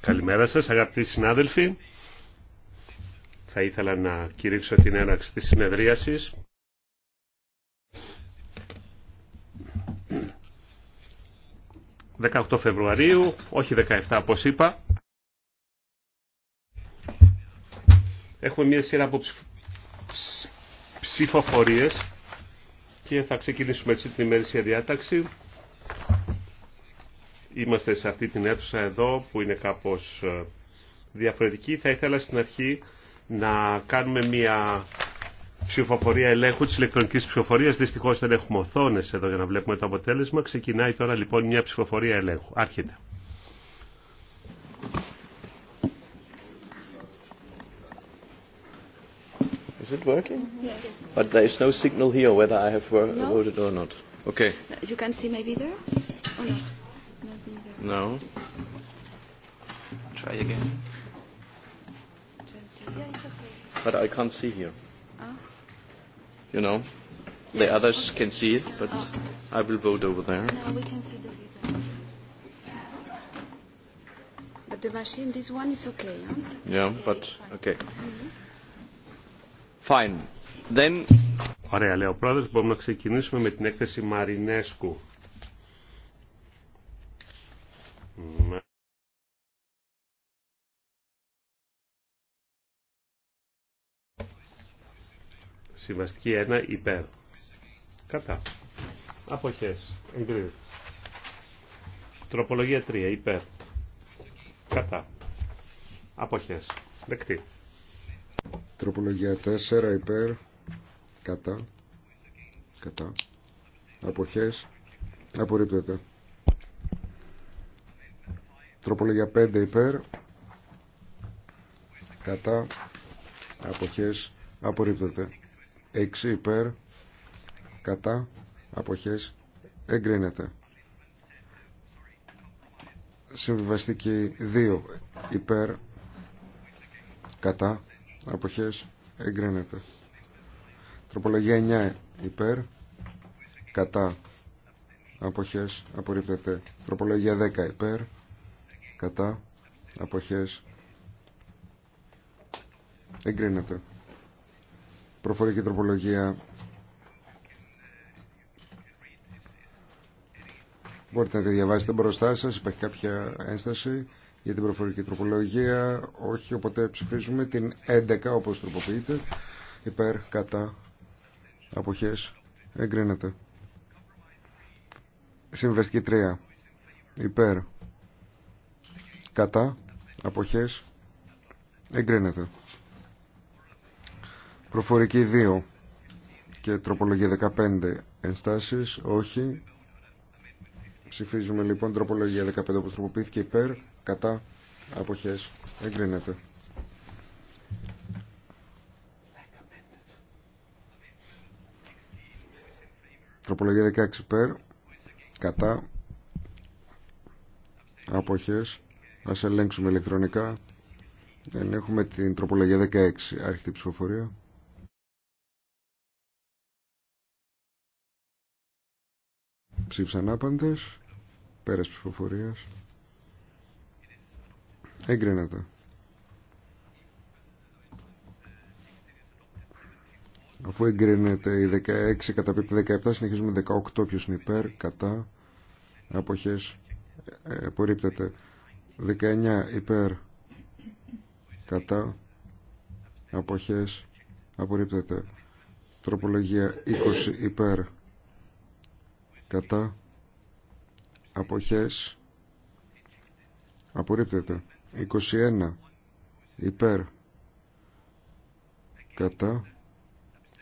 Καλημέρα σας αγαπητοί συνάδελφοι. Θα ήθελα να κηρύξω την έναρξη της συνεδρίασης. ...18 Φεβρουαρίου, όχι 17 όπως είπα. Έχουμε μια σειρά από ψηφοφορίες και θα ξεκινήσουμε έτσι την ημερήσια διάταξη. Είμαστε σε αυτή την αίθουσα εδώ που είναι κάπως ε, διαφορετική. Θα ήθελα στην αρχή να κάνουμε μια ψηφοφορία ελέγχου της ηλεκτρονικής ψηφοφορίας. Δυστυχώς δεν έχουμε οθόνες εδώ για να βλέπουμε το αποτέλεσμα. Ξεκινάει τώρα λοιπόν μια ψηφοφορία ελέγχου. Άρχεται. Is it working? Yes. But there is no signal here whether I have voted or not. Okay. You can see maybe there No. Try again. Yeah, it's okay. But I can't see here. You know, the others can see it, but I will vote over there. No, we can see But the machine, this one is okay. Yeah, but okay. Fine. Then... Ωραία, λέει ο πρόεδρος. Μπορούμε να ξεκινήσουμε με την έκθεση Μαρινέσκου. Συμβαστική 1 υπέρ. Κατά. Αποχές. Εγκρίνεται. Τροπολογία 3 υπέρ. Κατά. Αποχές. Δεκτή. Τροπολογία 4 υπέρ κατά κατά αποχές απορρίπτεται. Τροπολογία 5 υπέρ κατά αποχές απορρίπτεται. 6 υπέρ κατά αποχές εγκρίνεται. Συμβιβαστική 2 υπέρ κατά αποχές εγκρίνεται τροπολογία 9 υπέρ κατά αποχές απορρίπτεται τροπολογία 10 υπέρ κατά αποχές εγκρίνεται προφορική τροπολογία μπορείτε να τη διαβάσετε μπροστά σας υπάρχει κάποια ένσταση για την προφορική τροπολογία. Όχι, οπότε ψηφίζουμε την 11 όπως τροποποιείται. Υπέρ, κατά, αποχές, εγκρίνεται. Συμβεστική 3. Υπέρ, κατά, αποχές, εγκρίνεται. Προφορική 2 και τροπολογία 15 ενστάσεις, όχι. Ψηφίζουμε λοιπόν τροπολογία 15 όπως τροποποιήθηκε υπέρ, κατά αποχές εγκρίνεται. Τροπολογία 16 Περ. κατά αποχές ας ελέγξουμε ηλεκτρονικά ελέγχουμε την τροπολογία 16 άρχιτη ψηφοφορία ψήφισαν άπαντες πέρας ψηφοφορίας Εγκρίνεται. Αφού εγκρίνεται η 16 κατά 17 συνεχίζουμε 18 ποιος είναι υπέρ, κατά, αποχές, ε, απορρίπτεται. 19 υπέρ, κατά, αποχές, απορρίπτεται. Τροπολογία 20 υπέρ, κατά, αποχές, απορρίπτεται. 21 υπέρ κατά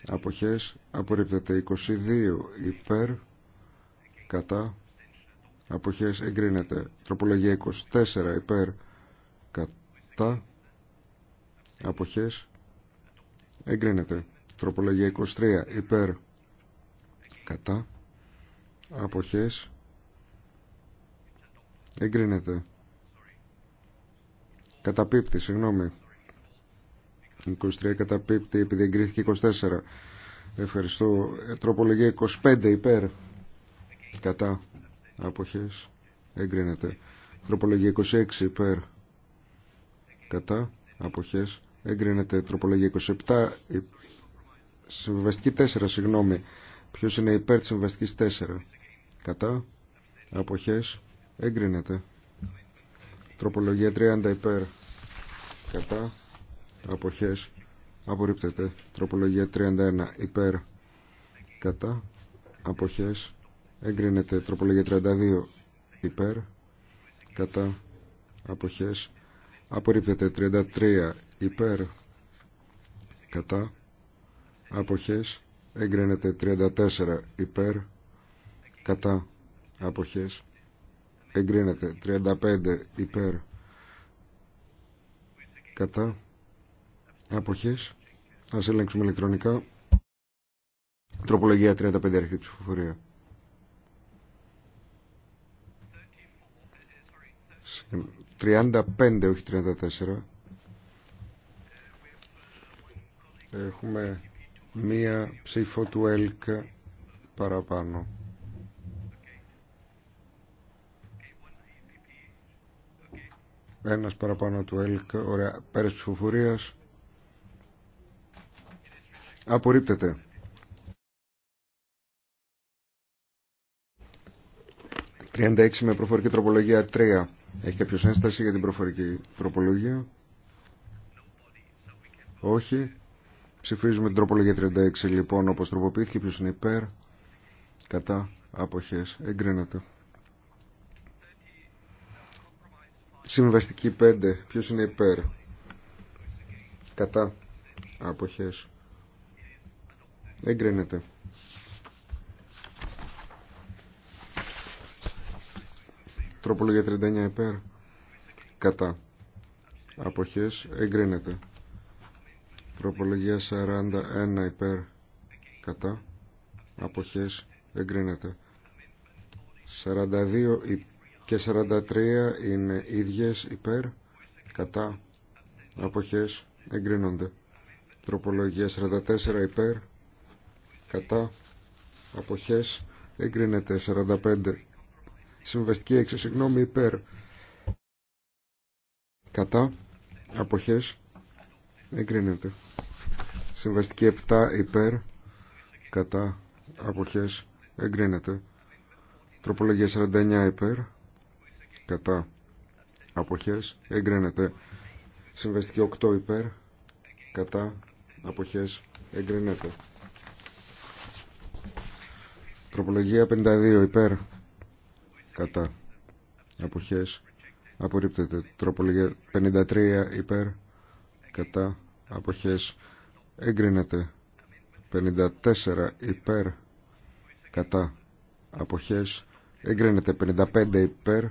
αποχές απορρίπτεται 22 υπέρ κατά αποχές εγκρίνεται τροπολογία 24 υπέρ κατά αποχές εγκρίνεται τροπολογία 23 υπέρ κατά αποχές εγκρίνεται Καταπίπτει, συγγνώμη. 23 καταπίπτει επειδή εγκρίθηκε 24. Ευχαριστώ. Ε, τροπολογία 25 υπέρ. Κατά. Αποχές. Εγκρίνεται. Τροπολογία 26 υπέρ. Κατά. Αποχές. Εγκρίνεται. Τροπολογία 27. Συμβαστική 4, συγγνώμη. Ποιος είναι υπέρ της συμβαστικής 4. Κατά. Αποχές. Εγκρίνεται. Τροπολογία 30 υπέρ κατά αποχές απορρίπτεται. Τροπολογία 31 υπέρ κατά αποχές εγκρίνεται. Τροπολογία 32 υπέρ κατά αποχές απορρίπτεται. 33 υπέρ κατά αποχές εγκρίνεται. 34 υπέρ κατά αποχές εγκρίνεται 35 υπέρ κατά αποχές ας ελέγξουμε ηλεκτρονικά τροπολογία 35 έρχεται ψηφοφορία 35 όχι 34 έχουμε μία ψήφο του ΕΛΚ παραπάνω Ένα παραπάνω του ΕΛΚ. Ωραία. Πέρας ψηφοφορία. Απορρίπτεται. «36 με προφορική τροπολογία 3». Έχει κάποιο ένσταση για την προφορική τροπολογία. Όχι. Ψηφίζουμε την τροπολογία 36 λοιπόν όπως τροποποιήθηκε. Ποιο είναι υπέρ. Κατά. Αποχές. Εγκρίνεται. Συμβαστική 5. Ποιος είναι υπέρ. Κατά. Αποχές. Εγκρίνεται. Τροπολογία 39 υπέρ. Κατά. Αποχές. Εγκρίνεται. Τροπολογία 41 υπέρ. Κατά. Αποχές. Εγκρίνεται. 42 υπέρ και 43 είναι ίδιες υπέρ, κατά, αποχές, εγκρίνονται. Τροπολογία 44 υπέρ, κατά, αποχές, εγκρίνεται 45. Συμβαστική 6, συγγνώμη, υπέρ, κατά, αποχές, εγκρίνεται. Συμβαστική 7 υπέρ, κατά, αποχές, εγκρίνεται. Τροπολογία 49 υπέρ, κατά αποχές εγκρίνεται συμβαστική 8 υπέρ κατά αποχές εγκρίνεται τροπολογία 52 υπέρ κατά αποχές απορρίπτεται τροπολογία 53 υπέρ κατά αποχές εγκρίνεται 54 υπέρ κατά αποχές εγκρίνεται 55 υπέρ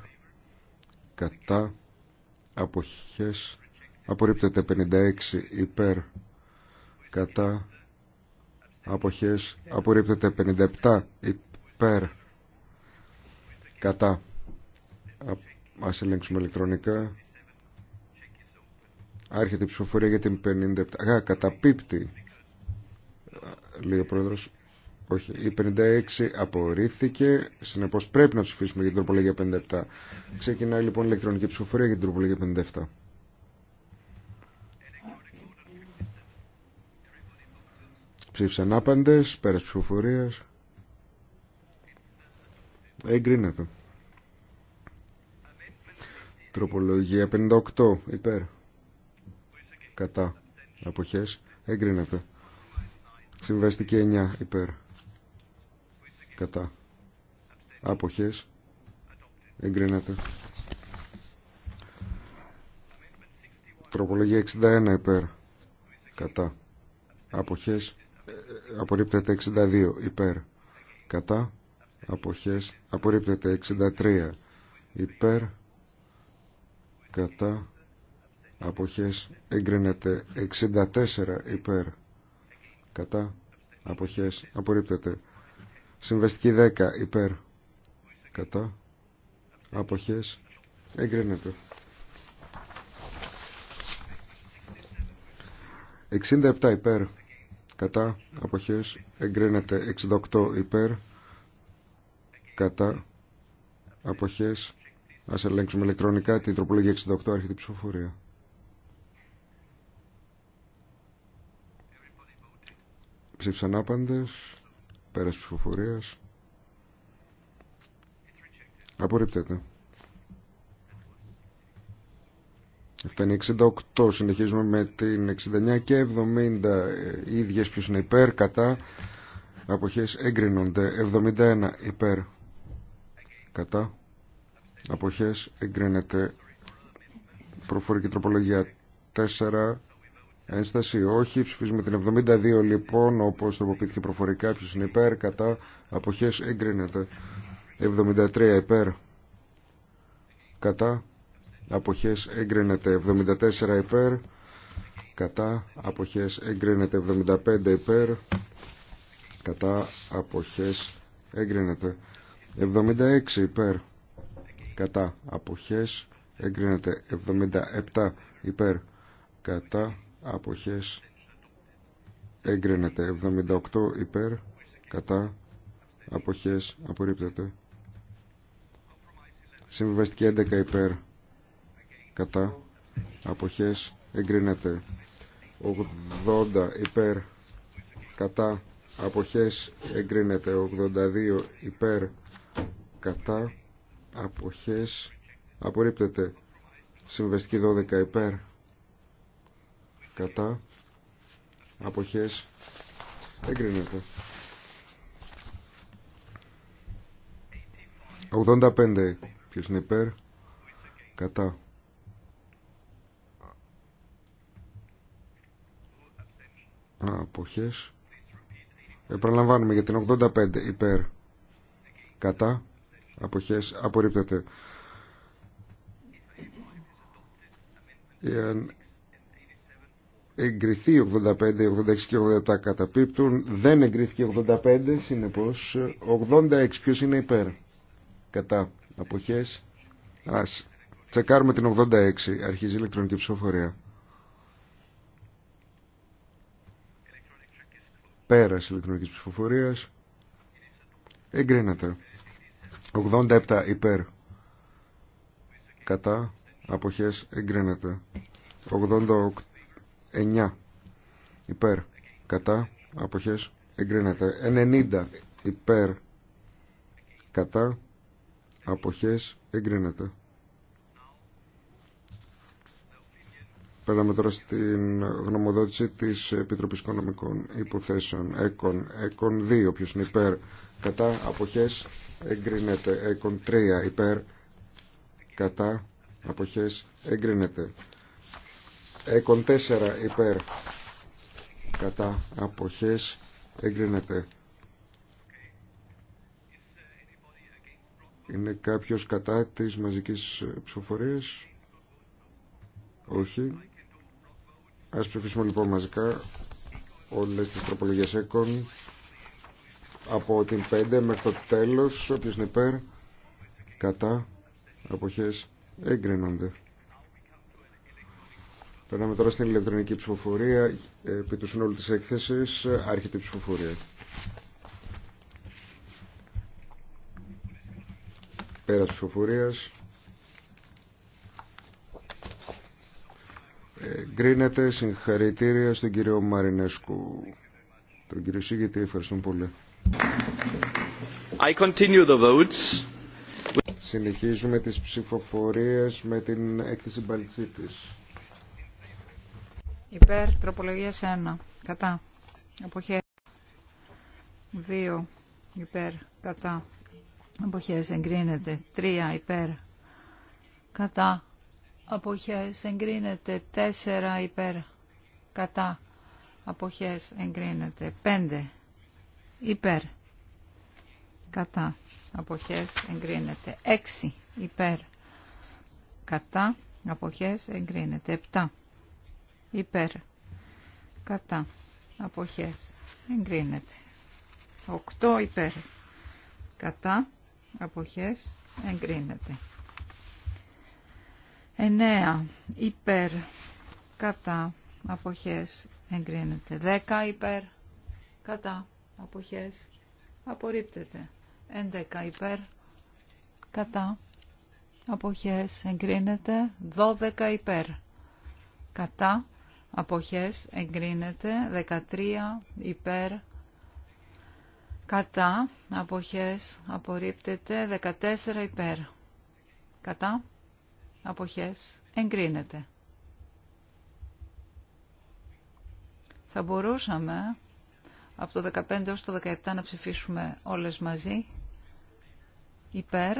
κατά αποχές απορρίπτεται 56 υπέρ κατά αποχές απορρίπτεται 57 υπέρ κατά Α, ας ελέγξουμε ηλεκτρονικά άρχεται η ψηφοφορία για την 57 Α, καταπίπτει λέει ο πρόεδρος όχι, η 56 απορρίφθηκε, Συνεπώ πρέπει να ψηφίσουμε για την τροπολογία 57. Ξεκινάει λοιπόν η ηλεκτρονική ψηφοφορία για την τροπολογία 57. Ψήφισαν άπαντες, τη ψηφοφορία. Εγκρίνεται. Τροπολογία 58, υπέρ. Κατά. Αποχές. Εγκρίνεται. Συμβαστική 9, υπέρ κατά αποχές εγκρίνεται τροπολογία 61 υπέρ κατά αποχές απορρίπτεται 62 υπέρ κατά αποχές απορρίπτεται 63 υπέρ κατά αποχές εγκρίνεται 64 υπέρ κατά αποχές απορρίπτεται Συμβαστική 10 υπέρ. Κατά. Αποχές. Εγκρίνεται. 67 υπέρ. Κατά. Αποχές. Εγκρίνεται. 68 υπέρ. Κατά. Αποχές. Ας ελέγξουμε ηλεκτρονικά την τροπολογία 68 τη ψηφοφορία. Ψήφισαν άπαντες. Πέρας ψηφοφορίας. Απορρίπτεται. 68 Συνεχίζουμε με την 69 και 70. ίδιες ποιος είναι υπέρ, κατά. Αποχές εγκρίνονται. 71 υπέρ. Κατά. Αποχές εγκρίνεται. Προφορική τροπολογία 4 Ένσταση όχι. Ψηφίζουμε την 72 λοιπόν όπως τροποποιήθηκε προφορικά. Ποιος είναι υπέρ, κατά, αποχές εγκρίνεται. 73 υπέρ, κατά, αποχές εγκρίνεται. 74 υπέρ, κατά, αποχές εγκρίνεται. 75 υπέρ, κατά, αποχές εγκρίνεται. 76 υπέρ, κατά, αποχές εγκρίνεται. 77 υπέρ, κατά, αποχές εγκρίνεται 78 υπέρ κατά αποχές απορρίπτεται συμβιβαστική 11 υπέρ κατά αποχές εγκρίνεται 80 υπέρ κατά αποχές εγκρίνεται 82 υπέρ κατά αποχές απορρίπτεται συμβιβαστική 12 υπέρ κατά αποχές εγκρίνεται 85 ποιος είναι υπέρ κατά αποχές επαναλαμβάνουμε για την 85 υπέρ κατά αποχές απορρίπτεται ε, εγκριθεί 85, 86 και 87 καταπίπτουν. Δεν εγκρίθηκε 85, συνεπώς 86 ποιος είναι υπέρ. Κατά αποχές. Ας τσεκάρουμε την 86. Αρχίζει η ηλεκτρονική ψηφοφορία. Πέρας ηλεκτρονική ψηφοφορίας. Εγκρίνεται. 87 υπέρ. Κατά αποχές εγκρίνεται. 88 9 υπέρ κατά αποχές εγκρίνεται 90 υπέρ κατά αποχές εγκρίνεται Πέραμε τώρα στην γνωμοδότηση της Επιτροπής Οικονομικών Υποθέσεων ΕΚΟΝ, ΕΚΟΝ 2 όποιος είναι υπέρ κατά αποχές εγκρίνεται ΕΚΟΝ 3 υπέρ κατά αποχές εγκρίνεται Έκον 4 υπέρ κατά αποχές εγκρίνεται. Είναι κάποιος κατά της μαζικής ψηφοφορίας. Όχι. Ας ψηφίσουμε λοιπόν μαζικά όλες τις τροπολογίες έκον από την 5 μέχρι το τέλος όποιος είναι υπέρ κατά αποχές εγκρίνονται. Περνάμε τώρα στην ηλεκτρονική ψηφοφορία. Ε, επί του συνόλου της έκθεσης ε, άρχεται η ψηφοφορία. Πέρας ψηφοφορίας. Γκρίνεται συγχαρητήρια στον κύριο Μαρινέσκου. Τον κύριο Σίγητη, ευχαριστούμε πολύ. I continue the votes. Συνεχίζουμε τις ψηφοφορίες με την έκθεση Μπαλτσίτης. Υπέρ τροπολογία 1. Κατά. Αποχές. 2. Υπέρ. Κατά. Αποχές εγκρίνεται. 3. Υπέρ. Κατά. Αποχές εγκρίνεται. 4. Υπέρ. Κατά. Αποχές εγκρίνεται. 5. Υπέρ. Κατά. Αποχές εγκρίνεται. 6. Υπέρ. Κατά. Αποχές εγκρίνεται. 7 υπέρ κατά αποχές εγκρίνεται 8 υπέρ κατά αποχές εγκρίνεται 9 υπέρ κατά αποχές εγκρίνεται 10 υπέρ κατά αποχές απορρίπτεται 11 υπέρ κατά αποχές εγκρίνεται 12 υπέρ κατά αποχές εγκρίνεται 13 υπέρ κατά αποχές απορρίπτεται 14 υπέρ κατά αποχές εγκρίνεται θα μπορούσαμε από το 15 έως το 17 να ψηφίσουμε όλες μαζί υπέρ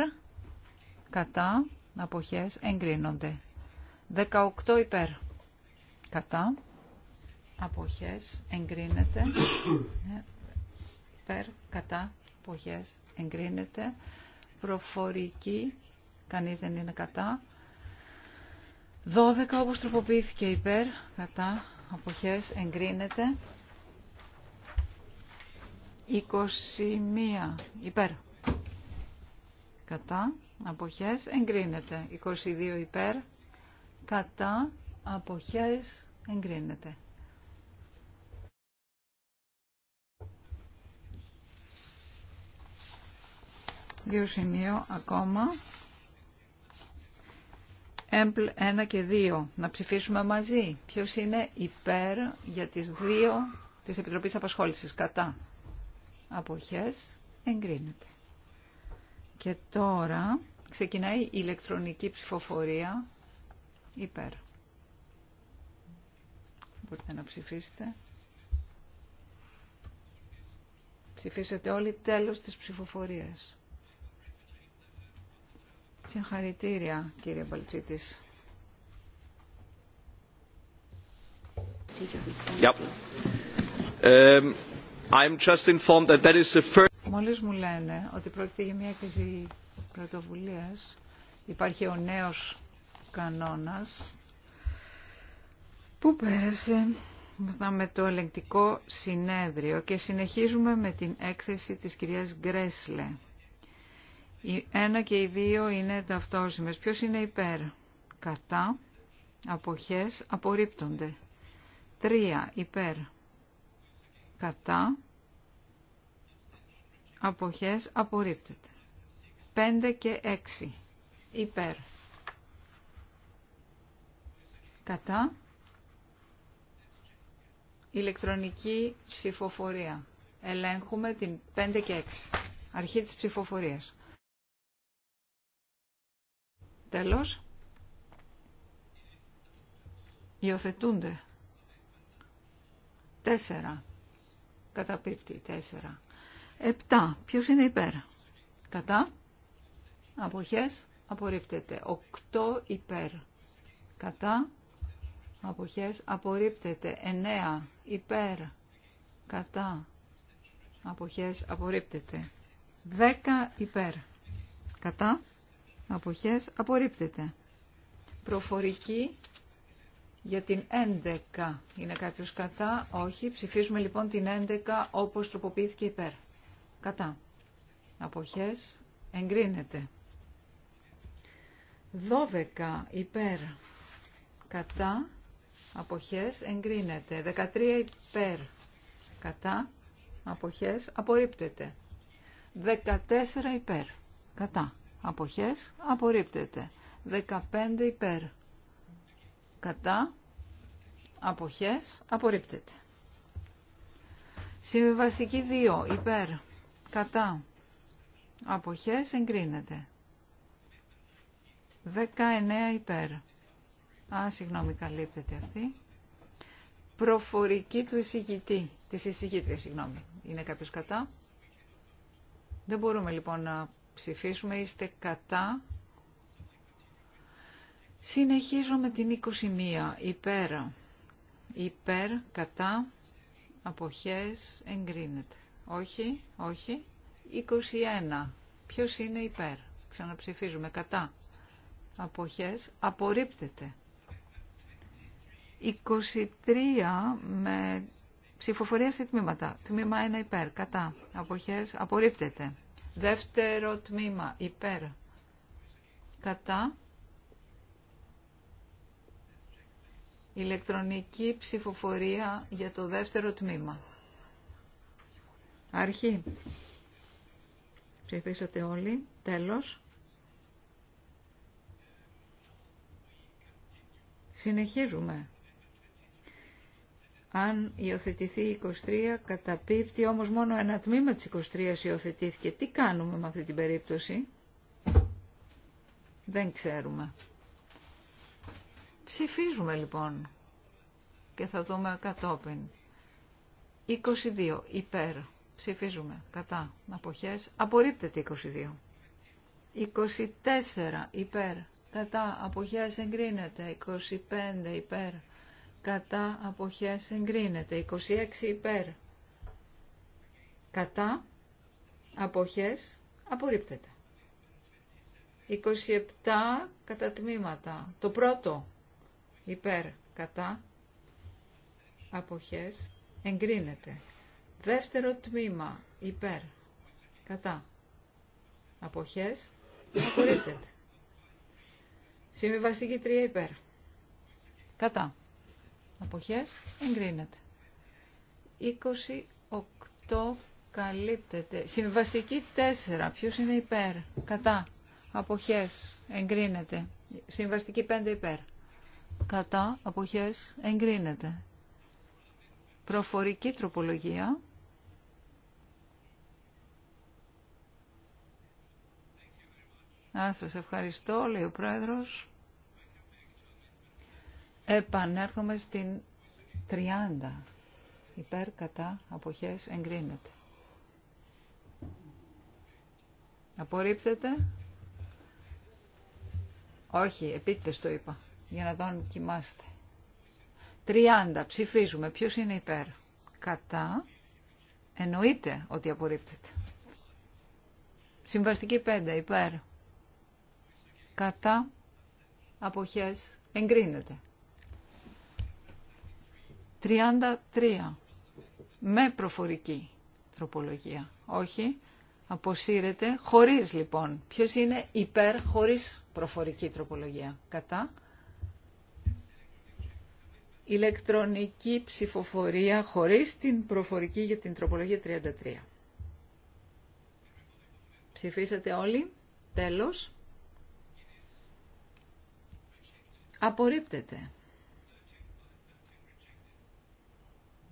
κατά αποχές εγκρίνονται 18 υπέρ κατά, αποχές, εγκρίνεται, ναι. περ, κατά, αποχές, εγκρίνεται, προφορική, κανείς δεν είναι κατά, 12 όπως τροποποιήθηκε υπέρ, κατά, αποχές, εγκρίνεται, 21 υπέρ, κατά, αποχές, εγκρίνεται, 22 υπέρ, κατά, αποχές εγκρίνεται. Δύο σημείο ακόμα. Έμπλ 1 και 2. Να ψηφίσουμε μαζί. Ποιος είναι υπέρ για τις δύο της Επιτροπής Απασχόλησης. Κατά. Αποχές εγκρίνεται. Και τώρα ξεκινάει η ηλεκτρονική ψηφοφορία υπέρ μπορείτε να ψηφίσετε. Ψηφίσατε όλοι τέλος της ψηφοφορίας. Συγχαρητήρια κύριε Μπαλτσίτης. Yep. Um, Μόλις μου λένε ότι πρόκειται για μια έκθεση πρωτοβουλίας, υπάρχει ο νέος κανόνας που πέρασε με το ελεγκτικό συνέδριο και συνεχίζουμε με την έκθεση της κυρίας Γκρέσλε. Η ένα και οι δύο είναι ταυτόσιμες. Ποιος είναι υπέρ. Κατά. Αποχές απορρίπτονται. Τρία υπέρ. Κατά. Αποχές απορρίπτεται. Πέντε και έξι. Υπέρ. Κατά. Ηλεκτρονική ψηφοφορία. Ελέγχουμε την 5 και 6. Αρχή της ψηφοφορίας. Τέλος. Υιοθετούνται. 4. Καταπίπτει. 4. 7. Ποιος είναι υπέρ. Κατά. Αποχές. Απορρίπτεται. 8 υπέρ. Κατά αποχές απορρίπτεται 9 υπέρ κατά αποχές απορρίπτεται 10 υπέρ κατά αποχές απορρίπτεται προφορική για την 11 είναι κάποιος κατά όχι ψηφίζουμε λοιπόν την 11 όπως τροποποιήθηκε υπέρ κατά αποχές εγκρίνεται 12 υπέρ κατά αποχές εγκρίνεται. 13 υπέρ κατά αποχές απορρίπτεται. 14 υπέρ κατά αποχές απορρίπτεται. 15 υπέρ κατά αποχές απορρίπτεται. Συμβιβαστική 2 υπέρ κατά αποχές εγκρίνεται. 19 υπέρ Α, συγγνώμη, καλύπτεται αυτή. Προφορική του εισηγητή, της εισηγήτρια, συγγνώμη. Είναι κάποιος κατά. Δεν μπορούμε λοιπόν να ψηφίσουμε, είστε κατά. Συνεχίζω με την 21, υπέρ, υπέρ, κατά, αποχές, εγκρίνεται. Όχι, όχι, 21, ποιος είναι υπέρ, ξαναψηφίζουμε, κατά, αποχές, απορρίπτεται. 23 με ψηφοφορία σε τμήματα. Τμήμα 1 υπέρ, κατά. Αποχές, απορρίπτεται. Δεύτερο τμήμα υπέρ, κατά. Ηλεκτρονική ψηφοφορία για το δεύτερο τμήμα. Αρχή. Ψηφίσατε όλοι. Τέλος. Συνεχίζουμε. Αν υιοθετηθεί 23, καταπίπτει, όμως μόνο ένα τμήμα της 23 υιοθετήθηκε. Τι κάνουμε με αυτή την περίπτωση. Δεν ξέρουμε. Ψηφίζουμε λοιπόν και θα δούμε κατόπιν. 22 υπέρ. Ψηφίζουμε κατά αποχές. Απορρίπτεται 22. 24 υπέρ. Κατά αποχές εγκρίνεται. 25 υπέρ κατά αποχές εγκρίνεται. 26 υπέρ κατά αποχές απορρίπτεται. 27 κατά τμήματα. Το πρώτο υπέρ κατά αποχές εγκρίνεται. Δεύτερο τμήμα υπέρ κατά αποχές απορρίπτεται. Συμβιβαστική 3 υπέρ. Κατά. Αποχές εγκρίνεται. 28 καλύπτεται. Συμβαστική 4. Ποιος είναι υπέρ. Κατά. Αποχές εγκρίνεται. Συμβαστική 5 υπέρ. Κατά. Αποχές εγκρίνεται. Προφορική τροπολογία. Α, σας ευχαριστώ, λέει ο Πρόεδρος. Επανέρχομαι στην 30. Υπέρ, κατά, αποχές, εγκρίνεται. Απορρίπτεται. Όχι, επίτητες το είπα, για να τον κοιμάστε. 30. Ψηφίζουμε. Ποιος είναι υπέρ. Κατά. Εννοείται ότι απορρίπτεται. Συμβαστική 5. Υπέρ. Κατά. Αποχές. Εγκρίνεται. 33 με προφορική τροπολογία. Όχι, αποσύρεται χωρίς λοιπόν. Ποιος είναι υπέρ χωρίς προφορική τροπολογία. Κατά. Ηλεκτρονική ψηφοφορία χωρίς την προφορική για την τροπολογία 33. Ψηφίσατε όλοι. Τέλος. Απορρίπτεται.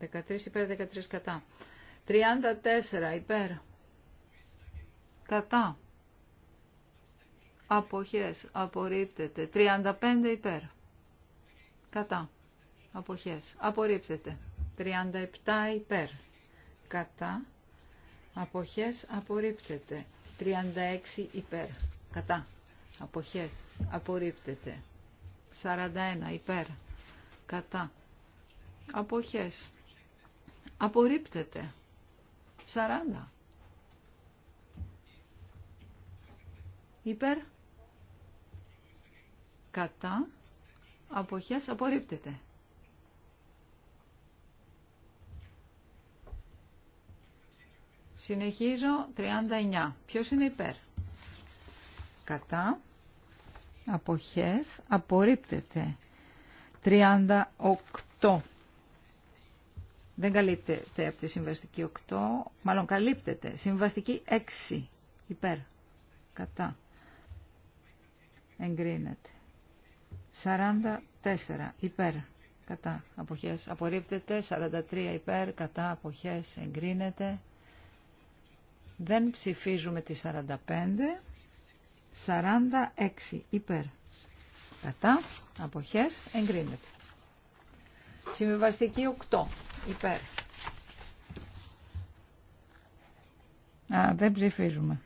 13 υπέρ, 13 κατά. 34 υπέρ, κατά. Αποχές, απορρίπτεται. 35 υπέρ, κατά. Αποχές, απορρίπτεται. 37 υπέρ, κατά. Αποχές, απορρίπτεται. 36 υπέρ, κατά. Αποχές, απορρίπτεται. 41 υπέρ, κατά. Αποχές, Απορρίπτεται. Σαράντα. Υπέρ. Κατά. Αποχές απορρίπτεται. Συνεχίζω 39. Ποιος είναι υπέρ. Κατά. Αποχές απορρίπτεται. 38. Δεν καλύπτεται από τη συμβαστική 8, μάλλον καλύπτεται. Συμβαστική 6, υπέρ, κατά, εγκρίνεται. 44, υπέρ, κατά, αποχές, απορρίπτεται. 43, υπέρ, κατά, αποχές, εγκρίνεται. Δεν ψηφίζουμε τη 45. 46, υπέρ, κατά, αποχές, εγκρίνεται. Συμβαστική 8. Υπέρ. Α, δεν ψηφίζουμε.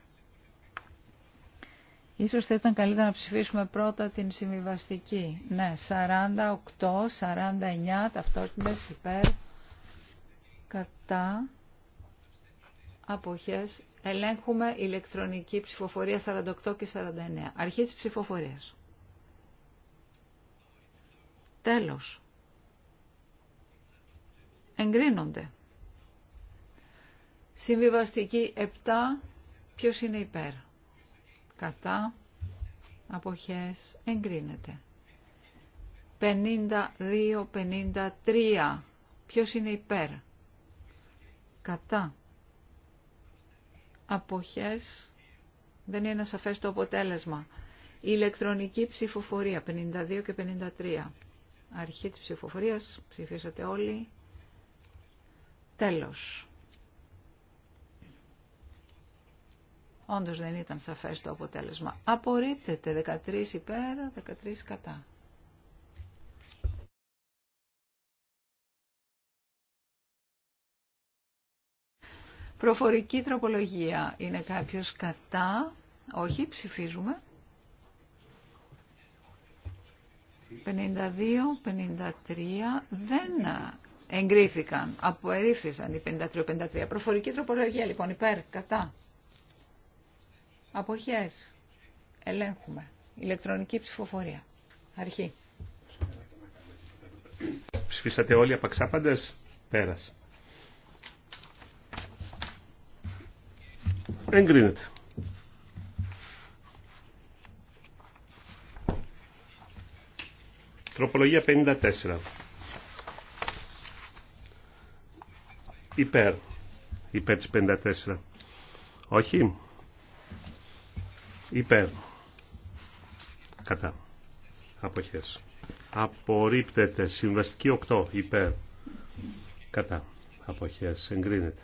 Ίσως θα ήταν καλύτερα να ψηφίσουμε πρώτα την συμβιβαστική. Ναι, 48, 49, ταυτότητες υπέρ, κατά, αποχές. Ελέγχουμε ηλεκτρονική ψηφοφορία 48 και 49. Αρχή της ψηφοφορίας. Τέλος εγκρίνονται. Συμβιβαστική 7, ποιος είναι υπέρ. Κατά, αποχές, εγκρίνεται. 52, 53, ποιος είναι υπέρ. Κατά, αποχές, δεν είναι σαφές το αποτέλεσμα. Η ηλεκτρονική ψηφοφορία, 52 και 53. Αρχή της ψηφοφορίας, ψηφίσατε όλοι, Τέλος. Όντως δεν ήταν σαφές το αποτέλεσμα. Απορρίπτεται 13 υπέρ, 13 κατά. Προφορική τροπολογία. Είναι κάποιος κατά. Όχι, ψηφίζουμε. 52, 53. Δεν εγκρίθηκαν, αποερήφθησαν οι 53-53. Προφορική τροπολογία λοιπόν υπέρ, κατά. Αποχές. Ελέγχουμε. Ηλεκτρονική ψηφοφορία. Αρχή. Ψηφίσατε όλοι απαξάπαντες. Πέρας. Εγκρίνεται. Τροπολογία 54. υπέρ. Υπέρ της 54. Όχι. Υπέρ. Κατά. Αποχές. Απορρίπτεται. Συμβαστική 8. Υπέρ. Κατά. Αποχές. Εγκρίνεται.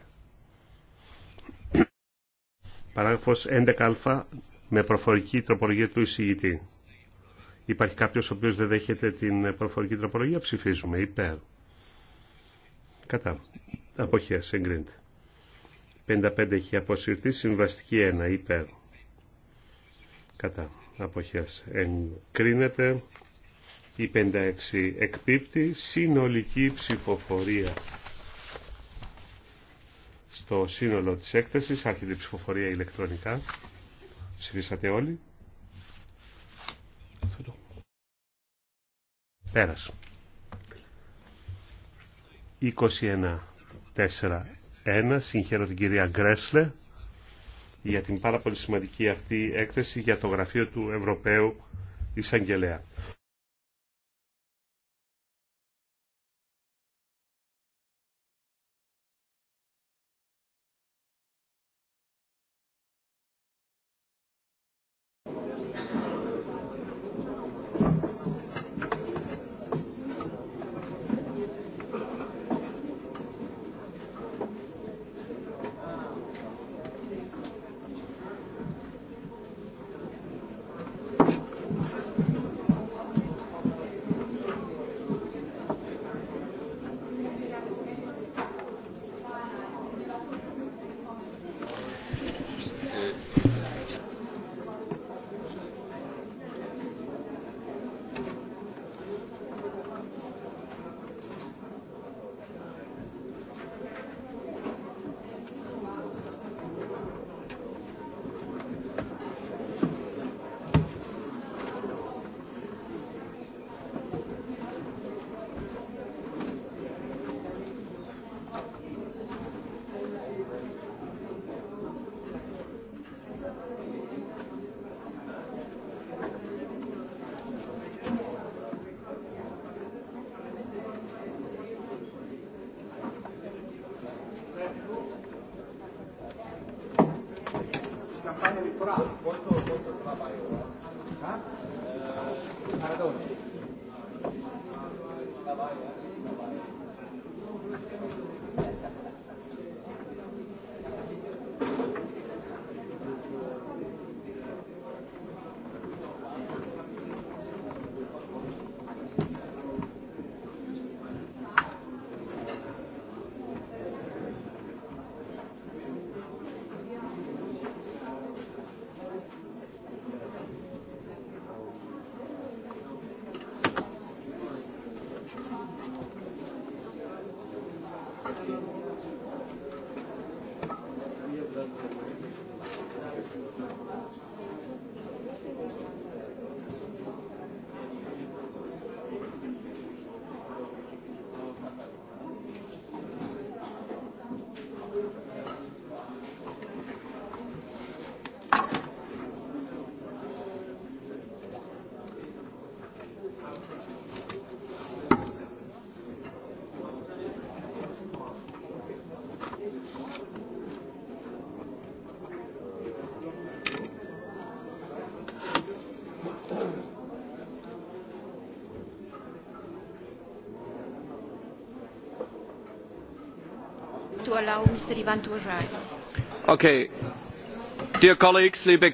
Παράγραφος 11α με προφορική τροπολογία του εισηγητή. Υπάρχει κάποιος ο οποίος δεν δέχεται την προφορική τροπολογία. Ψηφίζουμε. Υπέρ κατά αποχές εγκρίνεται 55 έχει αποσυρθεί συμβαστική 1 υπέρ κατά αποχές εγκρίνεται η 56 εκπίπτει συνολική ψηφοφορία στο σύνολο της έκθεσης άρχεται ψηφοφορία ηλεκτρονικά ψηφίσατε όλοι πέρασε 21.4.1. Συγχαίρω την κυρία Γκρέσλε για την πάρα πολύ σημαντική αυτή έκθεση για το γραφείο του Ευρωπαίου Εισαγγελέα. Mr. Okay. Dear colleagues, liebe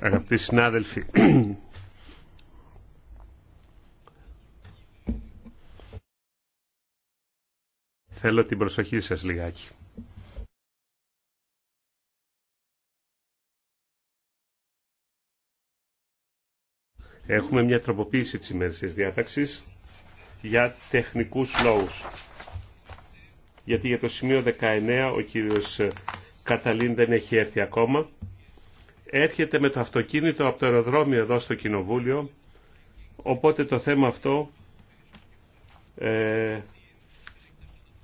Αγαπητοί συνάδελφοι, θέλω την προσοχή σας λιγάκι. Έχουμε μια τροποποίηση της ημέρας διάταξης για τεχνικούς λόγους γιατί για το σημείο 19 ο κύριος ε, Καταλήν δεν έχει έρθει ακόμα. Έρχεται με το αυτοκίνητο από το αεροδρόμιο εδώ στο Κοινοβούλιο, οπότε το θέμα αυτό ε,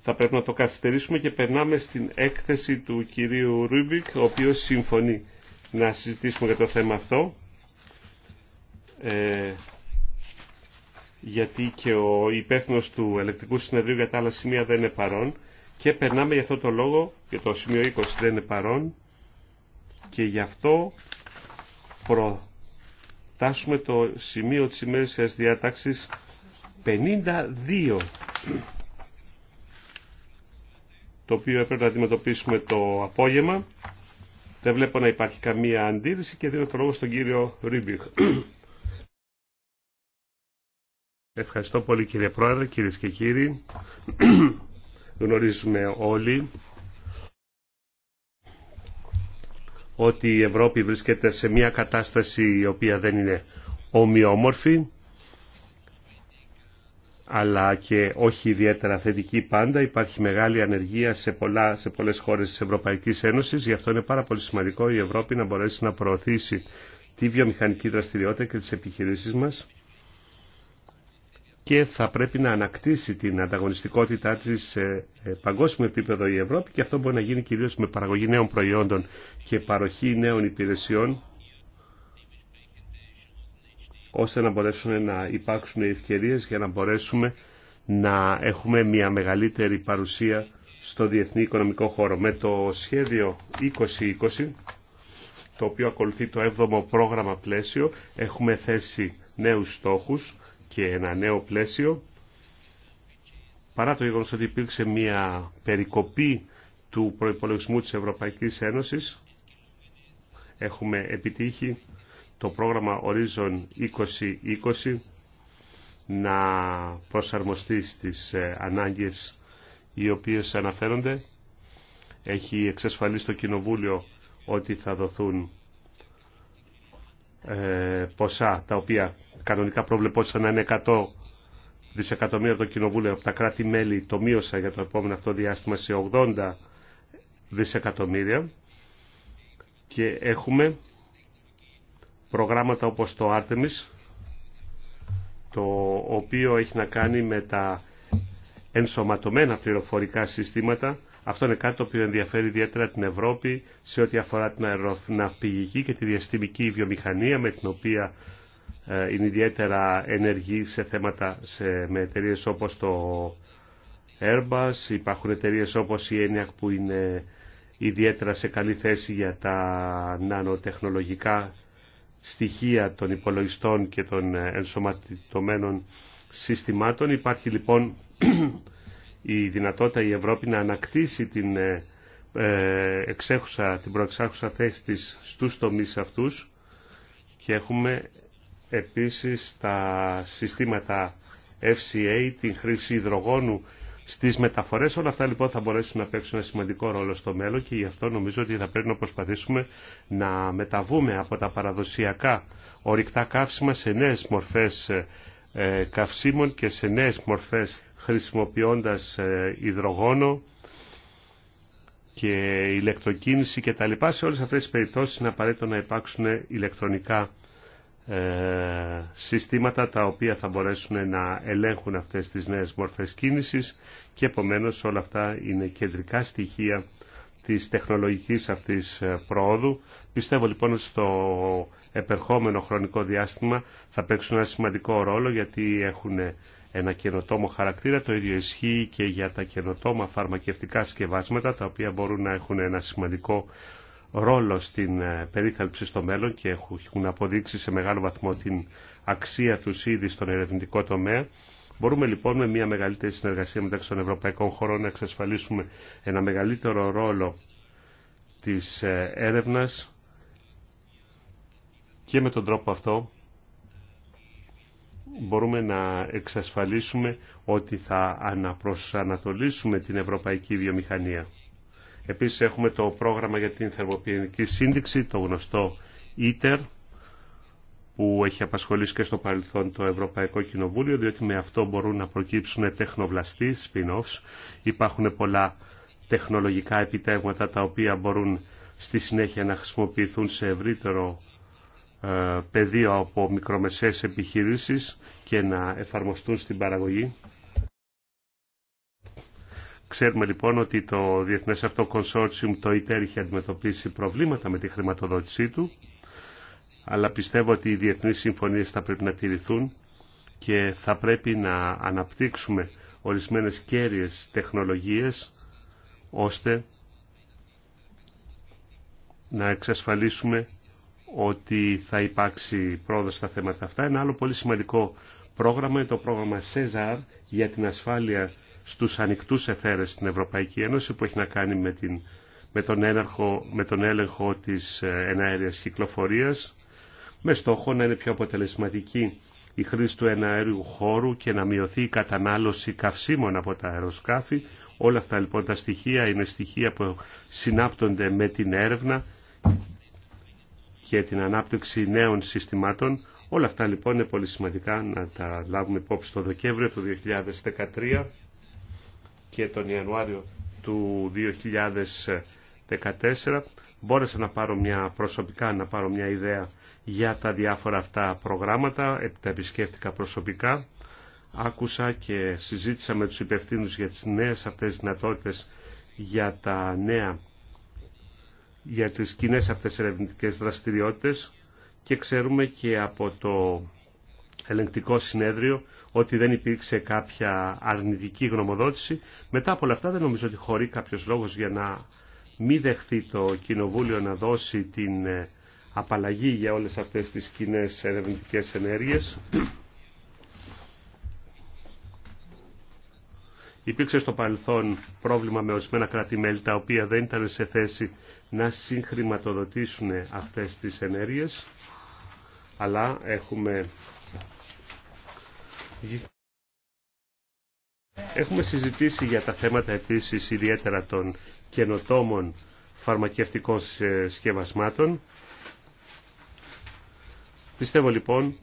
θα πρέπει να το καθυστερήσουμε και περνάμε στην έκθεση του κυρίου Ρούμπικ, ο οποίος συμφωνεί να συζητήσουμε για το θέμα αυτό. Ε, γιατί και ο υπεύθυνο του ελεκτικού συνεδρίου για τα άλλα σημεία δεν είναι παρόν και περνάμε για αυτό το λόγο, και το σημείο 20 δεν είναι παρόν, και γι' αυτό προτάσουμε το σημείο της ημέρησιας διάταξης 52, το οποίο έπρεπε να αντιμετωπίσουμε το απόγευμα. Δεν βλέπω να υπάρχει καμία αντίρρηση και δίνω το λόγο στον κύριο Ρίμπιχ. Ευχαριστώ πολύ κύριε Πρόεδρε, κυρίες και κύριοι. Γνωρίζουμε όλοι ότι η Ευρώπη βρίσκεται σε μια κατάσταση η οποία δεν είναι ομοιόμορφη αλλά και όχι ιδιαίτερα θετική πάντα. Υπάρχει μεγάλη ανεργία σε, πολλά, σε πολλές χώρες της Ευρωπαϊκής Ένωσης, γι' αυτό είναι πάρα πολύ σημαντικό η Ευρώπη να μπορέσει να προωθήσει τη βιομηχανική δραστηριότητα και τις επιχειρήσεις μας και θα πρέπει να ανακτήσει την ανταγωνιστικότητά της σε ε, παγκόσμιο επίπεδο η Ευρώπη και αυτό μπορεί να γίνει κυρίως με παραγωγή νέων προϊόντων και παροχή νέων υπηρεσιών ώστε να μπορέσουν να υπάρξουν ευκαιρίες για να μπορέσουμε να έχουμε μια μεγαλύτερη παρουσία στο διεθνή οικονομικό χώρο. Με το σχέδιο 2020, το οποίο ακολουθεί το 7ο πρόγραμμα πλαίσιο, έχουμε θέσει νέους στόχους και ένα νέο πλαίσιο, παρά το γεγονός ότι υπήρξε μια περικοπή του προϋπολογισμού της Ευρωπαϊκής Ένωσης, έχουμε επιτύχει το πρόγραμμα Horizon 2020 να προσαρμοστεί στις ε, ανάγκες οι οποίες αναφέρονται. Έχει εξασφαλίσει το Κοινοβούλιο ότι θα δοθούν ε, ποσά τα οποία κανονικά προβλεπόταν να είναι 100 δισεκατομμύρια από το Κοινοβούλιο, από τα κράτη-μέλη το μείωσα για το επόμενο αυτό διάστημα σε 80 δισεκατομμύρια και έχουμε προγράμματα όπως το Artemis το οποίο έχει να κάνει με τα ενσωματωμένα πληροφορικά συστήματα αυτό είναι κάτι το οποίο ενδιαφέρει ιδιαίτερα την Ευρώπη σε ό,τι αφορά την αεροναυπηγική και τη διαστημική βιομηχανία με την οποία ε, είναι ιδιαίτερα ενεργή σε θέματα σε, με εταιρείε όπως το Airbus. Υπάρχουν εταιρείε όπως η ENIAC που είναι ιδιαίτερα σε καλή θέση για τα νανοτεχνολογικά στοιχεία των υπολογιστών και των ενσωματωμένων συστημάτων. Υπάρχει λοιπόν η δυνατότητα η Ευρώπη να ανακτήσει την, ε, ε, εξέχουσα, την προεξάχουσα θέση της στους τομείς αυτούς και έχουμε επίσης τα συστήματα FCA, την χρήση υδρογόνου στις μεταφορές. Όλα αυτά λοιπόν θα μπορέσουν να παίξουν ένα σημαντικό ρόλο στο μέλλον και γι' αυτό νομίζω ότι θα πρέπει να προσπαθήσουμε να μεταβούμε από τα παραδοσιακά ορυκτά καύσιμα σε νέες μορφές ε, καυσίμων και σε νέες μορφές χρησιμοποιώντας ε, υδρογόνο και ηλεκτροκίνηση και τα λοιπά. Σε όλες αυτές τις περιπτώσεις είναι απαραίτητο να υπάρξουν ηλεκτρονικά ε, συστήματα τα οποία θα μπορέσουν να ελέγχουν αυτές τις νέες μορφές κίνησης και επομένως όλα αυτά είναι κεντρικά στοιχεία της τεχνολογικής αυτής ε, προόδου. Πιστεύω λοιπόν ότι στο επερχόμενο χρονικό διάστημα θα παίξουν ένα σημαντικό ρόλο γιατί έχουν ένα καινοτόμο χαρακτήρα. Το ίδιο ισχύει και για τα καινοτόμα φαρμακευτικά σκευάσματα, τα οποία μπορούν να έχουν ένα σημαντικό ρόλο στην ε, περίθαλψη στο μέλλον και έχουν αποδείξει σε μεγάλο βαθμό την αξία τους ήδη στον ερευνητικό τομέα. Μπορούμε λοιπόν με μια μεγαλύτερη συνεργασία μεταξύ των ευρωπαϊκών χωρών να εξασφαλίσουμε ένα μεγαλύτερο ρόλο της ε, έρευνας και με τον τρόπο αυτό μπορούμε να εξασφαλίσουμε ότι θα αναπροσανατολίσουμε την ευρωπαϊκή βιομηχανία. Επίσης έχουμε το πρόγραμμα για την θερμοποιητική σύνδεξη, το γνωστό ITER, που έχει απασχολήσει και στο παρελθόν το Ευρωπαϊκό Κοινοβούλιο, διότι με αυτό μπορούν να προκύψουν τεχνοβλαστοί, spin-offs. Υπάρχουν πολλά τεχνολογικά επιτέγματα τα οποία μπορούν στη συνέχεια να χρησιμοποιηθούν σε ευρύτερο ε, πεδίο από μικρομεσαίες επιχειρήσεις και να εφαρμοστούν στην παραγωγή. Ξέρουμε λοιπόν ότι το Διεθνές Αυτό Consortium, το ΙΤΕΡ, είχε αντιμετωπίσει προβλήματα με τη χρηματοδότησή του, αλλά πιστεύω ότι οι διεθνείς συμφωνίες θα πρέπει να τηρηθούν και θα πρέπει να αναπτύξουμε ορισμένες κέρυες τεχνολογίες, ώστε να εξασφαλίσουμε ότι θα υπάρξει πρόοδος στα θέματα αυτά. Ένα άλλο πολύ σημαντικό πρόγραμμα είναι το πρόγραμμα CESAR για την ασφάλεια στους ανοιχτούς εθέρες στην Ευρωπαϊκή Ένωση που έχει να κάνει με, την, με, τον, έναρχο, με τον έλεγχο της ε, εναέριας κυκλοφορίας με στόχο να είναι πιο αποτελεσματική η χρήση του εναέριου χώρου και να μειωθεί η κατανάλωση καυσίμων από τα αεροσκάφη. Όλα αυτά λοιπόν τα στοιχεία είναι στοιχεία που συνάπτονται με την έρευνα και την ανάπτυξη νέων συστημάτων. Όλα αυτά λοιπόν είναι πολύ σημαντικά να τα λάβουμε υπόψη το Δεκέμβριο του 2013 και τον Ιανουάριο του 2014 μπόρεσα να πάρω μια προσωπικά να πάρω μια ιδέα για τα διάφορα αυτά προγράμματα, ε, τα επισκέφτηκα προσωπικά, άκουσα και συζήτησα με τους υπευθύνους για τις νέες αυτές δυνατότητες για τα νέα για τις κοινέ αυτές ερευνητικές δραστηριότητες και ξέρουμε και από το ελεγκτικό συνέδριο ότι δεν υπήρξε κάποια αρνητική γνωμοδότηση. Μετά από όλα αυτά δεν νομίζω ότι χωρεί κάποιος λόγος για να μη δεχθεί το Κοινοβούλιο να δώσει την ε, απαλλαγή για όλες αυτές τις κοινέ ερευνητικές ενέργειες. Υπήρξε στο παρελθόν πρόβλημα με ορισμένα κράτη-μέλη τα οποία δεν ήταν σε θέση να συγχρηματοδοτήσουν αυτές τις ενέργειες, αλλά έχουμε... Έχουμε συζητήσει για τα θέματα επίσης ιδιαίτερα των καινοτόμων φαρμακευτικών σκευασμάτων. Πιστεύω λοιπόν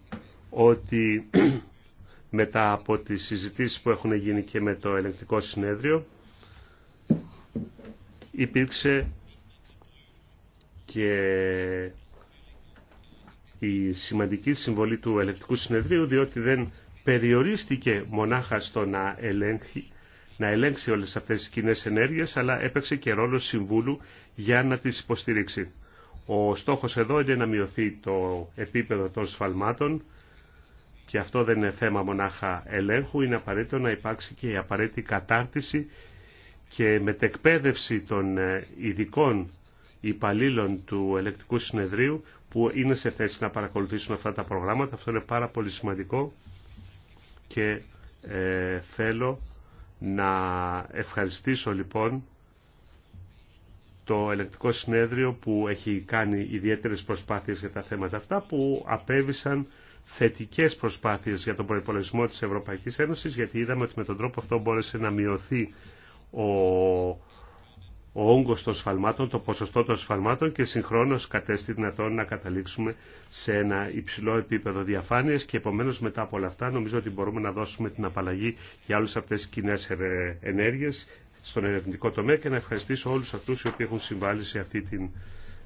ότι μετά από τις συζητήσεις που έχουν γίνει και με το ελεκτικό συνέδριο υπήρξε και η σημαντική συμβολή του ελεκτικού συνεδρίου διότι δεν περιορίστηκε μονάχα στο να να ελέγξει όλες αυτές τις κοινέ ενέργειες αλλά έπαιξε και ρόλο συμβούλου για να τις υποστηρίξει. Ο στόχος εδώ είναι να μειωθεί το επίπεδο των σφαλμάτων και αυτό δεν είναι θέμα μονάχα ελέγχου, είναι απαραίτητο να υπάρξει και η απαραίτητη κατάρτιση και μετεκπαίδευση των ειδικών υπαλλήλων του ελεκτικού συνεδρίου που είναι σε θέση να παρακολουθήσουν αυτά τα προγράμματα. Αυτό είναι πάρα πολύ σημαντικό και ε, θέλω να ευχαριστήσω λοιπόν το ελεκτικό συνέδριο που έχει κάνει ιδιαίτερες προσπάθειες για τα θέματα αυτά που απέβησαν θετικές προσπάθειες για τον προϋπολογισμό της Ευρωπαϊκής Ένωσης γιατί είδαμε ότι με τον τρόπο αυτό μπόρεσε να μειωθεί ο ο όγκος των σφαλμάτων, το ποσοστό των σφαλμάτων και συγχρόνως κατέστη δυνατόν να καταλήξουμε σε ένα υψηλό επίπεδο διαφάνειας και επομένως μετά από όλα αυτά νομίζω ότι μπορούμε να δώσουμε την απαλλαγή για όλες αυτές τις κοινέ ε, ενέργειες στον ερευνητικό τομέα και να ευχαριστήσω όλους αυτούς οι οποίοι έχουν συμβάλει σε αυτή τη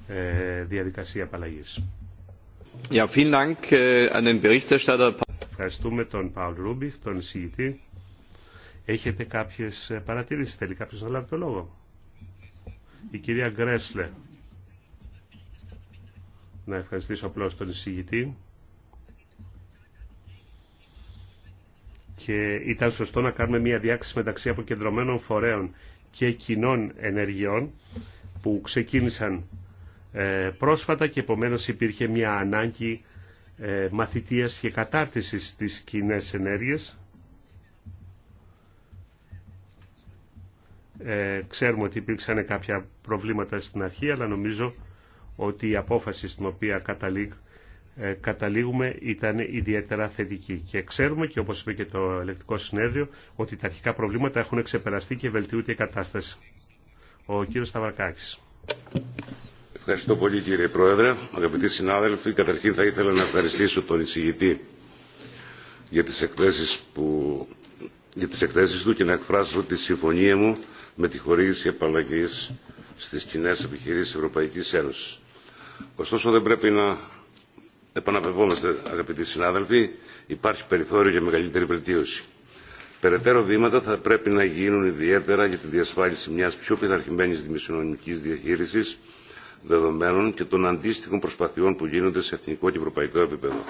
ε, διαδικασία απαλλαγής. vielen Dank äh, an den Berichterstatter. Ευχαριστούμε τον Παουλ Ρούμπιχ, τον εισηγητή. Έχετε κάποιες ε, παρατηρήσεις, θέλει κάποιος να λάβει το λόγο. Η κυρία Γκρέσλε. Να ευχαριστήσω απλώς τον εισηγητή. Και ήταν σωστό να κάνουμε μια διάκριση μεταξύ αποκεντρωμένων φορέων και κοινών ενεργειών που ξεκίνησαν ε, πρόσφατα και επομένως υπήρχε μια ανάγκη ε, μαθητείας και κατάρτισης της κοινέ ενέργειας. Ε, ξέρουμε ότι υπήρξαν κάποια προβλήματα στην αρχή, αλλά νομίζω ότι η απόφαση στην οποία ε, καταλήγουμε ήταν ιδιαίτερα θετική. Και ξέρουμε και όπως είπε και το ελεκτικό συνέδριο ότι τα αρχικά προβλήματα έχουν ξεπεραστεί και βελτιούται η κατάσταση. Ο κύριος Σταυρακάκης. Ευχαριστώ πολύ κύριε Πρόεδρε. Αγαπητοί συνάδελφοι, καταρχήν θα ήθελα να ευχαριστήσω τον εισηγητή για τις εκθέσεις, που... για τις εκθέσεις του και να εκφράσω τη συμφωνία μου με τη χορήγηση επαλλαγή στι κοινέ επιχειρήσει Ευρωπαϊκή Ένωση. Ωστόσο, δεν πρέπει να επαναπευόμαστε, αγαπητοί συνάδελφοι, υπάρχει περιθώριο για μεγαλύτερη βελτίωση. Περαιτέρω βήματα θα πρέπει να γίνουν ιδιαίτερα για τη διασφάλιση μια πιο πειθαρχημένη δημοσιονομική διαχείριση δεδομένων και των αντίστοιχων προσπαθειών που γίνονται σε εθνικό και ευρωπαϊκό επίπεδο.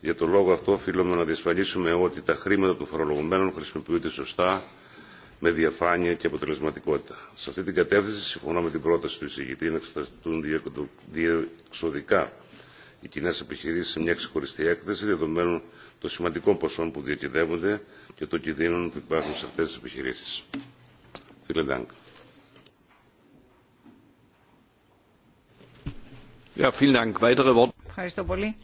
Για τον λόγο αυτό οφείλουμε να διασφαλίσουμε ότι τα χρήματα των φορολογουμένων χρησιμοποιούνται σωστά με διαφάνεια και αποτελεσματικότητα. Σε αυτή την κατεύθυνση συμφωνώ με την πρόταση του εισηγητή να εξεταστούν διεξοδικά οι κοινέ επιχειρήσει σε μια ξεχωριστή έκθεση δεδομένων των σημαντικών ποσών που διακυδεύονται και των κινδύνων που υπάρχουν σε αυτέ τι επιχειρήσει. Ευχαριστώ πολύ.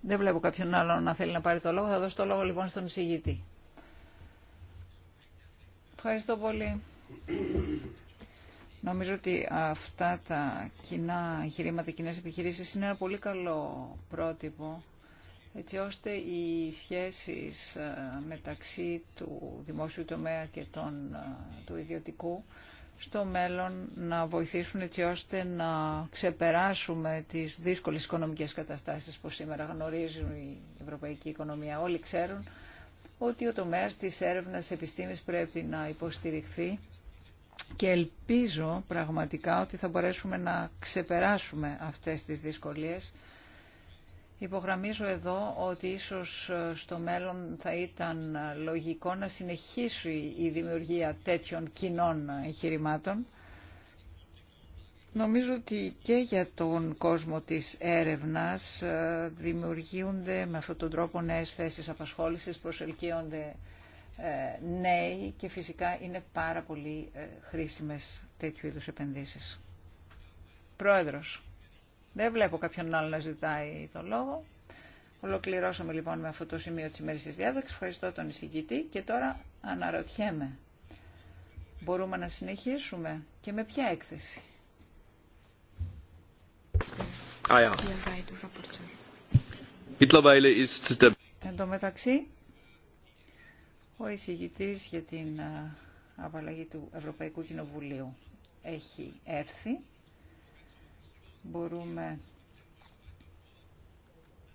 Δεν βλέπω κάποιον άλλον να θέλει να πάρει το λόγο. Θα δώσω το λόγο λοιπόν στον εισηγητή. Ευχαριστώ πολύ. Νομίζω ότι αυτά τα κοινά εγχειρήματα, κοινέ επιχειρήσεις είναι ένα πολύ καλό πρότυπο έτσι ώστε οι σχέσεις ε, μεταξύ του δημόσιου τομέα και των, ε, του ιδιωτικού στο μέλλον να βοηθήσουν έτσι ώστε να ξεπεράσουμε τις δύσκολες οικονομικές καταστάσεις που σήμερα γνωρίζουν η ευρωπαϊκή οικονομία. Όλοι ξέρουν ότι ο τομέας της έρευνας επιστήμης πρέπει να υποστηριχθεί και ελπίζω πραγματικά ότι θα μπορέσουμε να ξεπεράσουμε αυτές τις δυσκολίες. Υπογραμμίζω εδώ ότι ίσως ε, στο μέλλον θα ήταν λογικό να συνεχίσει η δημιουργία τέτοιων κοινών εγχειρημάτων Νομίζω ότι και για τον κόσμο της έρευνας ε, δημιουργούνται με αυτόν τον τρόπο νέες θέσεις απασχόλησης, προσελκύονται ε, νέοι και φυσικά είναι πάρα πολύ ε, χρήσιμες τέτοιου είδους επενδύσεις. Πρόεδρος, δεν βλέπω κάποιον άλλο να ζητάει το λόγο. Ολοκληρώσαμε λοιπόν με αυτό το σημείο της ημέρης της διάδοξης. Ευχαριστώ τον εισηγητή και τώρα αναρωτιέμαι. Μπορούμε να συνεχίσουμε και με ποια έκθεση. Εν τω μεταξύ, ο εισηγητή για την απαλλαγή του Ευρωπαϊκού Κοινοβουλίου έχει έρθει. Μπορούμε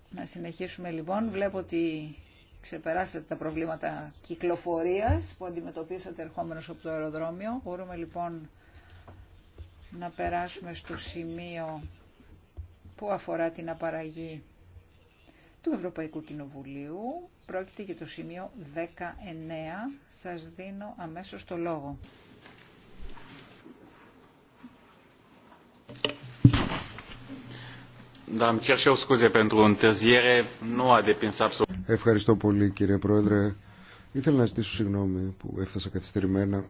να συνεχίσουμε λοιπόν. Βλέπω ότι ξεπεράσατε τα προβλήματα κυκλοφορίας που αντιμετωπίσατε ερχόμενος από το αεροδρόμιο. Μπορούμε λοιπόν να περάσουμε στο σημείο που αφορά την απαραγή του Ευρωπαϊκού Κοινοβουλίου. Πρόκειται για το σημείο 19. Σας δίνω αμέσως το λόγο. Ευχαριστώ πολύ κύριε Πρόεδρε. Ήθελα να ζητήσω συγγνώμη που έφτασα καθυστερημένα.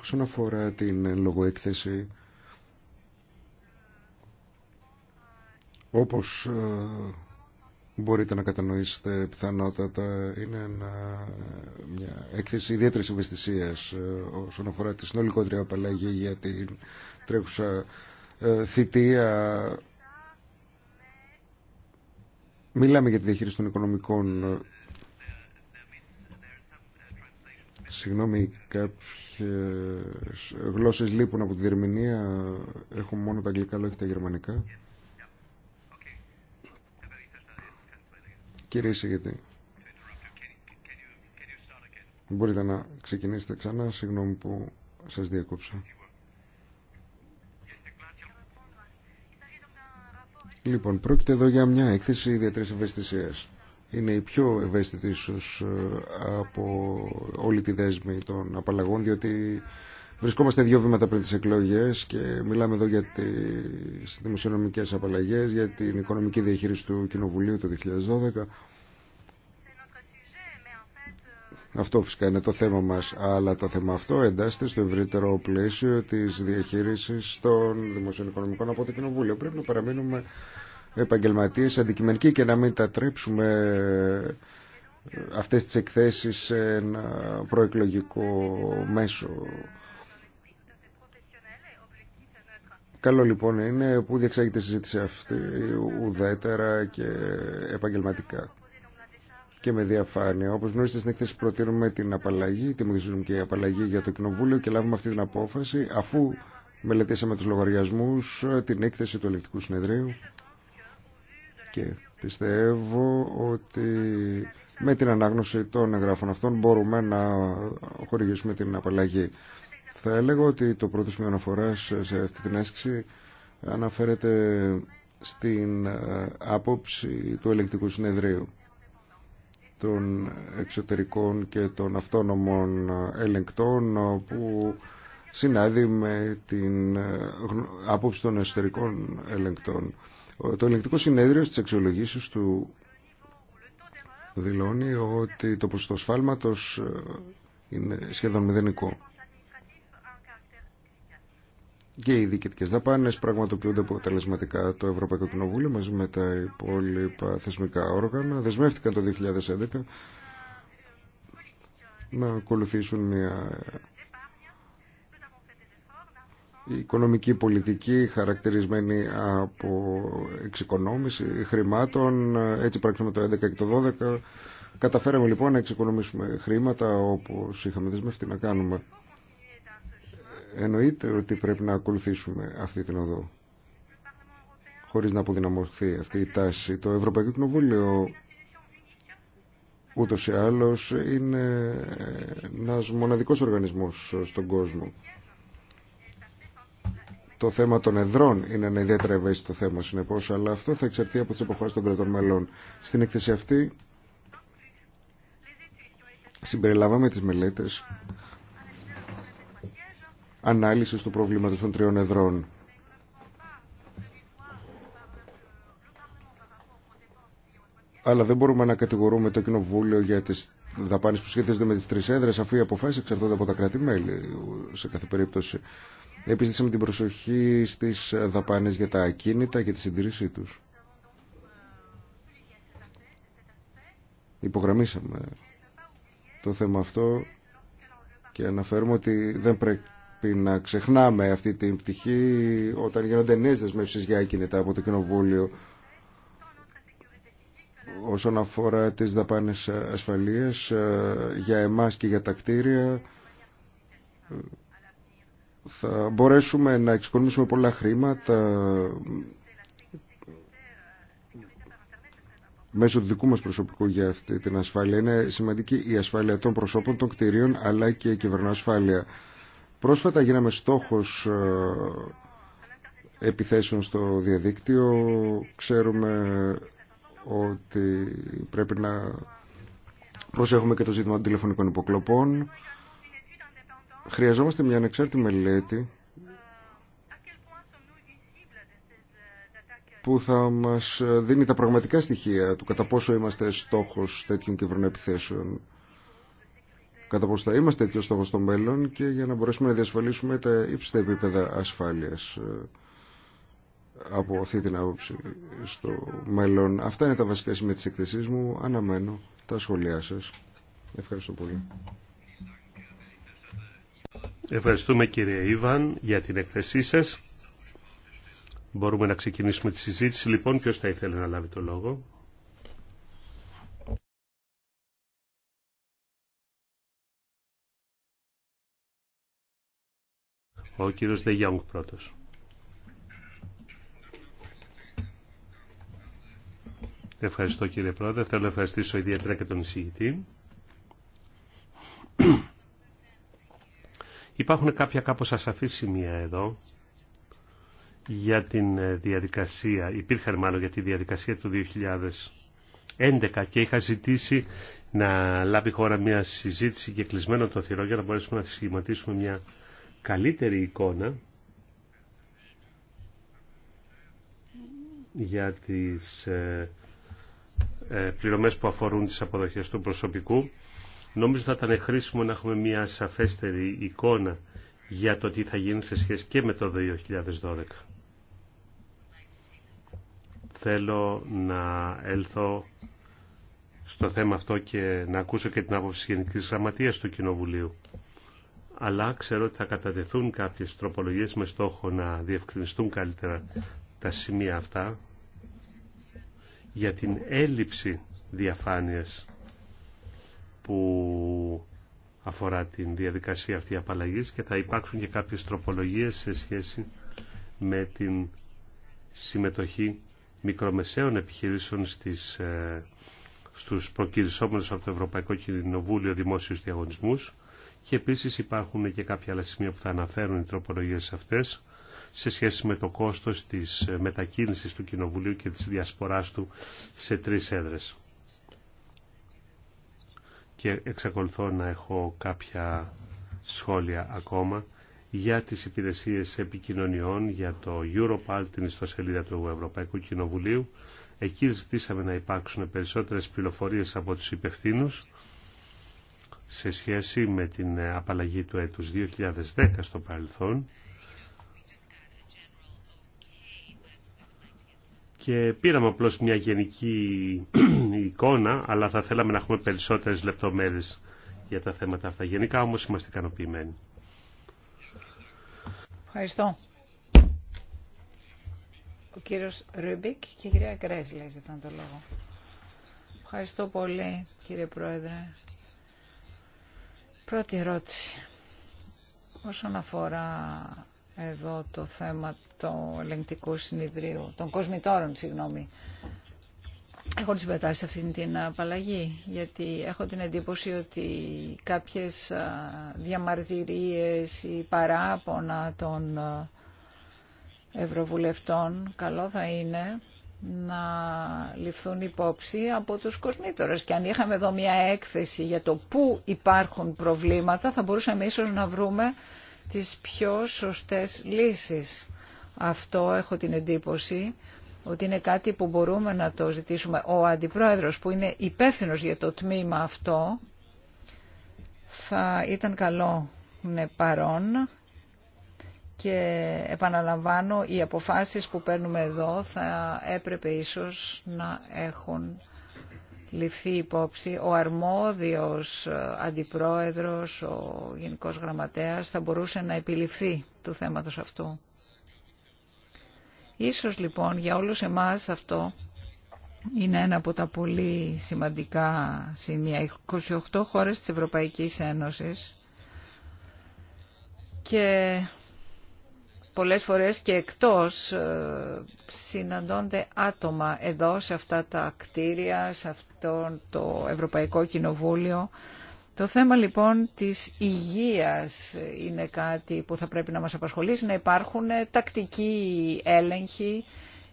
Όσον αφορά την λογοέκθεση Όπως ε, μπορείτε να κατανοήσετε πιθανότατα είναι μια έκθεση ιδιαίτερης ευαισθησίας ε, όσον αφορά τη συνολικότερη απαλλαγή για την τρέχουσα ε, θητεία. Μιλάμε για τη διαχείριση των οικονομικών Συγγνώμη, κάποιες γλώσσες λείπουν από τη διερμηνία. Έχουμε μόνο τα αγγλικά, αλλά όχι τα γερμανικά. Κύριε Σιγητή. Μπορείτε να ξεκινήσετε ξανά, συγγνώμη που σας διακόψα. Λοιπόν, πρόκειται εδώ για μια έκθεση ιδιαίτερης ευαισθησίας. Είναι η πιο ευαίσθητη ίσως ε, από όλη τη δέσμη των απαλλαγών, διότι Βρισκόμαστε δύο βήματα πριν τις εκλογές και μιλάμε εδώ για τι δημοσιονομικές απαλλαγέ για την οικονομική διαχείριση του Κοινοβουλίου το 2012. Αυτό φυσικά είναι το θέμα μας, αλλά το θέμα αυτό εντάσσεται στο ευρύτερο πλαίσιο της διαχείρισης των δημοσιονομικών από το Κοινοβούλιο. Πρέπει να παραμείνουμε επαγγελματίε αντικειμενικοί και να μην τα τρέψουμε ε, αυτές τις εκθέσεις σε ένα προεκλογικό μέσο Καλό λοιπόν είναι που διεξάγεται η συζήτηση αυτή ουδέτερα και επαγγελματικά και με διαφάνεια. Όπω γνωρίζετε, στην εκθέση προτείνουμε την απαλλαγή, τη η απαλλαγή για το Κοινοβούλιο και λάβουμε αυτή την απόφαση αφού μελετήσαμε του λογαριασμού, την έκθεση του ελεκτικού συνεδρίου και πιστεύω ότι με την ανάγνωση των εγγράφων αυτών μπορούμε να χορηγήσουμε την απαλλαγή. Θα έλεγα ότι το πρώτο σημείο αναφορά σε αυτή την άσκηση αναφέρεται στην ε, άποψη του ελεγκτικού συνεδρίου των εξωτερικών και των αυτόνομων ελεγκτών που συνάδει με την ε, άποψη των εσωτερικών ελεγκτών. Το ελεγκτικό συνέδριο στις αξιολογήσεις του δηλώνει ότι το ποσοστό σφάλματος ε, είναι σχεδόν μηδενικό και οι διοικητικές δαπάνες πραγματοποιούνται αποτελεσματικά. Το Ευρωπαϊκό Κοινοβούλιο μαζί με τα υπόλοιπα θεσμικά όργανα δεσμεύτηκαν το 2011 να ακολουθήσουν μια οικονομική πολιτική χαρακτηρισμένη από εξοικονόμηση χρημάτων. Έτσι πράξαμε το 2011 και το 2012. Καταφέραμε λοιπόν να εξοικονομήσουμε χρήματα όπως είχαμε δεσμευτεί να κάνουμε εννοείται ότι πρέπει να ακολουθήσουμε αυτή την οδό χωρίς να αποδυναμωθεί αυτή η τάση. Το Ευρωπαϊκό Κοινοβούλιο ούτως ή άλλως είναι ένας μοναδικός οργανισμός στον κόσμο. Το θέμα των εδρών είναι ένα ιδιαίτερα ευαίσθητο θέμα συνεπώς, αλλά αυτό θα εξαρτεί από τις αποφάσεις των κρατών μελών. Στην έκθεση αυτή συμπεριλάβαμε τις μελέτες ανάλυσης του προβλήματος των τριών εδρών. Αλλά δεν μπορούμε να κατηγορούμε το Κοινοβούλιο για τις δαπάνες που σχετίζονται με τις τρεις έδρες αφού η αποφάσεις εξαρτώνται από τα κράτη-μέλη σε κάθε περίπτωση. Επίσης με την προσοχή στις δαπάνες για τα ακίνητα και τη συντηρήσή τους. Υπογραμμίσαμε το θέμα αυτό και αναφέρουμε ότι δεν πρέπει πρέπει να ξεχνάμε αυτή την πτυχή όταν γίνονται νέες δεσμεύσεις για κινητά από το Κοινοβούλιο όσον αφορά τις δαπάνες ασφαλείας ε, για εμάς και για τα κτίρια θα μπορέσουμε να εξοικονομήσουμε πολλά χρήματα μέσω του δικού μας προσωπικού για αυτή την ασφάλεια. Είναι σημαντική η ασφάλεια των προσώπων, των κτίριων αλλά και η κυβερνοασφάλεια. ασφάλεια. Πρόσφατα γίναμε στόχος ε, επιθέσεων στο διαδίκτυο. Ξέρουμε ότι πρέπει να προσέχουμε και το ζήτημα των τηλεφωνικών υποκλοπών. Χρειαζόμαστε μια ανεξάρτητη μελέτη που θα μας δίνει τα πραγματικά στοιχεία του κατά πόσο είμαστε στόχος τέτοιων κυβερνών επιθέσεων κατά πώ θα είμαστε τέτοιο στόχο στο μέλλον και για να μπορέσουμε να διασφαλίσουμε τα ύψιστα επίπεδα ασφάλειας ε, από αυτή την άποψη στο μέλλον. Αυτά είναι τα βασικά σημεία τη εκθεσή μου. Αναμένω τα σχόλιά σα. Ευχαριστώ πολύ. Ευχαριστούμε κύριε Ιβαν για την εκθεσή σας. Μπορούμε να ξεκινήσουμε τη συζήτηση. Λοιπόν, ποιος θα ήθελε να λάβει το λόγο. Ο κύριος Δε πρώτος. Ευχαριστώ κύριε Πρόεδρε. Θέλω να ευχαριστήσω ιδιαίτερα και τον εισηγητή. Υπάρχουν κάποια κάπως ασαφή σημεία εδώ για την ε, διαδικασία, υπήρχαν μάλλον για τη διαδικασία του 2011 και είχα ζητήσει να λάβει χώρα μια συζήτηση και κλεισμένο το θηρό για να μπορέσουμε να σχηματίσουμε μια καλύτερη εικόνα για τις ε, ε, πληρωμές που αφορούν τις αποδοχές του προσωπικού. Νομίζω θα ήταν χρήσιμο να έχουμε μια σαφέστερη εικόνα για το τι θα γίνει σε σχέση και με το 2012. Θέλω να έλθω στο θέμα αυτό και να ακούσω και την άποψη Γενικής Γραμματείας του Κοινοβουλίου αλλά ξέρω ότι θα κατατεθούν κάποιες τροπολογίες με στόχο να διευκρινιστούν καλύτερα τα σημεία αυτά για την έλλειψη διαφάνειας που αφορά την διαδικασία αυτή απαλλαγή και θα υπάρξουν και κάποιες τροπολογίες σε σχέση με την συμμετοχή μικρομεσαίων επιχειρήσεων στις, ε, στους προκυρισόμενους από το Ευρωπαϊκό Κοινοβούλιο Δημόσιους Διαγωνισμούς και επίσης υπάρχουν και κάποια άλλα σημεία που θα αναφέρουν οι τροπολογίες αυτές σε σχέση με το κόστος της μετακίνησης του Κοινοβουλίου και της διασποράς του σε τρεις έδρες. Και εξακολουθώ να έχω κάποια σχόλια ακόμα για τις υπηρεσίες επικοινωνιών, για το Europal, την ιστοσελίδα του Ευρωπαϊκού Κοινοβουλίου. Εκεί ζητήσαμε να υπάρξουν περισσότερες πληροφορίες από τους υπευθύνους σε σχέση με την απαλλαγή του έτους 2010 στο παρελθόν και πήραμε απλώς μια γενική εικόνα αλλά θα θέλαμε να έχουμε περισσότερες λεπτομέρειες για τα θέματα αυτά. Γενικά όμως είμαστε ικανοποιημένοι. Ευχαριστώ. Ο κύριος Ρούμπικ και η κυρία Γκρέσλε ζητάνε το λόγο. Ευχαριστώ πολύ κύριε Πρόεδρε. Πρώτη ερώτηση. Όσον αφορά εδώ το θέμα του ελεγκτικού των κοσμητόρων, συγγνώμη, Έχω συμπετάσει σε αυτήν την απαλλαγή, γιατί έχω την εντύπωση ότι κάποιες διαμαρτυρίες ή παράπονα των ευρωβουλευτών καλό θα είναι να ληφθούν υπόψη από τους κοσμήτορες. Και αν είχαμε εδώ μια έκθεση για το πού υπάρχουν προβλήματα, θα μπορούσαμε ίσως να βρούμε τις πιο σωστές λύσεις. Αυτό έχω την εντύπωση ότι είναι κάτι που μπορούμε να το ζητήσουμε. Ο Αντιπρόεδρος που είναι υπεύθυνος για το τμήμα αυτό θα ήταν καλό να πάρων και επαναλαμβάνω οι αποφάσεις που παίρνουμε εδώ θα έπρεπε ίσως να έχουν ληφθεί υπόψη. Ο αρμόδιος ε, αντιπρόεδρος, ο γενικός γραμματέας θα μπορούσε να επιληφθεί του θέματος αυτού. Ίσως λοιπόν για όλους εμάς αυτό είναι ένα από τα πολύ σημαντικά σημεία. 28 χώρες της Ευρωπαϊκής Ένωσης και πολλές φορές και εκτός ε, συναντώνται άτομα εδώ σε αυτά τα κτίρια, σε αυτό το Ευρωπαϊκό Κοινοβούλιο. Το θέμα λοιπόν της υγείας είναι κάτι που θα πρέπει να μας απασχολήσει, να υπάρχουν τακτικοί έλεγχοι,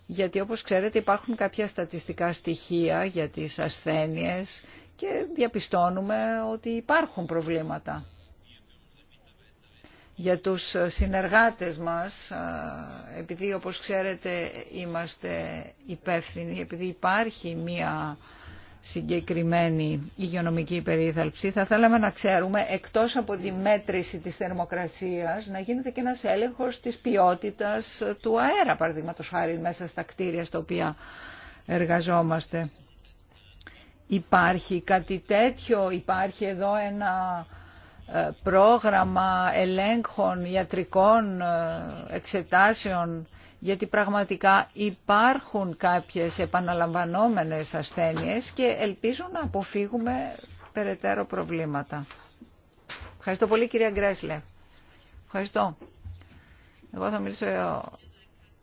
γιατί όπως ξέρετε υπάρχουν κάποια στατιστικά στοιχεία για τις ασθένειες και διαπιστώνουμε ότι υπάρχουν προβλήματα για τους συνεργάτες μας, επειδή όπως ξέρετε είμαστε υπεύθυνοι, επειδή υπάρχει μία συγκεκριμένη υγειονομική περίθαλψη, θα θέλαμε να ξέρουμε, εκτός από τη μέτρηση της θερμοκρασίας, να γίνεται και ένας έλεγχος της ποιότητας του αέρα, παραδείγματος χάρη μέσα στα κτίρια στα οποία εργαζόμαστε. Υπάρχει κάτι τέτοιο, υπάρχει εδώ ένα ε, πρόγραμμα ελέγχων ιατρικών ε, εξετάσεων γιατί πραγματικά υπάρχουν κάποιες επαναλαμβανόμενες ασθένειες και ελπίζω να αποφύγουμε περαιτέρω προβλήματα. Ευχαριστώ πολύ κυρία Γκρέσλε. Ευχαριστώ. Εγώ θα μιλήσω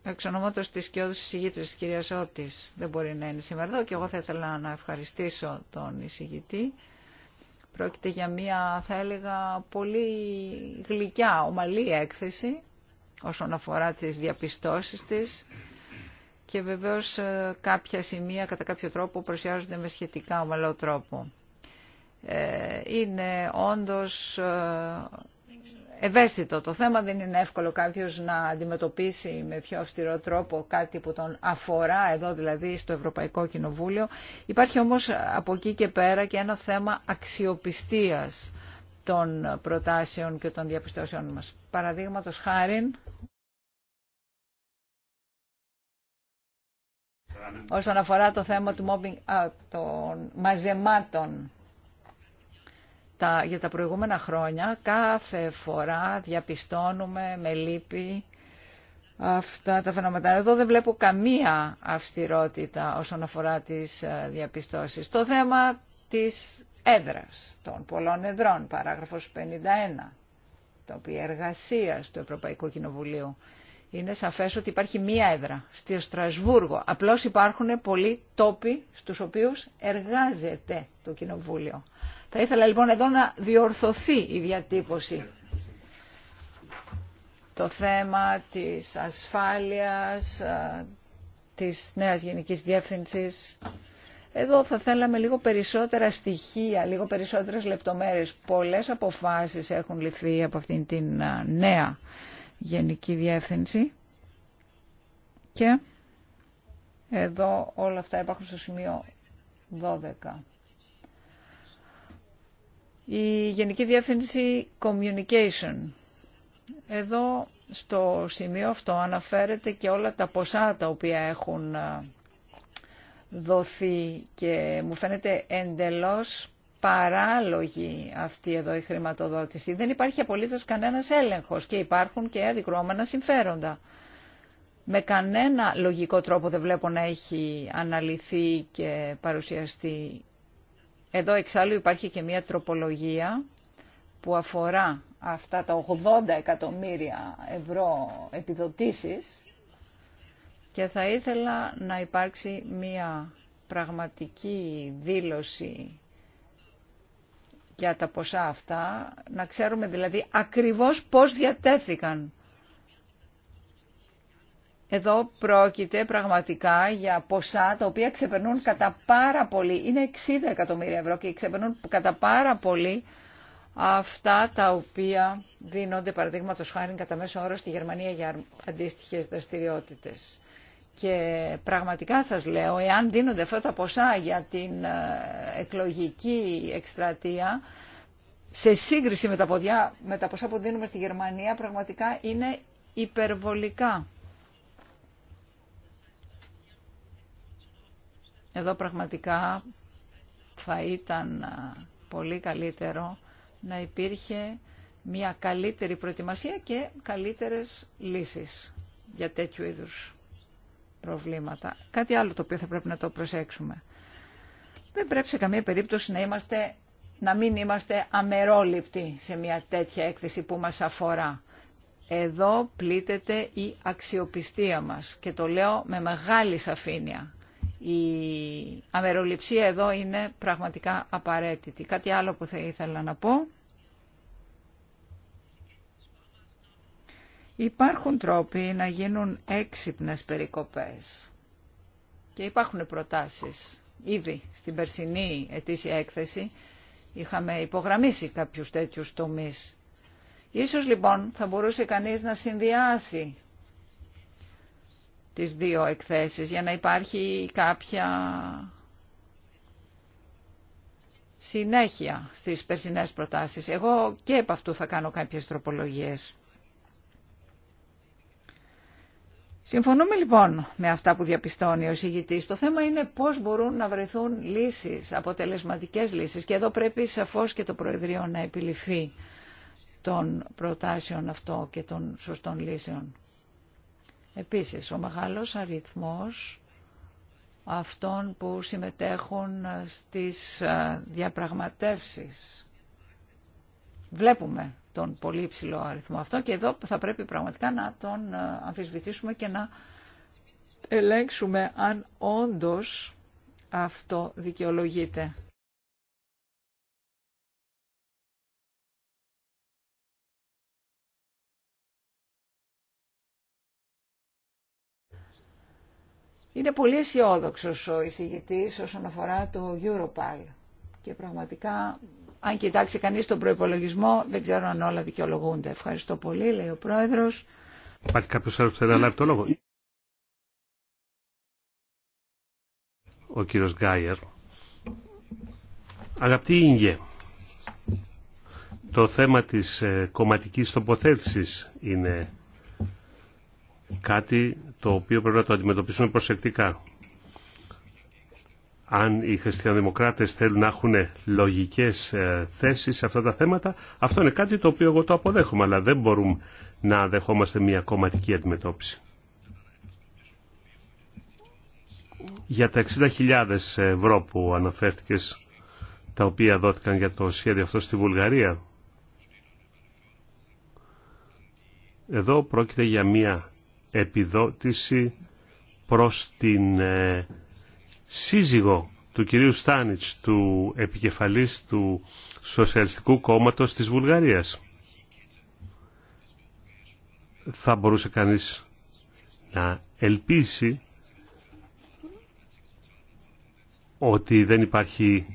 εξ ονόματος της και εισηγήτρης της κυρίας Ότης. Δεν μπορεί να είναι σήμερα εδώ και εγώ θα ήθελα να ευχαριστήσω τον εισηγητή. Πρόκειται για μια, θα έλεγα, πολύ γλυκιά, ομαλή έκθεση όσον αφορά τις διαπιστώσεις της και βεβαίως ε, κάποια σημεία κατά κάποιο τρόπο προσιάζονται με σχετικά ομαλό τρόπο. Ε, είναι όντως ε, ευαίσθητο το θέμα, δεν είναι εύκολο κάποιος να αντιμετωπίσει με πιο αυστηρό τρόπο κάτι που τον αφορά εδώ δηλαδή στο Ευρωπαϊκό Κοινοβούλιο. Υπάρχει όμως από εκεί και πέρα και ένα θέμα αξιοπιστίας των προτάσεων και των διαπιστώσεων μας. Παραδείγματος χάριν, όσον αφορά το θέμα του mobbing, των μαζεμάτων για τα προηγούμενα χρόνια κάθε φορά διαπιστώνουμε με λύπη αυτά τα φαινομένα. Εδώ δεν βλέπω καμία αυστηρότητα όσον αφορά τις ε, διαπιστώσεις. Το θέμα της έδρας των πολλών εδρών, παράγραφος 51, το οποίο εργασία του Ευρωπαϊκού Κοινοβουλίου. Είναι σαφές ότι υπάρχει μία έδρα στη Στρασβούργο. Απλώς υπάρχουν πολλοί τόποι στους οποίους εργάζεται το Κοινοβούλιο. Θα ήθελα λοιπόν εδώ να διορθωθεί η διατύπωση. Το θέμα της ασφάλειας, της νέας γενικής διεύθυνσης. Εδώ θα θέλαμε λίγο περισσότερα στοιχεία, λίγο περισσότερες λεπτομέρειες. Πολλές αποφάσεις έχουν ληφθεί από αυτήν την νέα γενική διεύθυνση. Και εδώ όλα αυτά υπάρχουν στο σημείο 12. Η Γενική Διεύθυνση Communication. Εδώ στο σημείο αυτό αναφέρεται και όλα τα ποσά τα οποία έχουν ε, δοθεί και μου φαίνεται εντελώς παράλογη αυτή εδώ η χρηματοδότηση. Δεν υπάρχει απολύτως κανένας έλεγχος και υπάρχουν και αντικρώμενα συμφέροντα. Με κανένα λογικό τρόπο δεν βλέπω να έχει αναλυθεί και παρουσιαστεί εδώ εξάλλου υπάρχει και μια τροπολογία που αφορά αυτά τα 80 εκατομμύρια ευρώ επιδοτήσεις και θα ήθελα να υπάρξει μια πραγματική δήλωση για τα ποσά αυτά, να ξέρουμε δηλαδή ακριβώς πώς διατέθηκαν εδώ πρόκειται πραγματικά για ποσά τα οποία ξεπερνούν κατά πάρα πολύ, είναι 60 εκατομμύρια ευρώ και ξεπερνούν κατά πάρα πολύ αυτά τα οποία δίνονται παραδείγματο χάρη κατά μέσο όρο στη Γερμανία για αντίστοιχε δραστηριότητε. Και πραγματικά σας λέω, εάν δίνονται αυτά τα ποσά για την ε, εκλογική εκστρατεία, σε σύγκριση με ποδιά, με τα ποσά που δίνουμε στη Γερμανία, πραγματικά είναι υπερβολικά. Εδώ πραγματικά θα ήταν πολύ καλύτερο να υπήρχε μια καλύτερη προετοιμασία και καλύτερες λύσεις για τέτοιου είδους προβλήματα. Κάτι άλλο το οποίο θα πρέπει να το προσέξουμε. Δεν πρέπει σε καμία περίπτωση να, είμαστε, να μην είμαστε αμερόληπτοι σε μια τέτοια έκθεση που μας αφορά. Εδώ πλήττεται η αξιοπιστία μας και το λέω με μεγάλη σαφήνεια η αμεροληψία εδώ είναι πραγματικά απαραίτητη. Κάτι άλλο που θα ήθελα να πω. Υπάρχουν τρόποι να γίνουν έξυπνες περικοπές και υπάρχουν προτάσεις. Ήδη στην περσινή ετήσια έκθεση είχαμε υπογραμμίσει κάποιους τέτοιους τομείς. Ίσως λοιπόν θα μπορούσε κανείς να συνδυάσει τις δύο εκθέσεις για να υπάρχει κάποια συνέχεια στις περσινές προτάσεις. Εγώ και επ' αυτού θα κάνω κάποιες τροπολογίες. Συμφωνούμε λοιπόν με αυτά που διαπιστώνει ο συγητής. Το θέμα είναι πώς μπορούν να βρεθούν λύσεις, αποτελεσματικές λύσεις. Και εδώ πρέπει σαφώς και το Προεδρείο να επιληφθεί των προτάσεων αυτό και των σωστών λύσεων. Επίσης, ο μεγάλος αριθμός αυτών που συμμετέχουν στις ε, διαπραγματεύσεις. Βλέπουμε τον πολύ υψηλό αριθμό αυτό και εδώ θα πρέπει πραγματικά να τον ε, αμφισβητήσουμε και να ελέγξουμε αν όντως αυτό δικαιολογείται. Είναι πολύ αισιόδοξο ο εισηγητή όσον αφορά το Europal. Και πραγματικά, αν κοιτάξει κανεί τον προπολογισμό, δεν ξέρω αν όλα δικαιολογούνται. Ευχαριστώ πολύ, λέει ο Πρόεδρο. Υπάρχει κάποιος άλλο που θέλει να λάβει το λόγο. Ο κύριος Γκάιερ. Αγαπητή Ίγγε, το θέμα της ε, κομματικής τοποθέτησης είναι κάτι το οποίο πρέπει να το αντιμετωπίσουμε προσεκτικά. Αν οι χριστιανοδημοκράτες θέλουν να έχουν λογικές ε, θέσεις σε αυτά τα θέματα, αυτό είναι κάτι το οποίο εγώ το αποδέχομαι, αλλά δεν μπορούμε να δεχόμαστε μια κομματική αντιμετώπιση. Για τα 60.000 ευρώ που αναφέρθηκες, τα οποία δόθηκαν για το σχέδιο αυτό στη Βουλγαρία, εδώ πρόκειται για μια επιδότηση προς την ε, σύζυγο του κυρίου Στάνιτς, του επικεφαλής του Σοσιαλιστικού Κόμματος της Βουλγαρίας. Θα μπορούσε κανείς να ελπίσει ότι δεν υπάρχει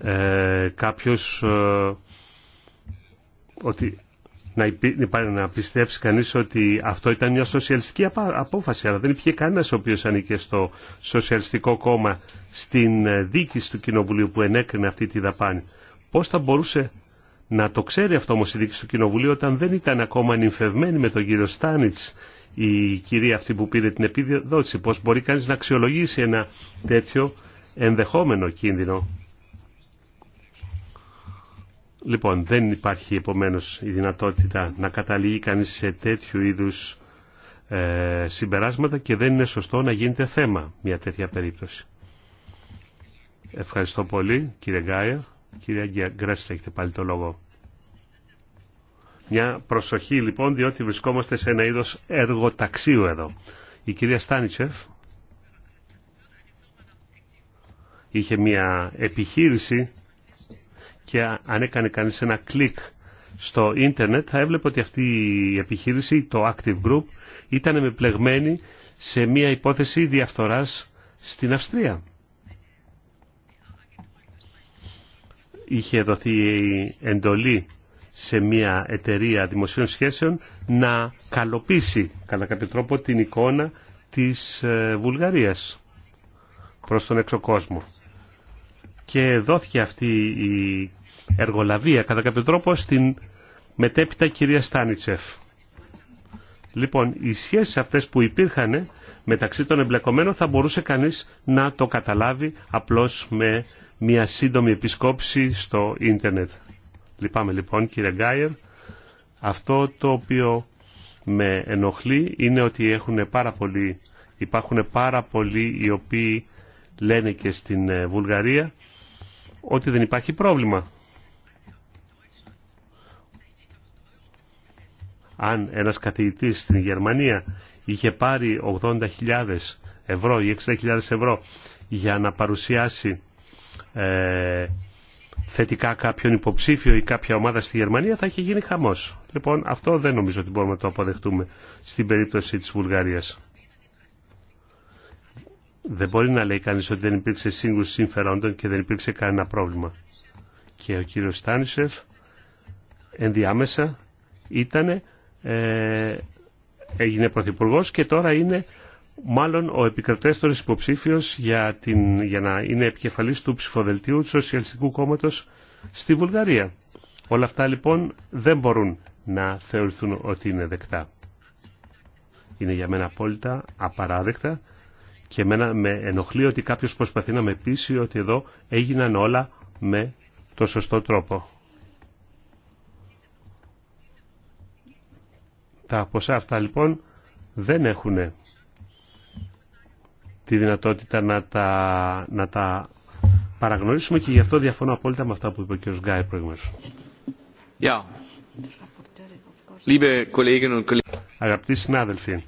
ε, κάποιος ε, ότι να πιστέψει κανείς ότι αυτό ήταν μια σοσιαλιστική απόφαση, αλλά δεν υπήρχε κανένας ο οποίος ανήκε στο σοσιαλιστικό κόμμα στην ε, δίκηση του Κοινοβουλίου που ενέκρινε αυτή τη δαπάνη. Πώς θα μπορούσε να το ξέρει αυτό όμως η δίκηση του Κοινοβουλίου όταν δεν ήταν ακόμα νυμφευμένη με τον κύριο Στάνιτς η κυρία αυτή που πήρε την επιδότηση. Πώς μπορεί κανείς να αξιολογήσει ένα τέτοιο ενδεχόμενο κίνδυνο. Λοιπόν, δεν υπάρχει επομένως η δυνατότητα να καταλήγει κανείς σε τέτοιου είδους ε, συμπεράσματα και δεν είναι σωστό να γίνεται θέμα μια τέτοια περίπτωση. Ευχαριστώ πολύ κύριε Γκάια. Κύριε Γκρέσλε έχετε πάλι το λόγο. Μια προσοχή λοιπόν διότι βρισκόμαστε σε ένα είδος εργοταξίου εδώ. Η κυρία Στάνιτσεφ είχε μια επιχείρηση και αν έκανε κανείς ένα κλικ στο ίντερνετ θα έβλεπε ότι αυτή η επιχείρηση, το Active Group, ήταν μεπλεγμένη σε μια υπόθεση διαφθοράς στην Αυστρία. Είχε δοθεί εντολή σε μια εταιρεία δημοσίων σχέσεων να καλοποίησει κατά κάποιο τρόπο την εικόνα της ε, Βουλγαρίας προς τον έξω κόσμο και δόθηκε αυτή η εργολαβία κατά κάποιο τρόπο στην μετέπειτα κυρία Στάνιτσεφ. Λοιπόν, οι σχέσεις αυτές που υπήρχαν μεταξύ των εμπλεκομένων θα μπορούσε κανείς να το καταλάβει απλώς με μια σύντομη επισκόπηση στο ίντερνετ. Λυπάμαι λοιπόν κύριε Γκάιερ. Αυτό το οποίο με ενοχλεί είναι ότι έχουν πάρα υπάρχουν πάρα πολλοί οι οποίοι λένε και στην ε, Βουλγαρία ότι δεν υπάρχει πρόβλημα. Αν ένας καθηγητής στην Γερμανία είχε πάρει 80.000 ευρώ ή 60.000 ευρώ για να παρουσιάσει ε, θετικά κάποιον υποψήφιο ή κάποια ομάδα στη Γερμανία θα είχε γίνει χαμός. Λοιπόν, αυτό δεν νομίζω ότι μπορούμε να το αποδεχτούμε στην περίπτωση της Βουλγαρίας. Δεν μπορεί να λέει κανείς ότι δεν υπήρξε σύγκρουση συμφερόντων και δεν υπήρξε κανένα πρόβλημα. Και ο κύριος Στάνισεφ ενδιάμεσα ήτανε ε, έγινε πρωθυπουργό και τώρα είναι μάλλον ο επικρατέστορης υποψήφιος για, για να είναι επικεφαλής του ψηφοδελτίου του Σοσιαλιστικού Κόμματος στη Βουλγαρία. Όλα αυτά λοιπόν δεν μπορούν να θεωρηθούν ότι είναι δεκτά. Είναι για μένα απόλυτα απαράδεκτα και εμένα με ενοχλεί ότι κάποιος προσπαθεί να με πείσει ότι εδώ έγιναν όλα με το σωστό τρόπο. Τα ποσά αυτά λοιπόν δεν έχουν τη δυνατότητα να τα, να τα παραγνωρίσουμε και γι' αυτό διαφωνώ απόλυτα με αυτά που είπε ο κ. Γκάι προηγουμένως. Yeah. Αγαπητοί συνάδελφοι,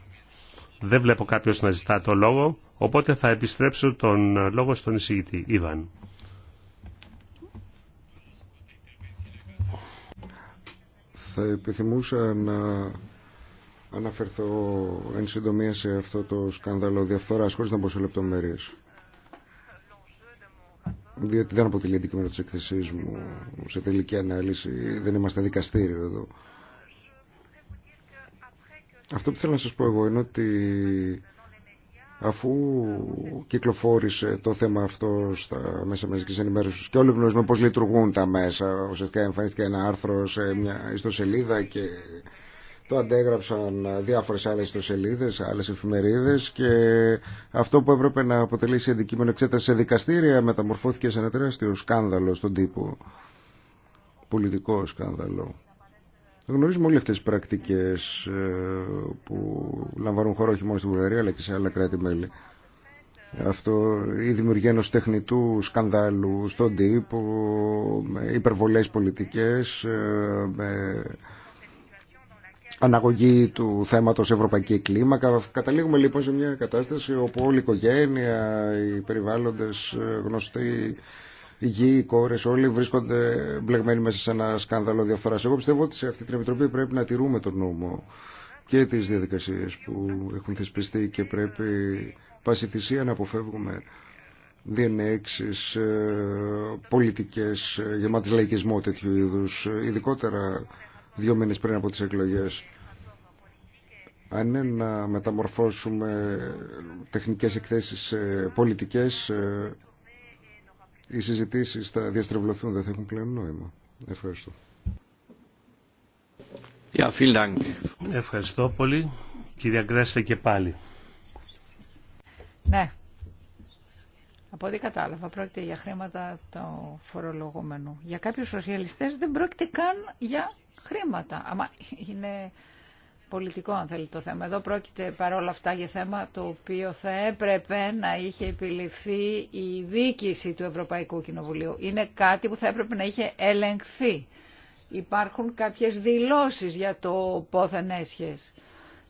δεν βλέπω κάποιος να ζητά το λόγο, οπότε θα επιστρέψω τον λόγο στον εισηγητή. Ιβάν. Θα επιθυμούσα να αναφερθώ εν συντομία σε αυτό το σκάνδαλο διαφθοράς, χωρίς να μπω σε λεπτομέρειες. Διότι δεν αποτελεί αντικείμενο της εκθεσής μου. Σε τελική ανάλυση δεν είμαστε δικαστήριο εδώ. Αυτό που θέλω να σας πω εγώ είναι ότι αφού κυκλοφόρησε το θέμα αυτό στα μέσα μαζικής ενημέρωσης και όλοι γνωρίζουμε πώς λειτουργούν τα μέσα, ουσιαστικά εμφανίστηκε ένα άρθρο σε μια ιστοσελίδα και το αντέγραψαν διάφορες άλλες ιστοσελίδες, άλλες εφημερίδες και αυτό που έπρεπε να αποτελήσει αντικείμενο εξέταση σε δικαστήρια μεταμορφώθηκε σε ένα τεράστιο σκάνδαλο στον τύπο, πολιτικό σκάνδαλο. Γνωρίζουμε όλες αυτές τις πρακτικές ε, που λαμβάνουν χώρο όχι μόνο στην Βουλγαρία αλλά και σε άλλα κράτη-μέλη. Αυτό η δημιουργία ενό τεχνητού σκανδάλου στον τύπο, με υπερβολές πολιτικές, ε, με αναγωγή του θέματος ευρωπαϊκή κλίμακα. Καταλήγουμε λοιπόν σε μια κατάσταση όπου όλη η οικογένεια, οι περιβάλλοντες ε, γνωστοί γη, οι κόρε, όλοι βρίσκονται μπλεγμένοι μέσα σε ένα σκάνδαλο διαφθορά. Εγώ πιστεύω ότι σε αυτή την επιτροπή πρέπει να τηρούμε τον νόμο και τι διαδικασίε που έχουν θεσπιστεί και πρέπει πάση θυσία να αποφεύγουμε διενέξει ε, πολιτικέ ε, γεμάτης λαϊκισμό τέτοιου είδου. ειδικότερα δύο μήνες πριν από τι εκλογέ. αν είναι να μεταμορφώσουμε τεχνικές εκθέσεις σε πολιτικές ε, οι συζητήσεις θα διαστρεβλωθούν, δεν θα έχουν πλέον νόημα. Ευχαριστώ. Dank. Ευχαριστώ πολύ. Κυρία Γκρέσλε και πάλι. Ναι. Από ό,τι κατάλαβα, πρόκειται για χρήματα το φορολογούμενο. Για κάποιους σοσιαλιστές δεν πρόκειται καν για χρήματα. Αλλά είναι πολιτικό αν θέλει το θέμα. Εδώ πρόκειται παρόλα αυτά για θέμα το οποίο θα έπρεπε να είχε επιληφθεί η δίκηση του Ευρωπαϊκού Κοινοβουλίου. Είναι κάτι που θα έπρεπε να είχε ελεγχθεί. Υπάρχουν κάποιες δηλώσεις για το πόθεν έσχες.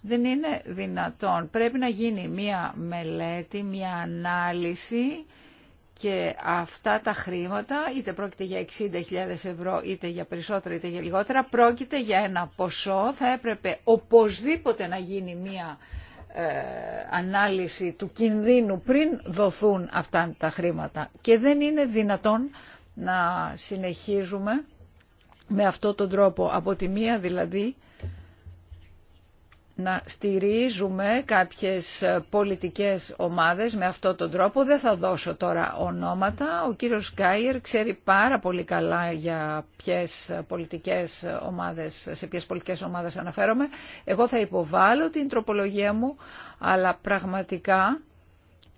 Δεν είναι δυνατόν. Πρέπει να γίνει μία μελέτη, μία ανάλυση και αυτά τα χρήματα, είτε πρόκειται για 60.000 ευρώ, είτε για περισσότερα, είτε για λιγότερα, πρόκειται για ένα ποσό. Θα έπρεπε οπωσδήποτε να γίνει μία ε, ανάλυση του κινδύνου πριν δοθούν αυτά τα χρήματα. Και δεν είναι δυνατόν να συνεχίζουμε με αυτόν τον τρόπο. Από τη μία δηλαδή να στηρίζουμε κάποιες πολιτικές ομάδες με αυτόν τον τρόπο. Δεν θα δώσω τώρα ονόματα. Ο κύριος Γκάιερ ξέρει πάρα πολύ καλά για ποιες πολιτικές ομάδες, σε ποιες πολιτικές ομάδες αναφέρομαι. Εγώ θα υποβάλω την τροπολογία μου, αλλά πραγματικά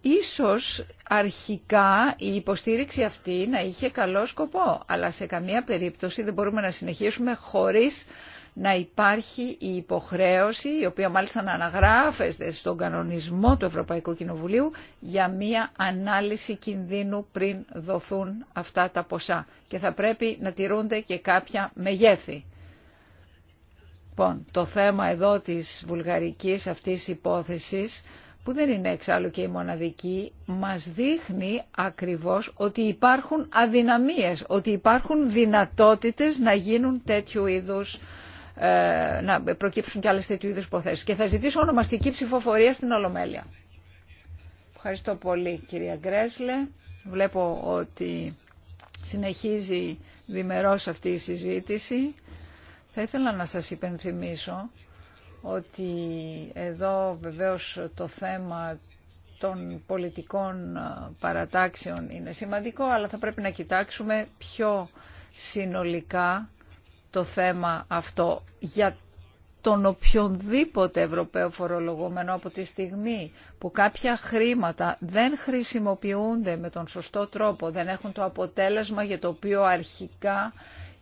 Ίσως αρχικά η υποστήριξη αυτή να είχε καλό σκοπό, αλλά σε καμία περίπτωση δεν μπορούμε να συνεχίσουμε χωρίς να υπάρχει η υποχρέωση, η οποία μάλιστα να αναγράφεται στον κανονισμό του Ευρωπαϊκού Κοινοβουλίου, για μία ανάλυση κινδύνου πριν δοθούν αυτά τα ποσά. Και θα πρέπει να τηρούνται και κάποια μεγέθη. Λοιπόν, το θέμα εδώ της βουλγαρικής αυτής υπόθεσης, που δεν είναι εξάλλου και η μοναδική, μας δείχνει ακριβώς ότι υπάρχουν αδυναμίες, ότι υπάρχουν δυνατότητες να γίνουν τέτοιου είδους ε, να προκύψουν και άλλες τέτοιου είδους υποθέσεις. Και θα ζητήσω ονομαστική ψηφοφορία στην Ολομέλεια. Ευχαριστώ πολύ κυρία Γκρέσλε. Βλέπω ότι συνεχίζει βημερός αυτή η συζήτηση. Θα ήθελα να σας υπενθυμίσω ότι εδώ βεβαίως το θέμα των πολιτικών παρατάξεων είναι σημαντικό, αλλά θα πρέπει να κοιτάξουμε πιο συνολικά το θέμα αυτό για τον οποιονδήποτε Ευρωπαίο φορολογούμενο από τη στιγμή που κάποια χρήματα δεν χρησιμοποιούνται με τον σωστό τρόπο, δεν έχουν το αποτέλεσμα για το οποίο αρχικά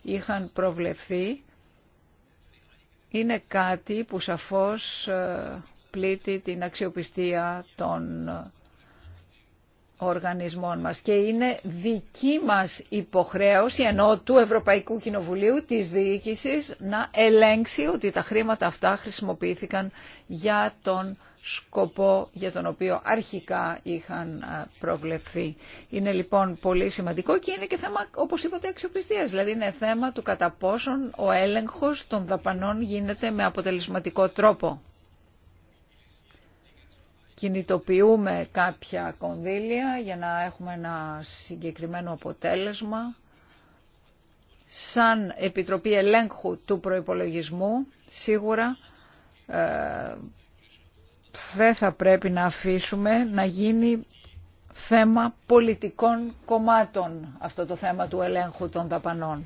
είχαν προβλεφθεί, είναι κάτι που σαφώς ε, πλήττει την αξιοπιστία των ε, οργανισμών μας και είναι δική μας υποχρέωση ενώ του Ευρωπαϊκού Κοινοβουλίου της Διοίκησης να ελέγξει ότι τα χρήματα αυτά χρησιμοποιήθηκαν για τον σκοπό για τον οποίο αρχικά είχαν προβλεφθεί. Είναι λοιπόν πολύ σημαντικό και είναι και θέμα, όπως είπατε, αξιοπιστίας. Δηλαδή είναι θέμα του κατά πόσον ο έλεγχος των δαπανών γίνεται με αποτελεσματικό τρόπο κινητοποιούμε κάποια κονδύλια για να έχουμε ένα συγκεκριμένο αποτέλεσμα. Σαν Επιτροπή Ελέγχου του Προϋπολογισμού, σίγουρα ε, δεν θα πρέπει να αφήσουμε να γίνει θέμα πολιτικών κομμάτων αυτό το θέμα του ελέγχου των δαπανών.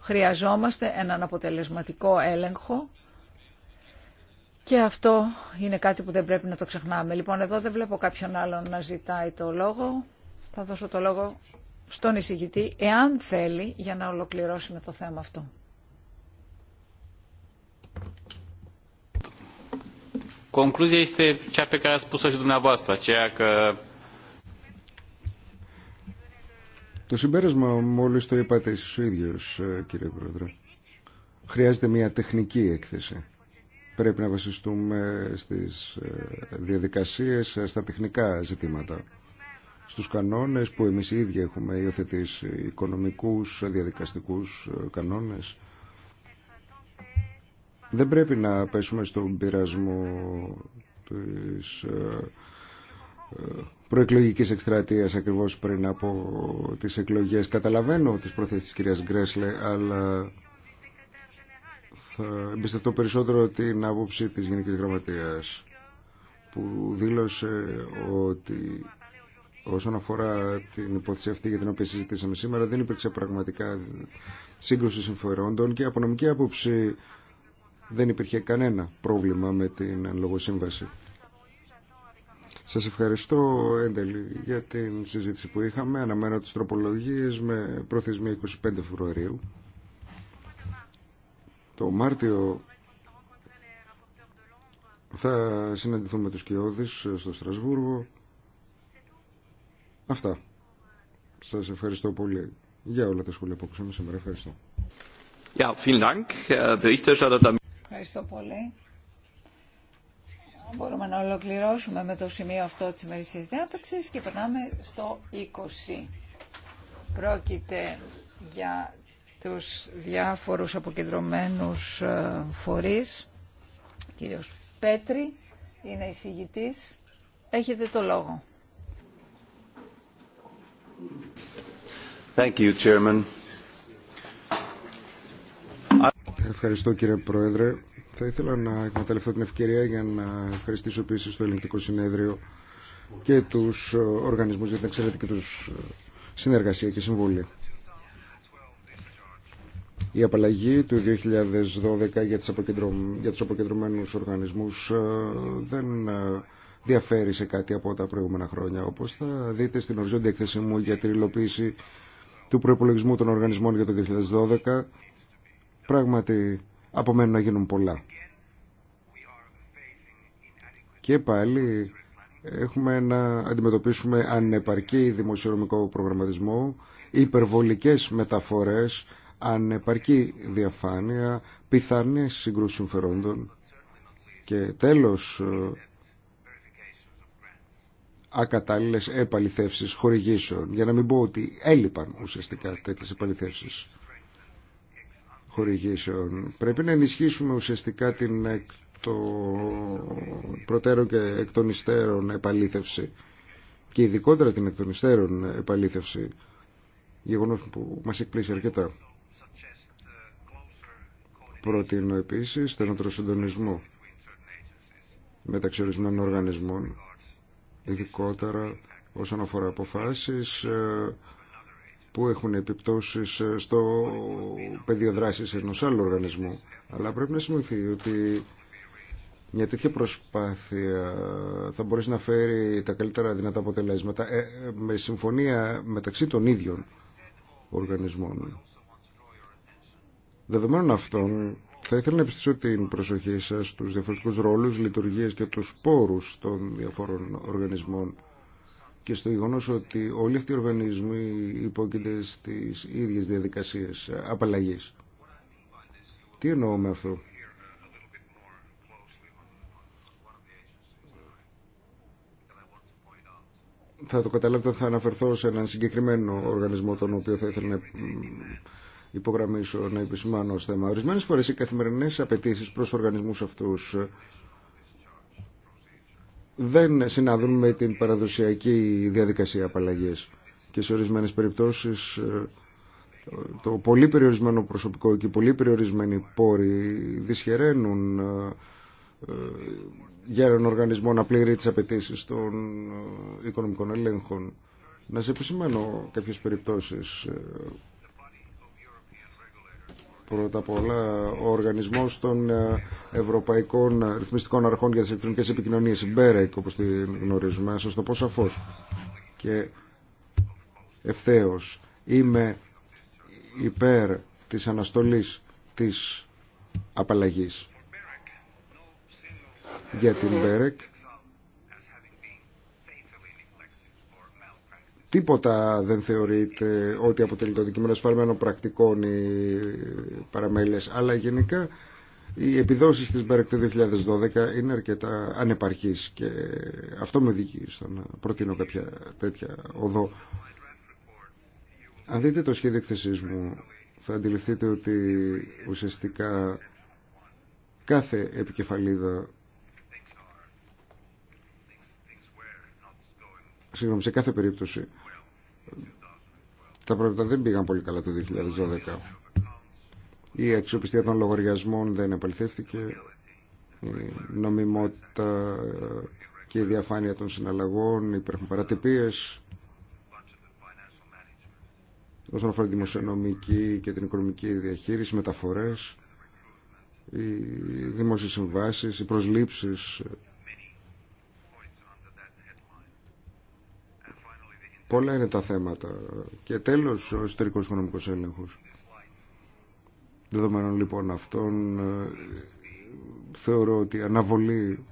Χρειαζόμαστε έναν αποτελεσματικό έλεγχο και αυτό είναι κάτι που δεν πρέπει να το ξεχνάμε. Λοιπόν, εδώ δεν βλέπω κάποιον άλλον να ζητάει το λόγο. Θα δώσω το λόγο στον εισηγητή, εάν θέλει, για να με το θέμα αυτό. Concluzia este cea pe a spus și dumneavoastră, că... Το συμπέρασμα μόλις το είπατε εσείς ο ίδιος, ε, κύριε Πρόεδρε. Χρειάζεται μια τεχνική έκθεση. Πρέπει να βασιστούμε στις ε, διαδικασίες, ε, στα τεχνικά ζητήματα, στους κανόνες που εμείς οι ίδιοι έχουμε υιοθετήσει, οικονομικούς, διαδικαστικούς ε, κανόνες. Δεν πρέπει να πέσουμε στον πειρασμό της προεκλογικής εκστρατείας ακριβώς πριν από τις εκλογές. Καταλαβαίνω τις προθέσεις της κυρίας Γκρέσλε, αλλά θα εμπιστευτώ περισσότερο την άποψη της Γενικής Γραμματείας που δήλωσε ότι όσον αφορά την υπόθεση αυτή για την οποία συζητήσαμε σήμερα δεν υπήρξε πραγματικά σύγκρουση συμφερόντων και από νομική άποψη δεν υπήρχε κανένα πρόβλημα με την λογοσύμβαση. Σας ευχαριστώ έντελη για την συζήτηση που είχαμε. Αναμένω τις τροπολογίες με προθεσμία 25 Φεβρουαρίου. Το Μάρτιο θα συναντηθούμε με τους Κιώδης στο Στρασβούργο. Αυτά. Σας ευχαριστώ πολύ για όλα τα σχόλια που ακούσαμε σήμερα. Ευχαριστώ. Ευχαριστώ πολύ. Μπορούμε να ολοκληρώσουμε με το σημείο αυτό της ημερησίας διάταξης και περνάμε στο 20. Πρόκειται για τους διάφορους αποκεντρωμένους ε, φορείς. Κύριος Πέτρη είναι εισηγητής. Έχετε το λόγο. Thank you, Chairman. Ευχαριστώ κύριε Πρόεδρε. Θα ήθελα να εκμεταλλευτώ την ευκαιρία για να ευχαριστήσω επίση το Ελληνικό Συνέδριο και τους ε, οργανισμούς για την εξαιρετική τους ε, συνεργασία και συμβούλη. Η απαλλαγή του 2012 για, τις για τους αποκεντρωμένους οργανισμούς ε, δεν ε, διαφέρει σε κάτι από τα προηγούμενα χρόνια. Όπως θα δείτε στην οριζόντια εκθέση μου για την υλοποίηση του προπολογισμού των οργανισμών για το 2012, πράγματι απομένουν να γίνουν πολλά. Και πάλι έχουμε να αντιμετωπίσουμε ανεπαρκή δημοσιονομικό προγραμματισμό, υπερβολικές μεταφορές ανεπαρκή διαφάνεια, πιθανές συγκρούσεις συμφερόντων και τέλος ε, ακατάλληλες επαληθεύσεις χορηγήσεων για να μην πω ότι έλειπαν ουσιαστικά τέτοιες επαληθεύσεις χορηγήσεων. Πρέπει να ενισχύσουμε ουσιαστικά την εκ προτέρων και εκ των επαλήθευση και ειδικότερα την εκ των υστέρων επαλήθευση γεγονός που μας εκπλήσει αρκετά. Προτείνω επίσης τον συντονισμό μεταξύ ορισμένων οργανισμών, ειδικότερα όσον αφορά αποφάσεις ε, που έχουν επιπτώσεις ε, στο πεδίο δράσης ενός άλλου οργανισμού. Αλλά πρέπει να σημειωθεί ότι μια τέτοια προσπάθεια θα μπορέσει να φέρει τα καλύτερα δυνατά αποτελέσματα ε, με συμφωνία μεταξύ των ίδιων οργανισμών. Δεδομένων αυτών, θα ήθελα να επιστήσω την προσοχή σας στους διαφορετικούς ρόλους, λειτουργίες και τους πόρους των διαφόρων οργανισμών και στο γεγονό ότι όλοι αυτοί οι οργανισμοί υπόκεινται στις ίδιες διαδικασίες απαλλαγής. Τι εννοώ με αυτό. Θα το καταλάβετε, θα αναφερθώ σε έναν συγκεκριμένο οργανισμό τον οποίο θα ήθελα να υπογραμμίσω, να επισημάνω ως θέμα. Ορισμένε φορέ οι καθημερινέ απαιτήσει προ οργανισμού αυτού δεν συνάδουν με την παραδοσιακή διαδικασία απαλλαγή. Και σε ορισμένε περιπτώσει το πολύ περιορισμένο προσωπικό και οι πολύ περιορισμένοι πόροι δυσχεραίνουν ε, για έναν οργανισμό να πληρεί τις απαιτήσει των ε, οικονομικών ελέγχων. Να σε επισημάνω κάποιες περιπτώσεις ε, Πρώτα απ' όλα, ο Οργανισμό των ε, Ευρωπαϊκών Ρυθμιστικών Αρχών για τι Ελεκτρονικέ Επικοινωνίε, BEREC, όπω την γνωρίζουμε, να σα το πω σαφώ και ευθέω. Είμαι υπέρ τη αναστολή τη απαλλαγή για την BEREC Τίποτα δεν θεωρείται ότι αποτελεί το αντικείμενο ασφαλμένο πρακτικών οι παραμέλειες, αλλά γενικά οι επιδόσεις της ΜΠΕΡΕΚ το 2012 είναι αρκετά ανεπαρχείς και αυτό με οδηγεί στο να προτείνω κάποια τέτοια οδό. Αν δείτε το σχέδιο εκθεσής μου θα αντιληφθείτε ότι ουσιαστικά κάθε επικεφαλίδα συγγνώμη, σε κάθε περίπτωση τα πράγματα δεν πήγαν πολύ καλά το 2012. Η αξιοπιστία των λογαριασμών δεν επαληθεύτηκε. Η νομιμότητα και η διαφάνεια των συναλλαγών, υπέρχουν παρατυπίες. Όσον αφορά τη δημοσιονομική και την οικονομική διαχείριση, μεταφορές, οι δημόσιες συμβάσεις, οι προσλήψεις Πολλά είναι τα θέματα. Και τέλος, ο εσωτερικός οικονομικό έλεγχος. Δεδομένων λοιπόν αυτών, ε, θεωρώ ότι αναβολή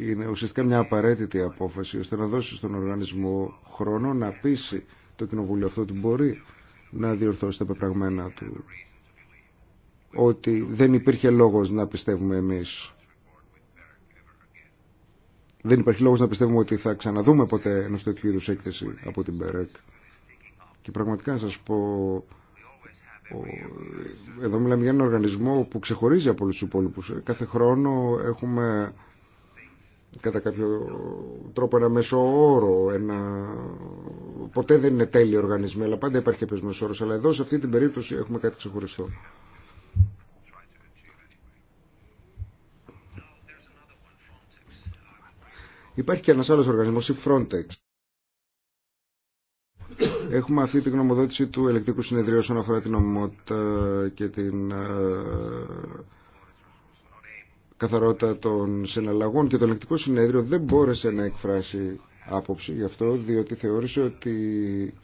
είναι ουσιαστικά μια απαραίτητη απόφαση ώστε να δώσει στον οργανισμό χρόνο να πείσει το κοινοβούλιο αυτό ότι μπορεί να διορθώσει τα πεπραγμένα του ότι δεν υπήρχε λόγος να πιστεύουμε εμείς δεν υπάρχει λόγος να πιστεύουμε ότι θα ξαναδούμε ποτέ ενό τέτοιου είδου έκθεση από την ΠΕΡΕΚ. Και πραγματικά να σας πω, εδώ μιλάμε για έναν οργανισμό που ξεχωρίζει από όλους τους υπόλοιπους. Κάθε χρόνο έχουμε κατά κάποιο τρόπο ένα μέσο όρο, ένα... ποτέ δεν είναι τέλειο οργανισμό, αλλά πάντα υπάρχει ένα μέσο όρο. Αλλά εδώ σε αυτή την περίπτωση έχουμε κάτι ξεχωριστό. Υπάρχει και ένας άλλος οργανισμός, η Frontex. Έχουμε αυτή τη γνωμοδότηση του ελεκτικού συνεδρίου όσον αφορά την ομότητα και την ε, καθαρότητα των συναλλαγών και το ελεκτικό συνέδριο δεν μπόρεσε να εκφράσει άποψη γι' αυτό διότι θεώρησε ότι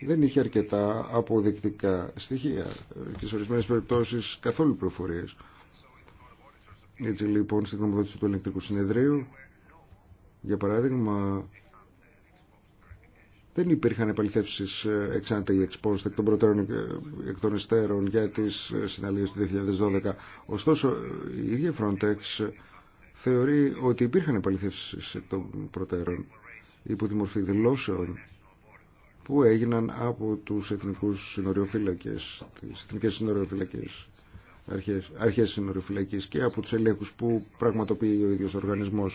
δεν είχε αρκετά αποδεικτικά στοιχεία και σε ορισμένε περιπτώσει καθόλου προφορίες. Έτσι λοιπόν στην γνωμοδότηση του ελεκτρικού συνεδρίου για παράδειγμα, δεν υπήρχαν επαληθεύσει ε, εξάντε ή εξπόστε εκ των προτέρων ε, εκ των υστέρων για τις ε, συναλλαγές του 2012. Ωστόσο, η ίδια Frontex θεωρεί ότι υπήρχαν επαληθεύσει εκ των προτέρων υπό τη μορφή δηλώσεων που έγιναν από του εθνικού συνοριοφύλακε, τις εθνικές συνοριοφύλακες, αρχέ αρχές και από του ελέγχου που πραγματοποιεί ο ίδιο οργανισμό.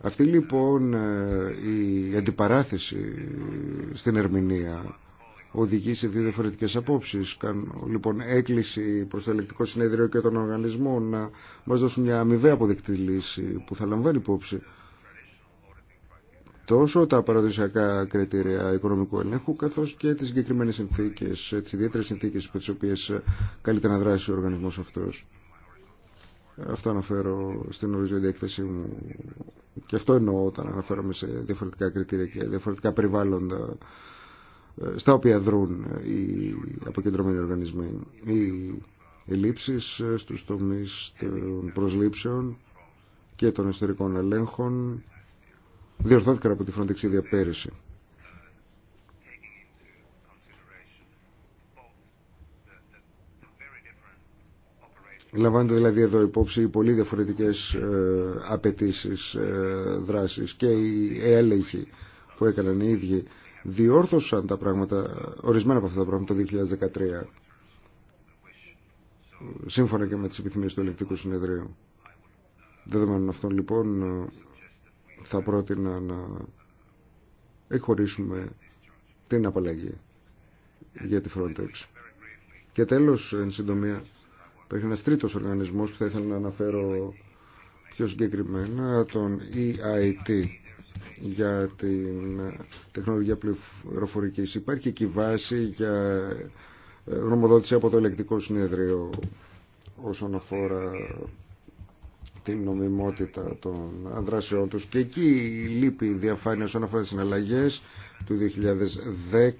Αυτή λοιπόν ε, η αντιπαράθεση στην ερμηνεία οδηγεί σε δύο διαφορετικές απόψει. Κάνω λοιπόν έκκληση προς το ελεκτικό συνέδριο και τον οργανισμό να μας δώσουν μια αμοιβαία αποδεκτή λύση που θα λαμβάνει υπόψη τόσο τα παραδοσιακά κριτήρια οικονομικού ελέγχου καθώς και τις συγκεκριμένες συνθήκες, τις ιδιαίτερες συνθήκες υπό τι οποίε καλείται να δράσει ο οργανισμός αυτός. Αυτό αναφέρω στην οριζόντια έκθεσή μου και αυτό εννοώ όταν αναφέρομαι σε διαφορετικά κριτήρια και διαφορετικά περιβάλλοντα ε, στα οποία δρούν οι αποκεντρωμένοι οργανισμοί. Οι ελλείψεις ε, στους τομείς των προσλήψεων και των εσωτερικών ελέγχων διορθώθηκαν από τη Frontex ίδια πέρυσι. Λαμβάνονται δηλαδή εδώ υπόψη οι πολύ διαφορετικές ε, απαιτήσεις ε, δράσης και οι έλεγχοι που έκαναν οι ίδιοι διόρθωσαν τα πράγματα, ορισμένα από αυτά τα πράγματα το 2013 σύμφωνα και με τις επιθυμίες του ελεκτικού συνεδρίου. Δεδομένων αυτών λοιπόν θα πρότεινα να εκχωρήσουμε την απαλλαγή για τη Frontex. Και τέλος, εν συντομία, Υπάρχει ένας τρίτος οργανισμός που θα ήθελα να αναφέρω πιο συγκεκριμένα, τον EIT για την τεχνολογία πληροφορικής. Υπάρχει και βάση για ε, γνωμοδότηση από το ελεκτικό συνέδριο όσον αφορά την νομιμότητα των ανδράσεών τους και εκεί λείπει η διαφάνεια όσον αφορά τις συναλλαγές του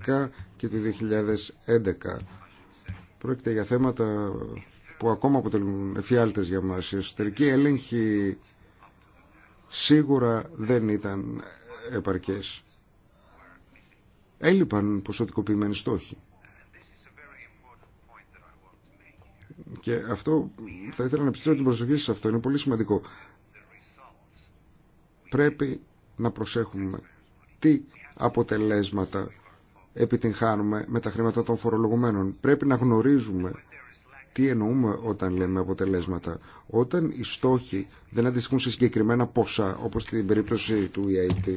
2010 και του 2011. Πρόκειται για θέματα που ακόμα αποτελούν εφιάλτες για μας. Η εσωτερική έλεγχη σίγουρα δεν ήταν επαρκές. Έλειπαν ποσοτικοποιημένοι στόχοι. Και αυτό θα ήθελα να επιστρέψω την προσοχή σας αυτό. Είναι πολύ σημαντικό. Πρέπει να προσέχουμε τι αποτελέσματα επιτυγχάνουμε με τα χρήματα των φορολογουμένων. Πρέπει να γνωρίζουμε τι εννοούμε όταν λέμε αποτελέσματα. Όταν οι στόχοι δεν αντιστοιχούν σε συγκεκριμένα ποσά, όπως στην περίπτωση του EIT,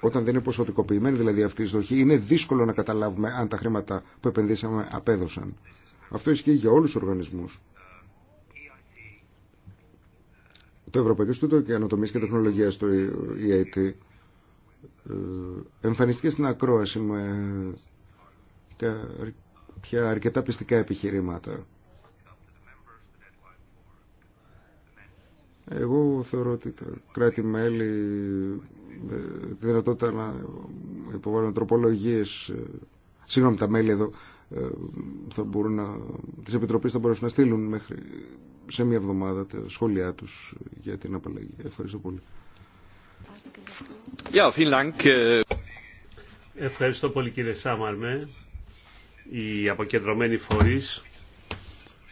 όταν δεν είναι ποσοτικοποιημένη δηλαδή αυτή η στοχή, είναι δύσκολο να καταλάβουμε αν τα χρήματα που επενδύσαμε απέδωσαν. Αυτό ισχύει για όλους τους οργανισμούς. Το Ευρωπαϊκό Στούτο Ανατομίας και Τεχνολογία του, EIT, ε, εμφανιστήκε στην ακρόαση με πια αρκετά πιστικά επιχειρήματα. Εγώ θεωρώ ότι τα κράτη-μέλη τη δυνατότητα να υποβάλουν τροπολογίες, ε, συγγνώμη τα μέλη εδώ, ε, θα μπορούν να, τις επιτροπές θα μπορέσουν να στείλουν μέχρι σε μία εβδομάδα τα σχόλιά τους για την απαλλαγή. Ευχαριστώ πολύ. Ε. Ευχαριστώ πολύ κύριε Σάμαρμε οι αποκεντρωμένοι φορείς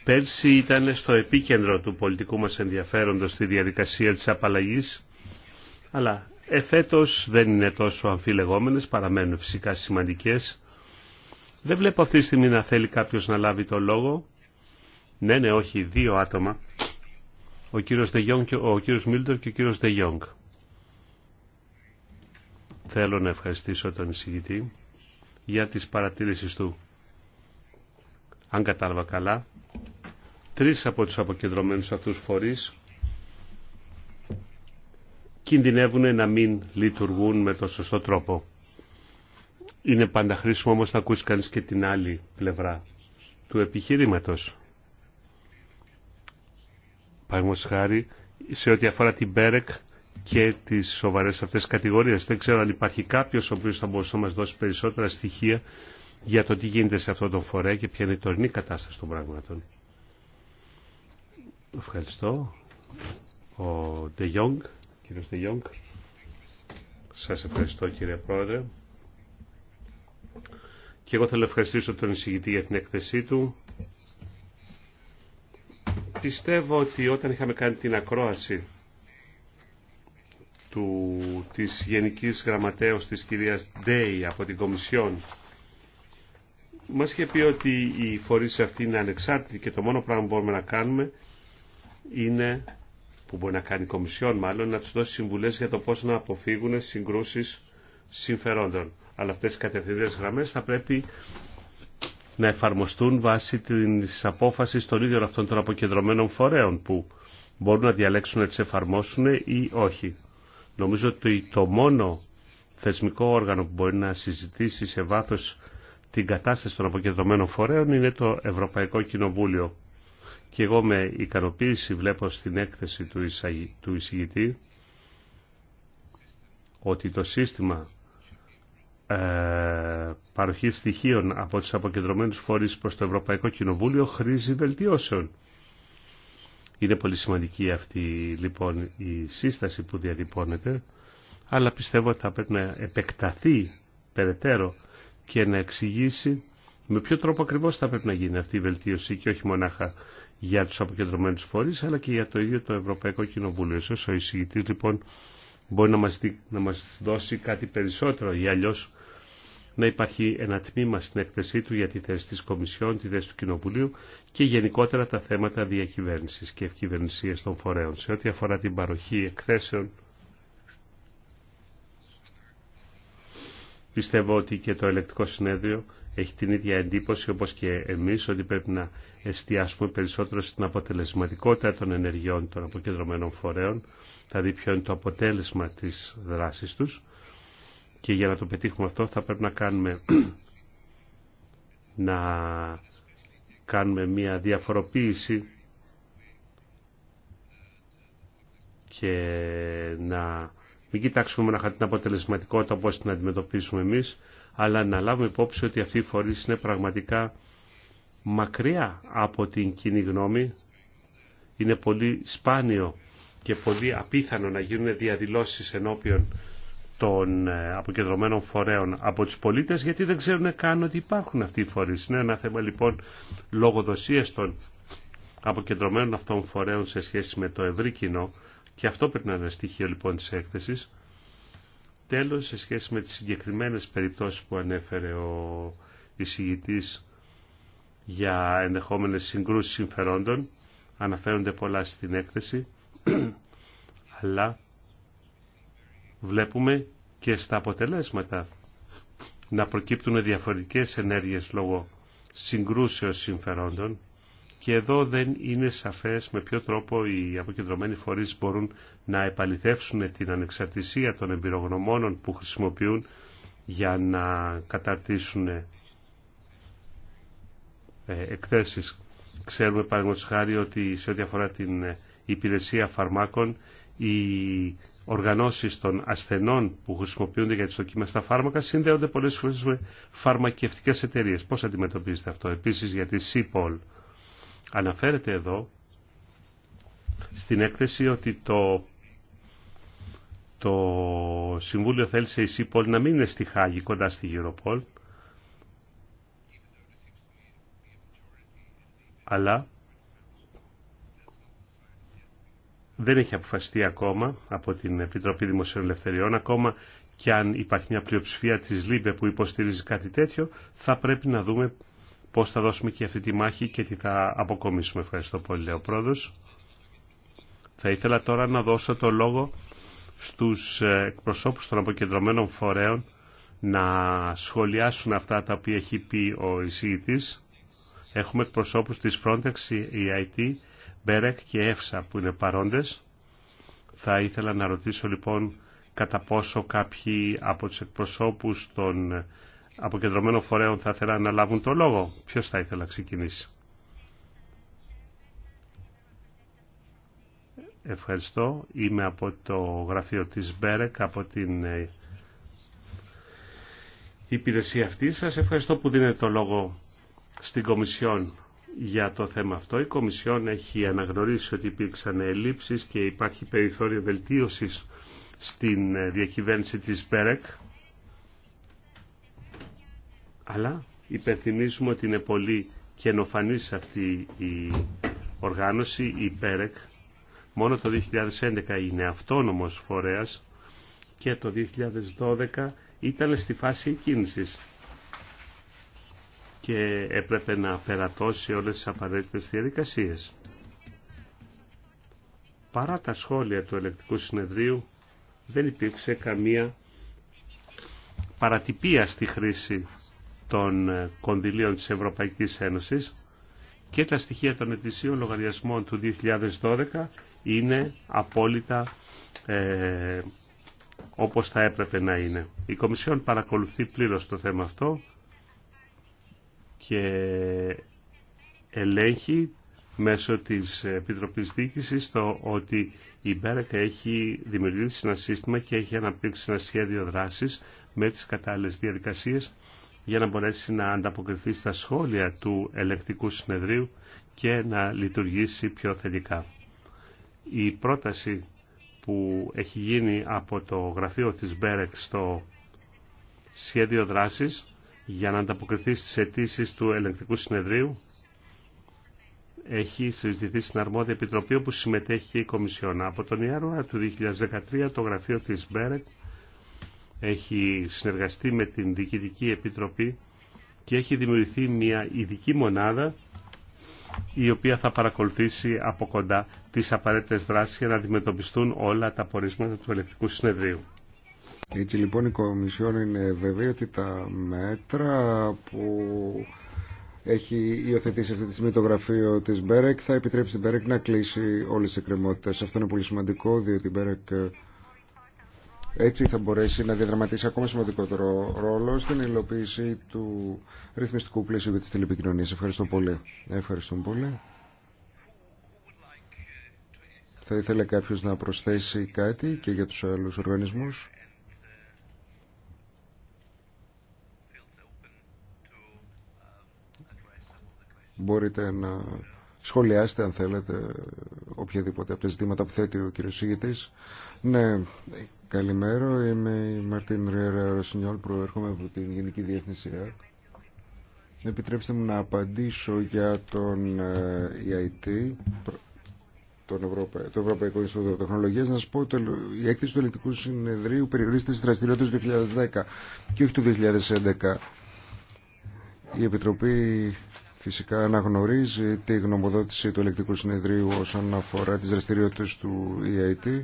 πέρσι ήταν στο επίκεντρο του πολιτικού μας ενδιαφέροντος στη διαδικασία της απαλλαγής, αλλά εφέτος δεν είναι τόσο αμφιλεγόμενες, παραμένουν φυσικά σημαντικές. Δεν βλέπω αυτή τη στιγμή να θέλει κάποιος να λάβει το λόγο. Ναι, ναι, όχι, δύο άτομα. Ο κύριος, De Jong, ο κύριος Μίλτορ και ο κύριος De Θέλω να ευχαριστήσω τον εισηγητή για τις παρατήρησεις του αν κατάλαβα καλά, τρεις από τους αποκεντρωμένους αυτούς φορείς κινδυνεύουν να μην λειτουργούν με τον σωστό τρόπο. Είναι πάντα χρήσιμο όμως να ακούσει κανείς και την άλλη πλευρά του επιχειρήματος. Παραδείγματος χάρη, σε ό,τι αφορά την Μπέρεκ και τις σοβαρές αυτές κατηγορίες. Δεν ξέρω αν υπάρχει κάποιος ο οποίος θα μπορούσε να μας δώσει περισσότερα στοιχεία για το τι γίνεται σε αυτόν τον φορέα και ποια είναι η τωρινή κατάσταση των πραγμάτων. Ευχαριστώ. Ο Ντε Ιόγκ. κύριος Ντε Σας ευχαριστώ κύριε Πρόεδρε. Και εγώ θέλω να ευχαριστήσω τον εισηγητή για την έκθεσή του. Πιστεύω ότι όταν είχαμε κάνει την ακρόαση του, της Γενικής Γραμματέως της κυρίας Ντέι από την Κομισιόν μας είχε πει ότι οι φορείς αυτοί είναι ανεξάρτητοι και το μόνο πράγμα που μπορούμε να κάνουμε είναι, που μπορεί να κάνει η Κομισιόν μάλλον, να τους δώσει συμβουλές για το πώς να αποφύγουν συγκρούσεις συμφερόντων. Αλλά αυτές οι κατευθυντές γραμμές θα πρέπει να εφαρμοστούν βάσει της απόφασης των ίδιων αυτών των αποκεντρωμένων φορέων που μπορούν να διαλέξουν να τις εφαρμόσουν ή όχι. Νομίζω ότι το μόνο θεσμικό όργανο που μπορεί να συζητήσει σε βάθος την κατάσταση των αποκεντρωμένων φορέων είναι το Ευρωπαϊκό Κοινοβούλιο. Και εγώ με ικανοποίηση βλέπω στην έκθεση του, του εισηγητή ότι το σύστημα ε, παροχή στοιχείων από τις αποκεντρωμένους φορείς προς το Ευρωπαϊκό Κοινοβούλιο χρήζει βελτιώσεων. Είναι πολύ σημαντική αυτή λοιπόν η σύσταση που διατυπώνεται, αλλά πιστεύω ότι θα πρέπει να επεκταθεί περαιτέρω και να εξηγήσει με ποιο τρόπο ακριβώς θα πρέπει να γίνει αυτή η βελτίωση και όχι μονάχα για τους αποκεντρωμένους φορείς αλλά και για το ίδιο το Ευρωπαϊκό Κοινοβούλιο. Ίσως ο εισηγητής λοιπόν μπορεί να μας, δώσει κάτι περισσότερο ή αλλιώ να υπάρχει ένα τμήμα στην έκθεσή του για τη θέση της Κομισιόν, τη θέση του Κοινοβουλίου και γενικότερα τα θέματα διακυβέρνησης και ευκυβερνησίας των φορέων. Σε ό,τι αφορά την παροχή εκθέσεων Πιστεύω ότι και το ελεκτικό συνέδριο έχει την ίδια εντύπωση όπως και εμείς ότι πρέπει να εστιάσουμε περισσότερο στην αποτελεσματικότητα των ενεργειών των αποκεντρωμένων φορέων, δηλαδή ποιο είναι το αποτέλεσμα της δράσης τους και για να το πετύχουμε αυτό θα πρέπει να κάνουμε να κάνουμε μια διαφοροποίηση και να μην κοιτάξουμε να την αποτελεσματικότητα πώς την αντιμετωπίσουμε εμείς, αλλά να λάβουμε υπόψη ότι αυτή η φορείς είναι πραγματικά μακριά από την κοινή γνώμη. Είναι πολύ σπάνιο και πολύ απίθανο να γίνουν διαδηλώσεις ενώπιον των ε, αποκεντρωμένων φορέων από τους πολίτες γιατί δεν ξέρουν καν ότι υπάρχουν αυτοί οι φορείς. Είναι ένα θέμα λοιπόν λογοδοσίες των αποκεντρωμένων αυτών φορέων σε σχέση με το ευρύ κοινό και αυτό πρέπει να είναι στοιχείο λοιπόν της έκθεσης. Τέλος, σε σχέση με τις συγκεκριμένες περιπτώσεις που ανέφερε ο εισηγητής για ενδεχόμενες συγκρούσεις συμφερόντων, αναφέρονται πολλά στην έκθεση, αλλά βλέπουμε και στα αποτελέσματα να προκύπτουν διαφορετικές ενέργειες λόγω συγκρούσεως συμφερόντων και εδώ δεν είναι σαφές με ποιο τρόπο οι αποκεντρωμένοι φορείς μπορούν να επαληθεύσουν την ανεξαρτησία των εμπειρογνωμόνων που χρησιμοποιούν για να καταρτήσουν ε, εκθέσεις. Ξέρουμε παραδείγματος χάρη ότι σε ό,τι αφορά την ε, υπηρεσία φαρμάκων οι οργανώσεις των ασθενών που χρησιμοποιούνται για τις δοκίμες στα φάρμακα συνδέονται πολλές φορές με φαρμακευτικές εταιρείες. Πώς αντιμετωπίζετε αυτό επίσης για τη CIPOL Αναφέρεται εδώ στην έκθεση ότι το, το Συμβούλιο θέλησε η ΣΥΠΟΛ να μην είναι στη Χάγη κοντά στη Γεροπόλ αλλά δεν έχει αποφασιστεί ακόμα από την Επιτροπή Δημοσίων Ελευθεριών ακόμα και αν υπάρχει μια πλειοψηφία της ΛΥΜΠΕ που υποστηρίζει κάτι τέτοιο θα πρέπει να δούμε πώς θα δώσουμε και αυτή τη μάχη και τι θα αποκομίσουμε. Ευχαριστώ πολύ, λέει Πρόεδρος. Θα ήθελα τώρα να δώσω το λόγο στους ε, εκπροσώπους των αποκεντρωμένων φορέων να σχολιάσουν αυτά τα οποία έχει πει ο εισηγητής. Έχουμε εκπροσώπους της Frontex, IT, BEREC και EFSA που είναι παρόντες. Θα ήθελα να ρωτήσω λοιπόν κατά πόσο κάποιοι από τους εκπροσώπους των αποκεντρωμένων φορέων θα ήθελαν να λάβουν το λόγο. Ποιος θα ήθελα να ξεκινήσει. Ευχαριστώ. Είμαι από το γραφείο της Μπέρεκ, από την ε, υπηρεσία αυτή. Σας ευχαριστώ που δίνετε το λόγο στην Κομισιόν για το θέμα αυτό. Η Κομισιόν έχει αναγνωρίσει ότι υπήρξαν ελλείψεις και υπάρχει περιθώριο βελτίωσης στην ε, διακυβέρνηση της Μπέρεκ αλλά υπενθυμίζουμε ότι είναι πολύ καινοφανή αυτή η οργάνωση, η ΠΕΡΕΚ. Μόνο το 2011 είναι αυτόνομος φορέας και το 2012 ήταν στη φάση κίνησης και έπρεπε να περατώσει όλες τις απαραίτητες διαδικασίες. Παρά τα σχόλια του ελεκτικού συνεδρίου δεν υπήρξε καμία παρατυπία στη χρήση των ε, κονδυλίων της Ευρωπαϊκής Ένωσης και τα στοιχεία των ετησίων λογαριασμών του 2012 είναι απόλυτα ε, όπως θα έπρεπε να είναι. Η Κομισιόν παρακολουθεί πλήρως το θέμα αυτό και ελέγχει μέσω της Επιτροπής Διοίκησης το ότι η Μπέρεκ έχει δημιουργήσει ένα σύστημα και έχει αναπτύξει ένα σχέδιο δράσης με τις κατάλληλες διαδικασίες για να μπορέσει να ανταποκριθεί στα σχόλια του ελεκτικού συνεδρίου και να λειτουργήσει πιο θετικά. Η πρόταση που έχει γίνει από το γραφείο της Μπέρεκ στο σχέδιο δράσης για να ανταποκριθεί στις αιτήσει του ελεκτικού συνεδρίου έχει συζητηθεί στην αρμόδια επιτροπή όπου συμμετέχει η Κομισιόν. Από τον Ιανουάριο του 2013 το γραφείο της Μπέρεκ έχει συνεργαστεί με την Διοικητική Επιτροπή και έχει δημιουργηθεί μια ειδική μονάδα η οποία θα παρακολουθήσει από κοντά τις απαραίτητες δράσεις για να αντιμετωπιστούν όλα τα πορίσματα του ελεκτικού συνεδρίου. Έτσι λοιπόν η Κομισιόν είναι βέβαιη ότι τα μέτρα που έχει υιοθετήσει αυτή τη στιγμή το γραφείο της Μπέρεκ θα επιτρέψει την Μπέρεκ να κλείσει όλες τις εκκρεμότητες. Αυτό είναι πολύ σημαντικό διότι η Μπέρεκ έτσι θα μπορέσει να διαδραματίσει ακόμα σημαντικότερο ρόλο στην υλοποίηση του ρυθμιστικού πλαίσιου για τις τηλεπικοινωνίες. Ευχαριστώ πολύ. Ευχαριστώ πολύ. Θα ήθελε κάποιος να προσθέσει κάτι και για τους άλλους οργανισμούς. Μπορείτε να Σχολιάστε, αν θέλετε οποιαδήποτε από τα ζητήματα που θέτει ο κύριος Σίγητης. Ναι, καλημέρα. Είμαι η Μαρτίν Ρέρα Ρωσινιόλ, προέρχομαι από την Γενική Διεθνή ΕΡΚ. Επιτρέψτε μου να απαντήσω για τον ε, EIT, τον Ευρωπα... το Ευρωπαϊκό Ινστιτούτο Τεχνολογίας. Να σας πω ότι η έκθεση του Ελληνικού Συνεδρίου περιορίζεται στις δραστηριότητες του 2010 και όχι του 2011. Η Επιτροπή φυσικά αναγνωρίζει τη γνωμοδότηση του ελεκτικού συνεδρίου όσον αφορά τις δραστηριότητες του EIT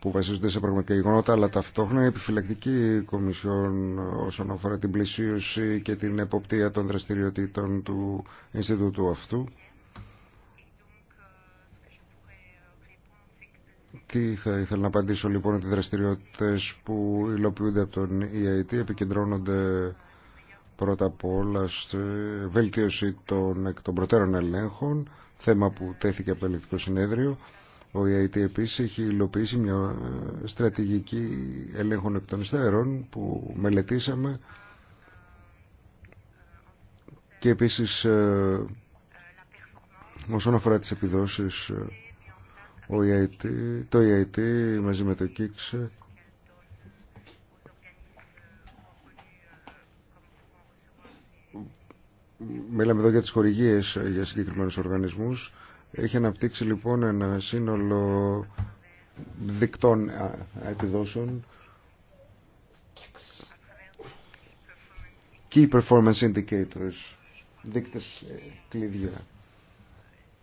που βασίζονται σε πραγματικά γεγονότα, αλλά ταυτόχρονα η επιφυλακτική κομισιόν όσον αφορά την πλησίωση και την εποπτεία των δραστηριοτήτων του Ινστιτούτου αυτού. Τι θα ήθελα να απαντήσω λοιπόν ότι οι δραστηριότητες που υλοποιούνται από τον EIT επικεντρώνονται Πρώτα απ' όλα στη βελτίωση των προτέρων ελέγχων, θέμα που τέθηκε από το Ελληνικό Συνέδριο. Ο ΙΑΙΤ επίση έχει υλοποιήσει μια ε, στρατηγική ελέγχων εκ των υστέρων που μελετήσαμε και επίσης ε, όσον αφορά τις επιδόσεις ε, ο το ΙΑΙΤ μαζί με το ΚΙΚΣ... μιλάμε εδώ για τις χορηγίες ε, για συγκεκριμένους οργανισμούς. Έχει αναπτύξει λοιπόν ένα σύνολο δικτών επιδόσεων Key Performance Indicators, δείκτες ε, κλειδιά.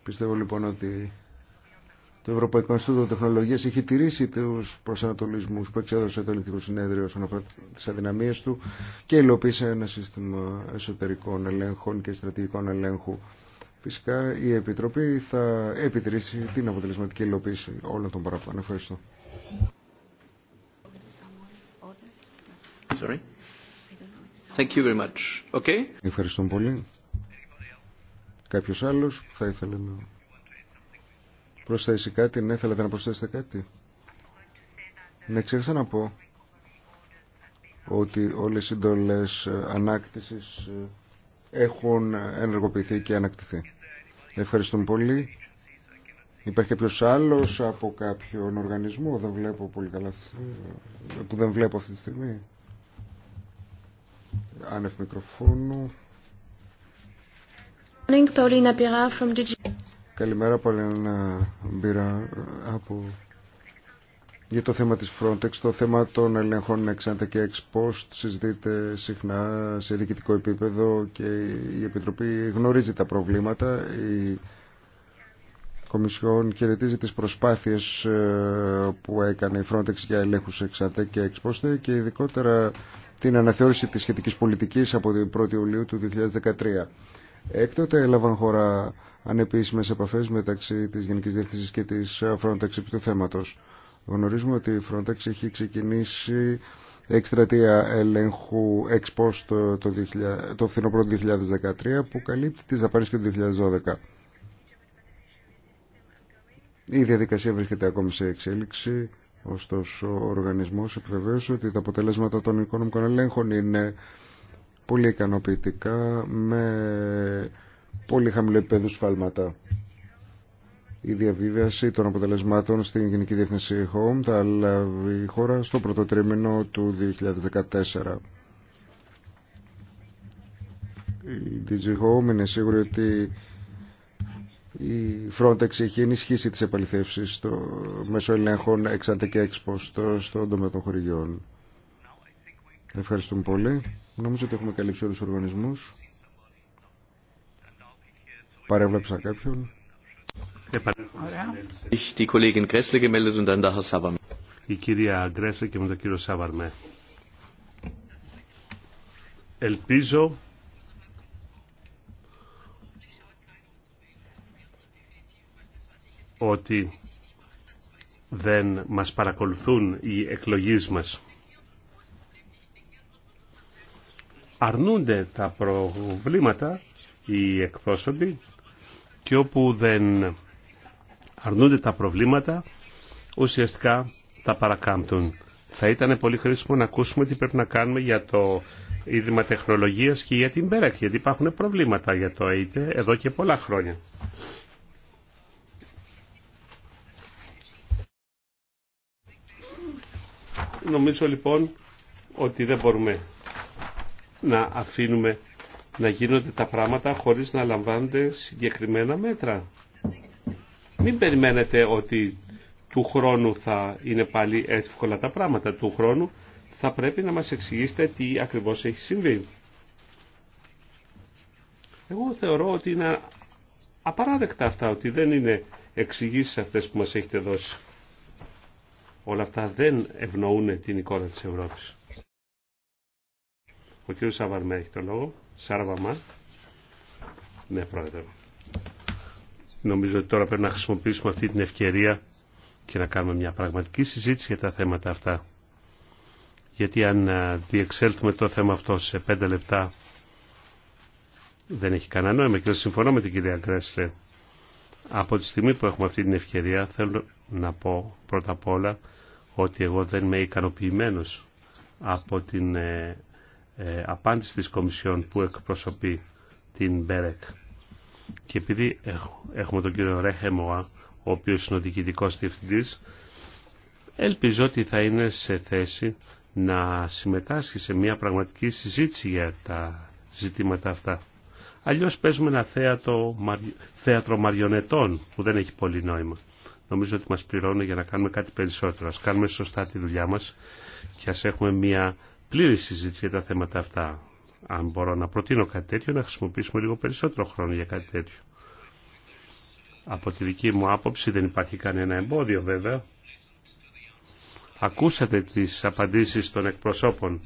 Πιστεύω λοιπόν ότι το Ευρωπαϊκό Ινστιτούτο Τεχνολογία έχει τηρήσει του προσανατολισμού που εξέδωσε το Ελληνικό Συνέδριο όσον αφορά τι αδυναμίε του και υλοποίησε ένα σύστημα εσωτερικών ελέγχων και στρατηγικών ελέγχου. Φυσικά η Επιτροπή θα επιτηρήσει την αποτελεσματική υλοποίηση όλων των παραπάνω. Ευχαριστώ. Thank you very much. Okay. Ευχαριστώ πολύ. Κάποιος άλλος θα ήθελε να προσθέσει κάτι. Ναι, θέλετε να προσθέσετε κάτι. Ναι, ξέχασα να πω ότι όλες οι συντολές ε, ανάκτησης ε, έχουν ενεργοποιηθεί και ανακτηθεί. Ευχαριστούμε πολύ. Υπάρχει κάποιο άλλος από κάποιον οργανισμό δεν βλέπω πολύ καλά, ε, που δεν βλέπω αυτή τη στιγμή. Άνευ μικροφόνου. Καλημέρα από ένα Μπύρα από... για το θέμα της Frontex. Το θέμα των ελεγχών εξάντα και εξπόστ συζητείται συχνά σε διοικητικό επίπεδο και η Επιτροπή γνωρίζει τα προβλήματα. Η Κομισιόν χαιρετίζει τις προσπάθειες ε, που έκανε η Frontex για ελέγχους εξάντα και εξπόστ και ειδικότερα την αναθεώρηση της σχετικής πολιτικής από την 1η Ιουλίου του 2013. Έκτοτε έλαβαν χώρα ανεπίσημες επαφές μεταξύ της Γενικής Διεύθυνσης και της Frontex επί του θέματος. Γνωρίζουμε ότι η Frontex έχει ξεκινήσει εκστρατεία ελέγχου ex post το, φθηνό το 2013 που καλύπτει τις δαπάνες και το 2012. Η διαδικασία βρίσκεται ακόμη σε εξέλιξη, ωστόσο ο οργανισμός επιβεβαίωσε ότι τα αποτελέσματα των οικονομικών ελέγχων είναι πολύ ικανοποιητικά με πολύ χαμηλό επίπεδο σφάλματα. Η διαβίβαση των αποτελεσμάτων στην Γενική Διεύθυνση Home θα λάβει η χώρα στο πρώτο τρίμηνο του 2014. Η DG Home είναι σίγουρη ότι η Frontex έχει ενισχύσει τις επαληθεύσεις στο μέσο ελέγχων εξ στο στον τομέα των χωριών. Ευχαριστούμε πολύ. Νομίζω ότι έχουμε καλύψει όλους τους οργανισμούς. Παρέβλεψα κάποιον. Η κυρία Γκρέσλε και με τον κύριο Σάβαρμε. Ελπίζω ότι δεν μας παρακολουθούν οι εκλογείς μας. αρνούνται τα προβλήματα οι εκπρόσωποι και όπου δεν αρνούνται τα προβλήματα ουσιαστικά τα παρακάμπτουν. Θα ήταν πολύ χρήσιμο να ακούσουμε τι πρέπει να κάνουμε για το Ίδρυμα Τεχνολογίας και για την ΠΕΡΑΚ, γιατί υπάρχουν προβλήματα για το ΕΙΤΕ εδώ και πολλά χρόνια. Νομίζω λοιπόν ότι δεν μπορούμε να αφήνουμε να γίνονται τα πράγματα χωρίς να λαμβάνονται συγκεκριμένα μέτρα. Μην περιμένετε ότι του χρόνου θα είναι πάλι εύκολα τα πράγματα. Του χρόνου θα πρέπει να μας εξηγήσετε τι ακριβώς έχει συμβεί. Εγώ θεωρώ ότι είναι απαράδεκτα αυτά, ότι δεν είναι εξηγήσει αυτές που μας έχετε δώσει. Όλα αυτά δεν ευνοούν την εικόνα της Ευρώπης. Ο κύριος Σαβαρμέ έχει το λόγο. Σάρβαμα. Ναι, πρόεδρε. Νομίζω ότι τώρα πρέπει να χρησιμοποιήσουμε αυτή την ευκαιρία και να κάνουμε μια πραγματική συζήτηση για τα θέματα αυτά. Γιατί αν διεξέλθουμε το θέμα αυτό σε πέντε λεπτά δεν έχει κανένα νόημα και δεν συμφωνώ με την κυρία Γκρέσλε. Από τη στιγμή που έχουμε αυτή την ευκαιρία θέλω να πω πρώτα απ' όλα ότι εγώ δεν είμαι ικανοποιημένος από την ε, ε, απάντηση της Κομισιόν που εκπροσωπεί την Μπέρεκ. Και επειδή έχουμε τον κύριο Ρέχεμοα, ο οποίος είναι ο διοικητικός διευθυντής, ελπίζω ότι θα είναι σε θέση να συμμετάσχει σε μια πραγματική συζήτηση για τα ζητήματα αυτά. Αλλιώς παίζουμε ένα θέατρο, θέατρο μαριονετών που δεν έχει πολύ νόημα. Νομίζω ότι μας πληρώνουν για να κάνουμε κάτι περισσότερο. Ας κάνουμε σωστά τη δουλειά μας και ας έχουμε μια πλήρη συζήτηση για τα θέματα αυτά. Αν μπορώ να προτείνω κάτι τέτοιο, να χρησιμοποιήσουμε λίγο περισσότερο χρόνο για κάτι τέτοιο. Από τη δική μου άποψη δεν υπάρχει κανένα εμπόδιο βέβαια. Ακούσατε τις απαντήσεις των εκπροσώπων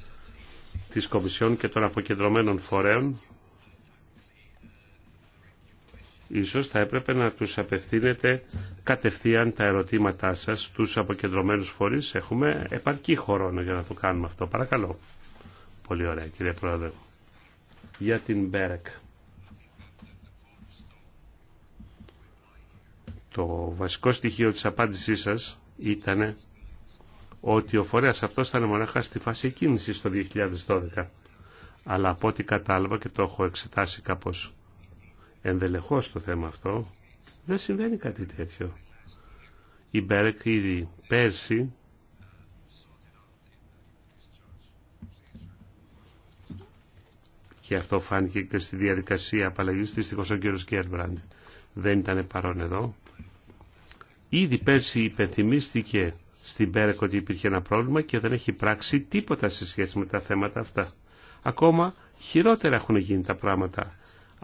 της Κομισιόν και των αποκεντρωμένων φορέων Ίσως θα έπρεπε να τους απευθύνετε κατευθείαν τα ερωτήματά σας στους αποκεντρωμένους φορείς. Έχουμε επαρκή χρόνο για να το κάνουμε αυτό. Παρακαλώ. Πολύ ωραία κύριε Πρόεδρε. Για την Μπέρεκ. Το βασικό στοιχείο της απάντησής σας ήταν ότι ο φορέας αυτός ήταν μονάχα στη φάση κίνησης το 2012. Αλλά από ό,τι κατάλαβα και το έχω εξετάσει κάπως ενδελεχώς το θέμα αυτό, δεν συμβαίνει κάτι τέτοιο. Η Μπέρεκ ήδη πέρσι και αυτό φάνηκε και στη διαδικασία απαλλαγής της ο κύριος Κέρμπραντ δεν ήταν παρόν εδώ. Ήδη πέρσι υπενθυμίστηκε στην Μπέρεκ ότι υπήρχε ένα πρόβλημα και δεν έχει πράξει τίποτα σε σχέση με τα θέματα αυτά. Ακόμα χειρότερα έχουν γίνει τα πράγματα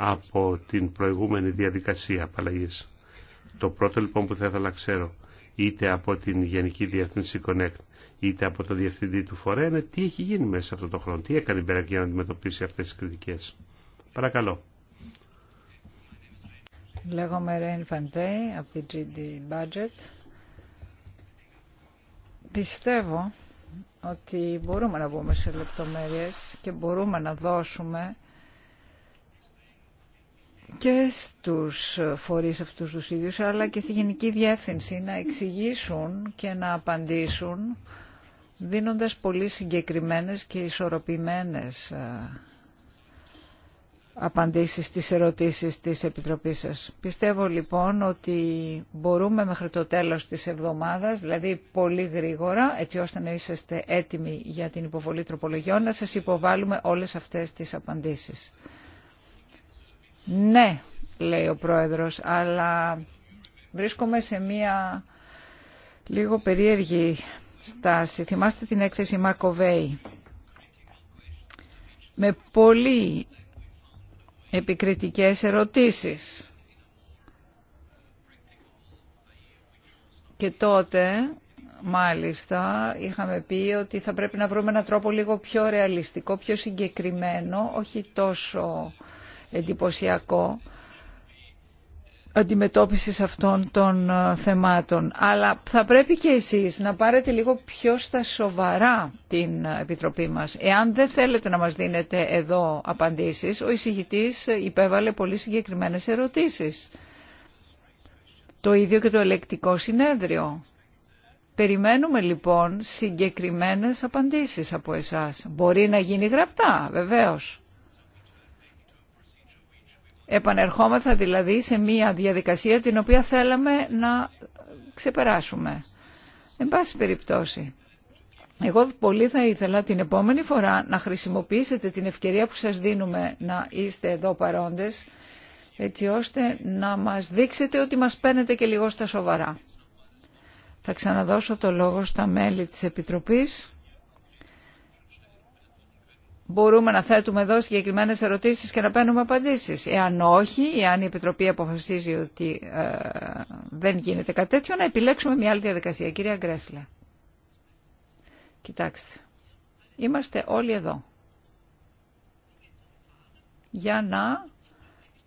από την προηγούμενη διαδικασία απαλλαγή. Το πρώτο λοιπόν που θα ήθελα να ξέρω, είτε από την Γενική Διεύθυνση Connect, είτε από το Διευθυντή του Φορέα, είναι τι έχει γίνει μέσα σε αυτό το χρόνο, τι έκανε η Μπερακ για να αντιμετωπίσει αυτές τις κριτικές. Παρακαλώ. Λέγομαι Ρέιν Φαντέι από την GD Budget. Πιστεύω ότι μπορούμε να μπούμε σε λεπτομέρειες και μπορούμε να δώσουμε και στους φορείς αυτούς τους ίδιους αλλά και στη Γενική Διεύθυνση να εξηγήσουν και να απαντήσουν δίνοντας πολύ συγκεκριμένες και ισορροπημένες ε, απαντήσεις στις ερωτήσεις της Επιτροπής σας. Πιστεύω λοιπόν ότι μπορούμε μέχρι το τέλος της εβδομάδας, δηλαδή πολύ γρήγορα, έτσι ώστε να είσαστε έτοιμοι για την υποβολή τροπολογιών, να σας υποβάλουμε όλες αυτές τις απαντήσεις. Ναι, λέει ο πρόεδρος, αλλά βρίσκομαι σε μία λίγο περίεργη στάση. Θυμάστε την έκθεση Μακοβέη. Με πολύ επικριτικές ερωτήσεις. Και τότε, μάλιστα, είχαμε πει ότι θα πρέπει να βρούμε έναν τρόπο λίγο πιο ρεαλιστικό, πιο συγκεκριμένο, όχι τόσο εντυπωσιακό αντιμετώπισης αυτών των ε, θεμάτων. Αλλά θα πρέπει και εσείς να πάρετε λίγο πιο στα σοβαρά την ε, Επιτροπή μας. Εάν δεν θέλετε να μας δίνετε εδώ απαντήσεις, ο εισηγητής ε, υπέβαλε πολύ συγκεκριμένες ερωτήσεις. Το ίδιο και το ελεκτικό συνέδριο. Περιμένουμε λοιπόν συγκεκριμένες απαντήσεις από εσάς. Μπορεί να γίνει γραπτά, βεβαίως. Επανερχόμεθα δηλαδή σε μια διαδικασία την οποία θέλαμε να ξεπεράσουμε. Εν πάση περιπτώσει, εγώ πολύ θα ήθελα την επόμενη φορά να χρησιμοποιήσετε την ευκαιρία που σας δίνουμε να είστε εδώ παρόντες, έτσι ώστε να μας δείξετε ότι μας παίρνετε και λίγο στα σοβαρά. Θα ξαναδώσω το λόγο στα μέλη της Επιτροπής μπορούμε να θέτουμε εδώ συγκεκριμένε ερωτήσει και να παίρνουμε απαντήσεις. Εάν όχι, εάν η Επιτροπή αποφασίζει ότι ε, δεν γίνεται κάτι τέτοιο, να επιλέξουμε μια άλλη διαδικασία. Κυρία Γκρέσλα, κοιτάξτε, είμαστε όλοι εδώ για να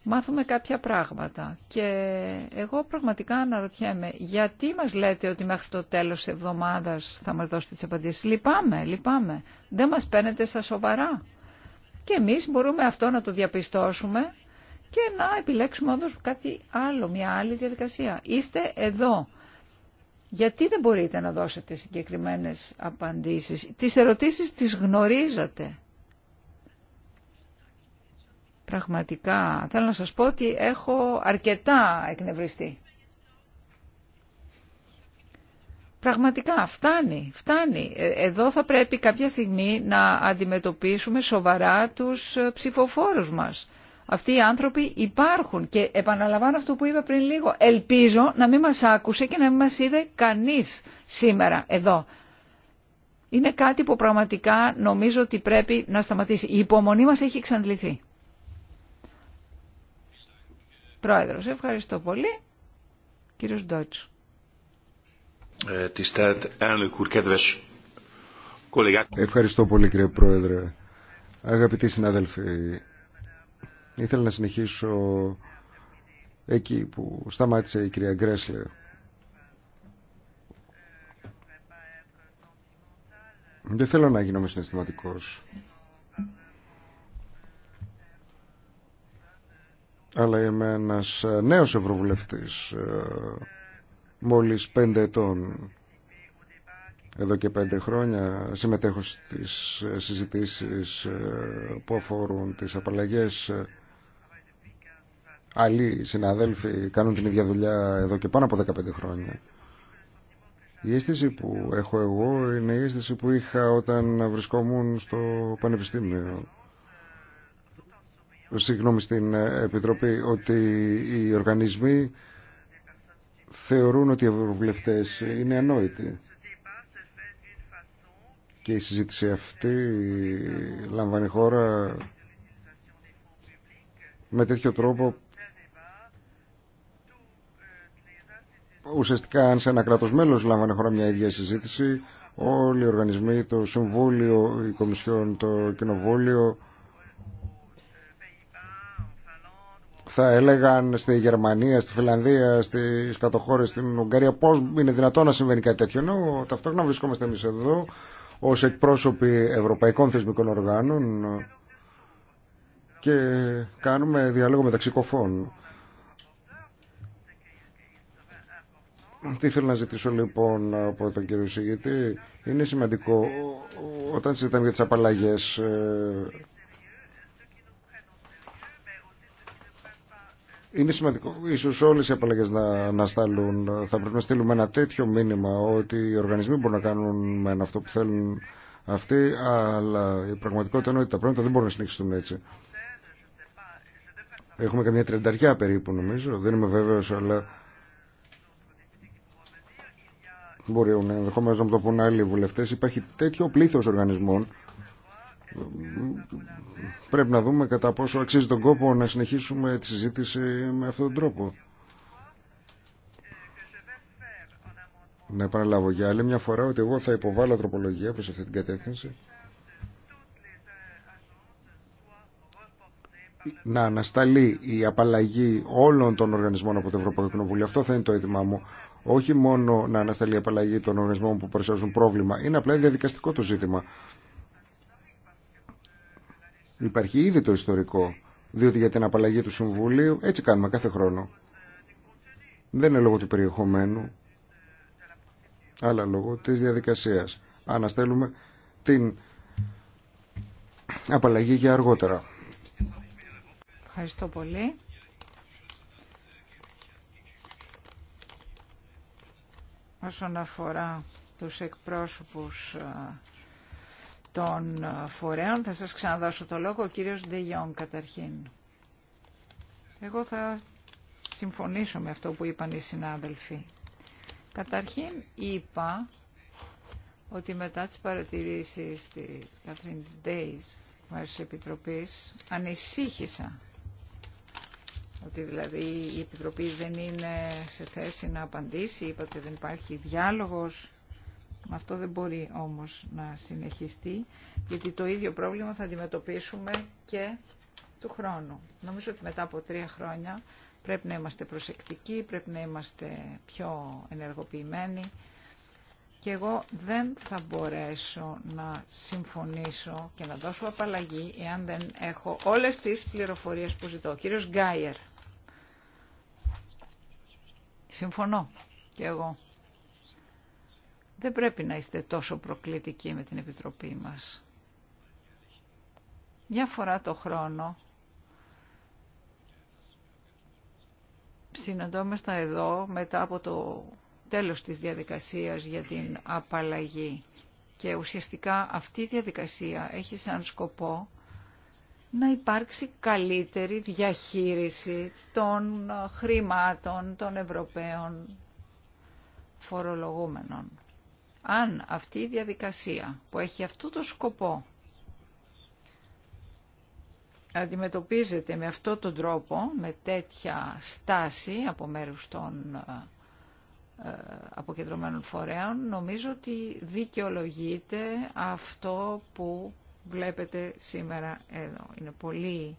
μάθουμε κάποια πράγματα. Και εγώ πραγματικά αναρωτιέμαι, γιατί μας λέτε ότι μέχρι το τέλος της εβδομάδας θα μας δώσετε τις απαντήσεις. Λυπάμαι, λυπάμαι. Δεν μας παίρνετε στα σοβαρά. Και εμείς μπορούμε αυτό να το διαπιστώσουμε και να επιλέξουμε όντω κάτι άλλο, μια άλλη διαδικασία. Είστε εδώ. Γιατί δεν μπορείτε να δώσετε συγκεκριμένες απαντήσεις. Τις ερωτήσεις τις γνωρίζατε. Πραγματικά, θέλω να σας πω ότι έχω αρκετά εκνευριστεί. Πραγματικά, φτάνει, φτάνει. Ε, εδώ θα πρέπει κάποια στιγμή να αντιμετωπίσουμε σοβαρά τους ε, ψηφοφόρους μας. Αυτοί οι άνθρωποι υπάρχουν και επαναλαμβάνω αυτό που είπα πριν λίγο. Ελπίζω να μην μας άκουσε και να μην μας είδε κανείς σήμερα εδώ. Είναι κάτι που πραγματικά νομίζω ότι πρέπει να σταματήσει. Η υπομονή μας έχει εξαντληθεί. Πρόεδρος, ευχαριστώ πολύ. Κύριος Ντότσου. Ε, ευχαριστώ πολύ κύριε Πρόεδρε. Αγαπητοί συνάδελφοι, ήθελα να συνεχίσω εκεί που σταμάτησε η κυρία Γκρέσλε. Δεν θέλω να γίνομαι συναισθηματικός. αλλά είμαι ένας ε, νέος ευρωβουλευτής ε, μόλις πέντε ετών εδώ και πέντε χρόνια συμμετέχω στις ε, συζητήσεις που αφορούν τις απαλλαγές άλλοι συναδέλφοι κάνουν την ίδια δουλειά εδώ και πάνω από 15 χρόνια η αίσθηση που έχω εγώ είναι η αίσθηση που είχα όταν βρισκόμουν στο πανεπιστήμιο συγγνώμη, στην ε, Επιτροπή ότι οι οργανισμοί θεωρούν ότι οι ευρωβουλευτές είναι ανόητοι. Και η συζήτηση αυτή λαμβάνει χώρα με τέτοιο τρόπο ουσιαστικά αν σε ένα κράτος μέλος λάμβανε χώρα μια ίδια συζήτηση όλοι οι οργανισμοί, το Συμβούλιο, η Κομισιόν, το Κοινοβούλιο θα έλεγαν στη Γερμανία, στη Φιλανδία, στι κατοχώρε στην Ουγγαρία πώς είναι δυνατόν να συμβαίνει κάτι τέτοιο. Ενώ ταυτόχρονα βρισκόμαστε εμεί εδώ ως εκπρόσωποι ευρωπαϊκών θεσμικών οργάνων και κάνουμε διάλογο μεταξύ κοφών. Τι θέλω να ζητήσω λοιπόν από τον κύριο Σιγητή. Είναι σημαντικό όταν συζητάμε για τις απαλλαγές ε, Είναι σημαντικό ίσως όλες οι απαλλαγές να, να στάλουν. Θα πρέπει να στείλουμε ένα τέτοιο μήνυμα ότι οι οργανισμοί μπορούν να κάνουν με αυτό που θέλουν αυτοί, αλλά η πραγματικότητα είναι ότι τα πράγματα δεν μπορούν να συνεχιστούν έτσι. Έχουμε καμιά τριανταριά περίπου νομίζω, δεν είμαι βέβαιος, αλλά μπορεί ενδεχομένω να μου το πούν άλλοι βουλευτές. Υπάρχει τέτοιο πλήθος οργανισμών πρέπει να δούμε κατά πόσο αξίζει τον κόπο να συνεχίσουμε τη συζήτηση με αυτόν τον τρόπο. Να επαναλάβω για άλλη μια φορά ότι εγώ θα υποβάλω τροπολογία προς αυτή την κατεύθυνση. να ανασταλεί η απαλλαγή όλων των οργανισμών από το Ευρωπαϊκό Κοινοβούλιο. Αυτό θα είναι το αίτημά μου. Όχι μόνο να ανασταλεί η απαλλαγή των οργανισμών που παρουσιάζουν πρόβλημα. Είναι απλά διαδικαστικό το ζήτημα. Υπάρχει ήδη το ιστορικό, διότι για την απαλλαγή του Συμβουλίου έτσι κάνουμε κάθε χρόνο. Δεν είναι λόγω του περιεχομένου, αλλά λόγω της διαδικασίας. Αναστέλουμε την απαλλαγή για αργότερα. Ευχαριστώ πολύ. Όσον αφορά τους εκπρόσωπους ε, των φορέων. Θα σας ξαναδώσω το λόγο, ο κύριος Ντεγιόν καταρχήν. Εγώ θα συμφωνήσω με αυτό που είπαν οι συνάδελφοι. Καταρχήν είπα ότι μετά τις παρατηρήσεις της Catherine Days μέσα της Επιτροπής ανησύχησα ότι δηλαδή η Επιτροπή δεν είναι σε θέση να απαντήσει, είπατε δεν υπάρχει διάλογος αυτό δεν μπορεί όμως να συνεχιστεί, γιατί το ίδιο πρόβλημα θα αντιμετωπίσουμε και του χρόνου. Νομίζω ότι μετά από τρία χρόνια πρέπει να είμαστε προσεκτικοί, πρέπει να είμαστε πιο ενεργοποιημένοι και εγώ δεν θα μπορέσω να συμφωνήσω και να δώσω απαλλαγή εάν δεν έχω όλες τις πληροφορίες που ζητώ. Κύριος Γκάιερ, συμφωνώ και εγώ. Δεν πρέπει να είστε τόσο προκλητικοί με την Επιτροπή μας. Μια φορά το χρόνο συναντώμεθα εδώ μετά από το τέλος της διαδικασίας για την απαλλαγή. Και ουσιαστικά αυτή η διαδικασία έχει σαν σκοπό να υπάρξει καλύτερη διαχείριση των χρημάτων των Ευρωπαίων φορολογούμενων. Αν αυτή η διαδικασία που έχει αυτό το σκοπό αντιμετωπίζεται με αυτό τον τρόπο, με τέτοια στάση από μέρους των ε, αποκεντρωμένων φορέων, νομίζω ότι δικαιολογείται αυτό που βλέπετε σήμερα εδώ. Είναι πολύ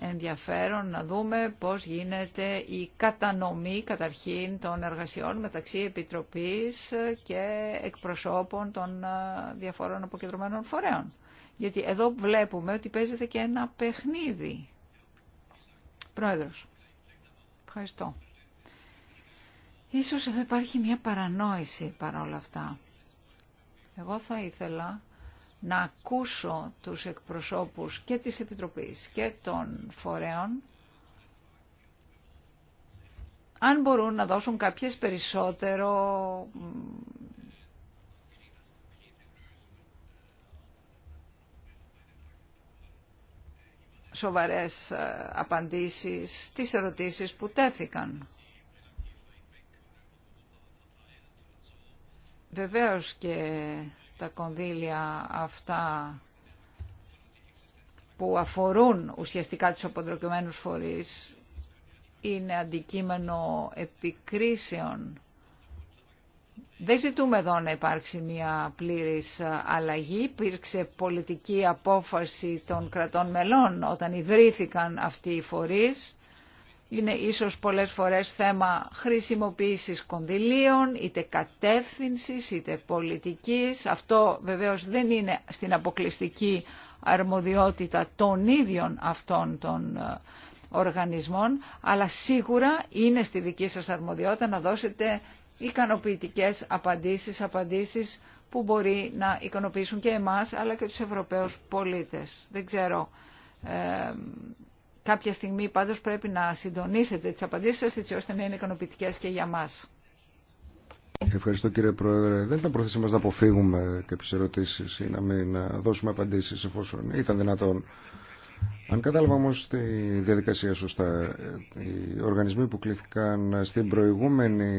ενδιαφέρον να δούμε πώς γίνεται η κατανομή καταρχήν των εργασιών μεταξύ Επιτροπής και εκπροσώπων των διαφορών αποκεντρωμένων φορέων. Γιατί εδώ βλέπουμε ότι παίζεται και ένα παιχνίδι. Πρόεδρος, ευχαριστώ. Ίσως εδώ υπάρχει μια παρανόηση παρόλα αυτά. Εγώ θα ήθελα να ακούσω τους εκπροσώπους και της Επιτροπής και των φορέων αν μπορούν να δώσουν κάποιες περισσότερο σοβαρές ε, απαντήσεις στις ερωτήσεις που τέθηκαν. Βεβαίως και τα κονδύλια αυτά που αφορούν ουσιαστικά τους αποδροκημένους φορείς είναι αντικείμενο επικρίσεων. Δεν ζητούμε εδώ να υπάρξει μια πλήρης αλλαγή. Υπήρξε πολιτική απόφαση των κρατών μελών όταν ιδρύθηκαν αυτοί οι φορείς είναι ίσως πολλές φορές θέμα χρησιμοποίησης κονδυλίων, είτε κατεύθυνσης, είτε πολιτικής. Αυτό βεβαίως δεν είναι στην αποκλειστική αρμοδιότητα των ίδιων αυτών των ε, οργανισμών, αλλά σίγουρα είναι στη δική σας αρμοδιότητα να δώσετε ικανοποιητικές απαντήσεις, απαντήσεις που μπορεί να ικανοποιήσουν και εμάς αλλά και τους Ευρωπαίους πολίτες. Δεν ξέρω ε, Κάποια στιγμή πάντως πρέπει να συντονίσετε τις απαντήσεις σας έτσι ώστε να είναι ικανοποιητικέ και για μας. Ευχαριστώ κύριε Πρόεδρε. Δεν ήταν πρόθεση μας να αποφύγουμε κάποιες ερωτήσεις ή να μην ε, δώσουμε απαντήσεις εφόσον ήταν δυνατόν. Αν κατάλαβα όμω τη διαδικασία σωστά, ε, οι οργανισμοί που κλήθηκαν στην προηγούμενη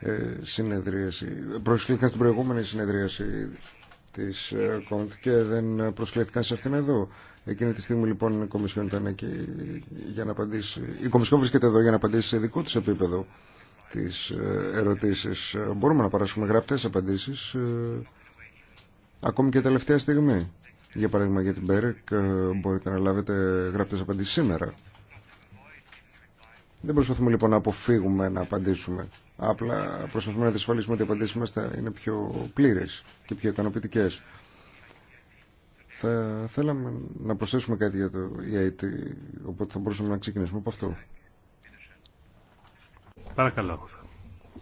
ε, συνεδρίαση, προσκλήθηκαν στην προηγούμενη συνεδρίαση της ΚΟΝΤ και δεν προσκλήθηκαν σε αυτήν εδώ. Εκείνη τη στιγμή λοιπόν η Κομισιόν ήταν εκεί για να απαντήσει. Η Κομισιόν βρίσκεται εδώ για να απαντήσει σε δικό τη επίπεδο τις ε, ερωτήσει, ε, Μπορούμε να παράσουμε γραπτές απαντήσεις ε, ακόμη και τελευταία στιγμή. Για παράδειγμα για την ΠΕΡΕΚ μπορείτε να λάβετε γραπτές απαντήσεις σήμερα. Δεν προσπαθούμε λοιπόν να αποφύγουμε να απαντήσουμε. Απλά προσπαθούμε να δυσφαλίσουμε ότι οι απαντήσεις μας θα είναι πιο πλήρες και πιο ικανοποιητικέ. Θα θέλαμε να προσθέσουμε κάτι για το EIT, οπότε θα μπορούσαμε να ξεκινήσουμε από αυτό. Παρακαλώ.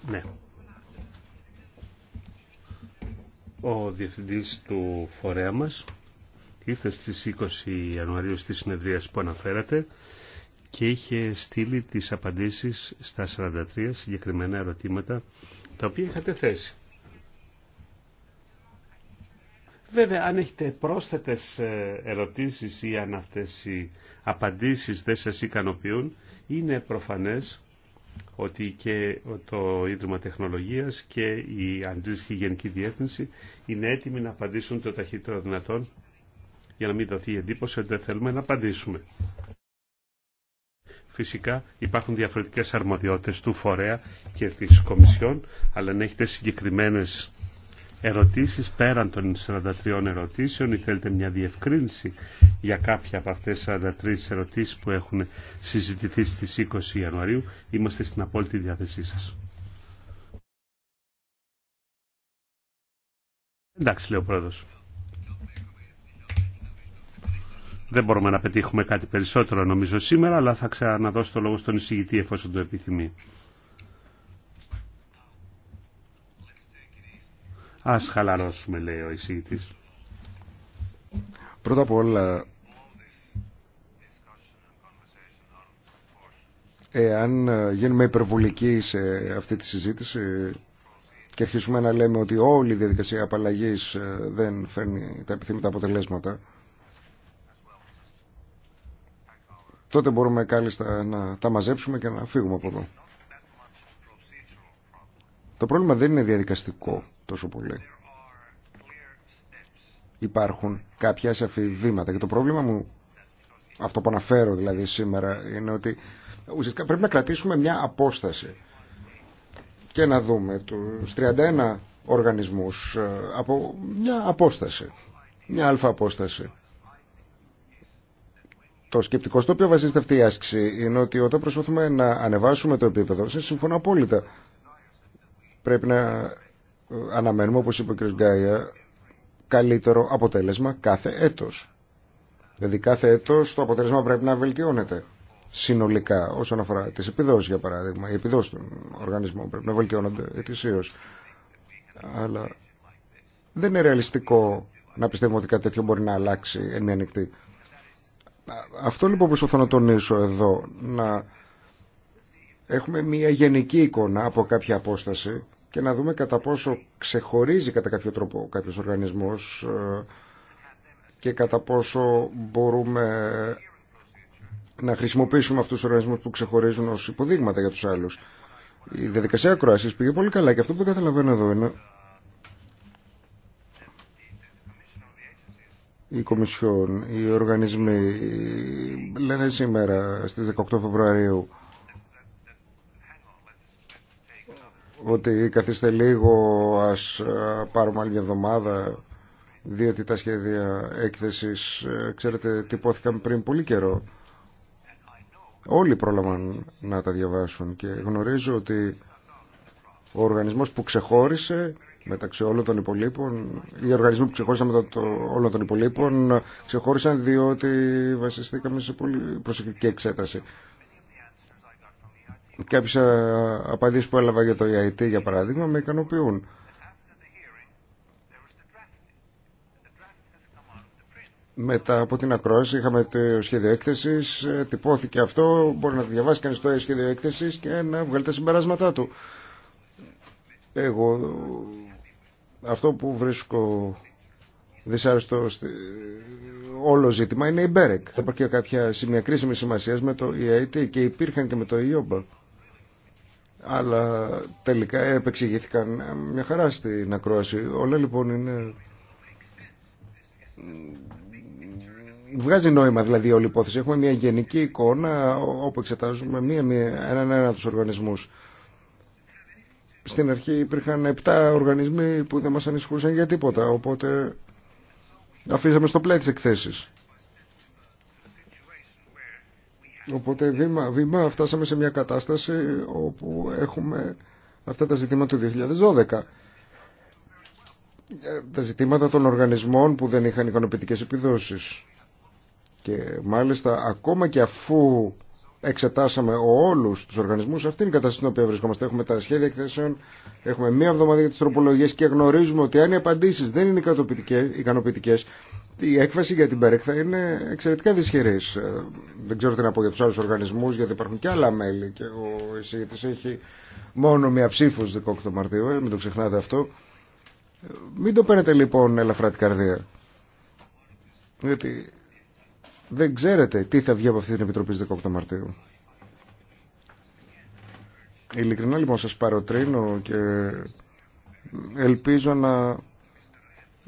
Ναι. Ο διευθυντής του φορέα μας ήρθε στις 20 Ιανουαρίου στη συνεδρία που αναφέρατε και είχε στείλει τις απαντήσεις στα 43 συγκεκριμένα ερωτήματα τα οποία είχατε θέσει. Βέβαια, αν έχετε πρόσθετες ε, ερωτήσεις ή αν αυτές οι απαντήσεις δεν σας ικανοποιούν, είναι προφανές ότι και το Ίδρυμα Τεχνολογίας και η αντίστοιχη Γενική Διεύθυνση είναι έτοιμοι να απαντήσουν το ταχύτερο δυνατόν για να μην δοθεί η εντύπωση ότι δεν θέλουμε να απαντήσουμε. Φυσικά υπάρχουν διαφορετικές αρμοδιότητες του φορέα και της Κομισιόν, αλλά αν έχετε συγκεκριμένες ερωτήσεις πέραν των 43 ερωτήσεων ή θέλετε μια διευκρίνηση για κάποια από αυτές τις 43 ερωτήσεις που έχουν συζητηθεί στις 20 Ιανουαρίου. Είμαστε στην απόλυτη διάθεσή σας. Εντάξει, λέει ο πρόεδρος. Δεν μπορούμε να πετύχουμε κάτι περισσότερο νομίζω σήμερα, αλλά θα ξαναδώσω το λόγο στον εισηγητή εφόσον το επιθυμεί. Ας χαλαρώσουμε λέει ο εισηγητής. Πρώτα απ' όλα εάν ε, γίνουμε υπερβολικοί σε αυτή τη συζήτηση και αρχίσουμε να λέμε ότι όλη η διαδικασία απαλλαγή ε, δεν φέρνει τα επιθυμητά αποτελέσματα, τότε μπορούμε κάλλιστα να τα μαζέψουμε και να φύγουμε από εδώ. Το πρόβλημα δεν είναι διαδικαστικό τόσο πολύ. Υπάρχουν κάποια σαφή βήματα και το πρόβλημα μου, αυτό που αναφέρω δηλαδή σήμερα, είναι ότι ουσιαστικά πρέπει να κρατήσουμε μια απόσταση και να δούμε τους 31 οργανισμούς ε, από μια απόσταση, μια αλφα απόσταση. Το σκεπτικό στο οποίο βασίζεται αυτή η άσκηση είναι ότι όταν προσπαθούμε να ανεβάσουμε το επίπεδο, σε συμφωνώ απόλυτα, πρέπει να αναμένουμε, όπως είπε ο κ. Γκάια, καλύτερο αποτέλεσμα κάθε έτος. Δηλαδή κάθε έτος το αποτέλεσμα πρέπει να βελτιώνεται συνολικά όσον αφορά τις επιδόσεις για παράδειγμα. Οι επιδόσεις των οργανισμών πρέπει να βελτιώνονται ετησίως. Αλλά δεν είναι ρεαλιστικό να πιστεύουμε ότι κάτι τέτοιο μπορεί να αλλάξει εν μια νυχτή. Αυτό λοιπόν που προσπαθώ να τονίσω εδώ, να έχουμε μια γενική εικόνα από κάποια απόσταση και να δούμε κατά πόσο ξεχωρίζει κατά κάποιο τρόπο κάποιος οργανισμός ε, και κατά πόσο μπορούμε να χρησιμοποιήσουμε αυτούς τους οργανισμούς που ξεχωρίζουν ως υποδείγματα για τους άλλους. Η διαδικασία ακροασής πήγε πολύ καλά και αυτό που δεν καταλαβαίνω εδώ είναι η Κομισιόν, οι οργανισμοί λένε σήμερα στις 18 Φεβρουαρίου ότι καθίστε λίγο, ας ε, πάρουμε άλλη μια εβδομάδα, διότι τα σχέδια έκθεσης, ε, ξέρετε, τυπώθηκαν πριν πολύ καιρό. Όλοι πρόλαβαν να τα διαβάσουν και γνωρίζω ότι ο οργανισμός που ξεχώρισε μεταξύ όλων των υπολείπων, οι οργανισμοί που ξεχώρισαν μετά το, όλων των υπολείπων ξεχώρισαν διότι βασιστήκαμε σε πολύ προσεκτική εξέταση. Κάποιε απαντήσει που έλαβα για το EIT για παράδειγμα με ικανοποιούν. Μετά από την ακρόαση είχαμε το σχέδιο έκθεση. Ε, τυπώθηκε αυτό. Μπορεί να διαβάσει κανεί το σχέδιο έκθεση και να βγάλει τα συμπεράσματά του. Εγώ αυτό που βρίσκω δυσάρεστο όλο ζήτημα είναι η Μπέρεκ. Θα υπάρχει κάποια σημεία κρίσιμη σημασία με το EIT και υπήρχαν και με το EOBA αλλά τελικά επεξηγήθηκαν μια χαρά στην ακρόαση. Όλα λοιπόν είναι... Βγάζει νόημα δηλαδή όλη η υπόθεση. Έχουμε μια γενική εικόνα όπου εξετάζουμε μία, έναν ένα τους οργανισμούς. Στην αρχή υπήρχαν 7 οργανισμοί που δεν μας ανησυχούσαν για τίποτα, οπότε αφήσαμε στο πλάι τις εκθέσεις. Οπότε βήμα, βήμα φτάσαμε σε μια κατάσταση όπου έχουμε αυτά τα ζητήματα του 2012. Ε, τα ζητήματα των οργανισμών που δεν είχαν ικανοποιητικές επιδόσεις. Και μάλιστα ακόμα και αφού εξετάσαμε όλους τους οργανισμούς, αυτή είναι η κατάσταση στην οποία βρισκόμαστε. Έχουμε τα σχέδια εκθέσεων, έχουμε μία εβδομάδα για τις τροπολογίες και γνωρίζουμε ότι αν οι απαντήσεις δεν είναι ικανοποιητικές, η έκβαση για την ΠΕΡΕΚ θα είναι εξαιρετικά δυσχερή. Ε, δεν ξέρω τι να πω για του άλλου οργανισμού, γιατί υπάρχουν και άλλα μέλη και ο εισηγητή έχει μόνο μία ψήφο 18 Μαρτίου, ε, μην το ξεχνάτε αυτό. Ε, μην το παίρνετε λοιπόν ελαφρά την καρδία. Γιατί δεν ξέρετε τι θα βγει από αυτή την Επιτροπή 18 Μαρτίου. Ειλικρινά λοιπόν σας παροτρύνω και ελπίζω να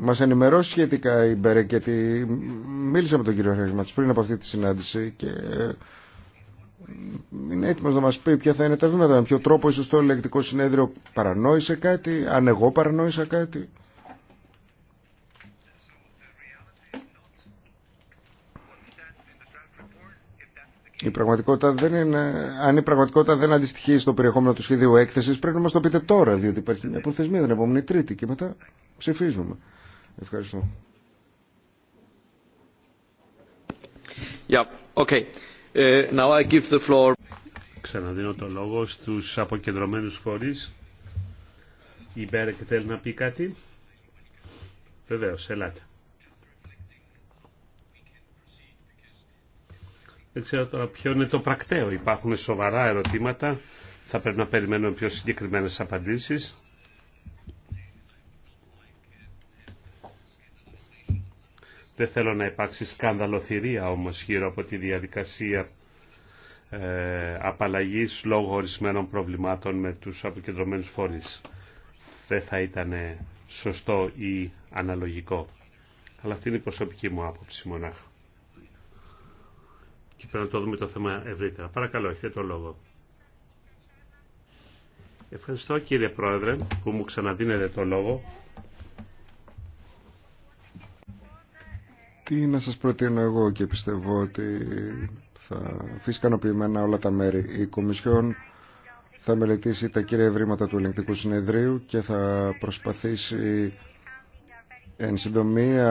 Μα ενημερώσει σχετικά η Μπέρε γιατί μίλησα με τον κύριο Ρέγματ πριν από αυτή τη συνάντηση και ε, είναι έτοιμο να μα πει ποια θα είναι τα βήματα. Με ποιο τρόπο ίσω το ελεκτικό συνέδριο παρανόησε κάτι, αν εγώ παρανόησα κάτι. Η πραγματικότητα δεν είναι... Αν η πραγματικότητα δεν αντιστοιχεί στο περιεχόμενο του σχεδίου έκθεση, πρέπει να μα το πείτε τώρα, διότι υπάρχει μια προθεσμία την επόμενη Τρίτη και μετά ψηφίζουμε. Ευχαριστώ. Yeah, okay. Uh, now I give the floor. Ξαναδίνω το λόγο στους αποκεντρωμένους φορείς. Η Μπέρεκ θέλει να πει κάτι. Βεβαίως, ελάτε. Δεν ξέρω τώρα ποιο είναι το πρακτέο. Υπάρχουν σοβαρά ερωτήματα. Θα πρέπει να περιμένουμε πιο συγκεκριμένες απαντήσεις. Δεν θέλω να υπάρξει σκάνδαλο θηρία όμως γύρω από τη διαδικασία ε, απαλλαγής λόγω ορισμένων προβλημάτων με τους αποκεντρωμένους φορείς. Δεν θα ήταν σωστό ή αναλογικό. Αλλά αυτή είναι η προσωπική μου άποψη μονάχα. Και πρέπει να το δούμε το θέμα ευρύτερα. Παρακαλώ, έχετε το λόγο. Ευχαριστώ κύριε Πρόεδρε που μου ξαναδίνετε το λόγο. Τι να σας προτείνω εγώ και πιστεύω ότι θα αφήσει όλα τα μέρη. Η Κομισιόν θα μελετήσει τα κύρια ευρήματα του ελεγκτικού συνεδρίου και θα προσπαθήσει εν συντομία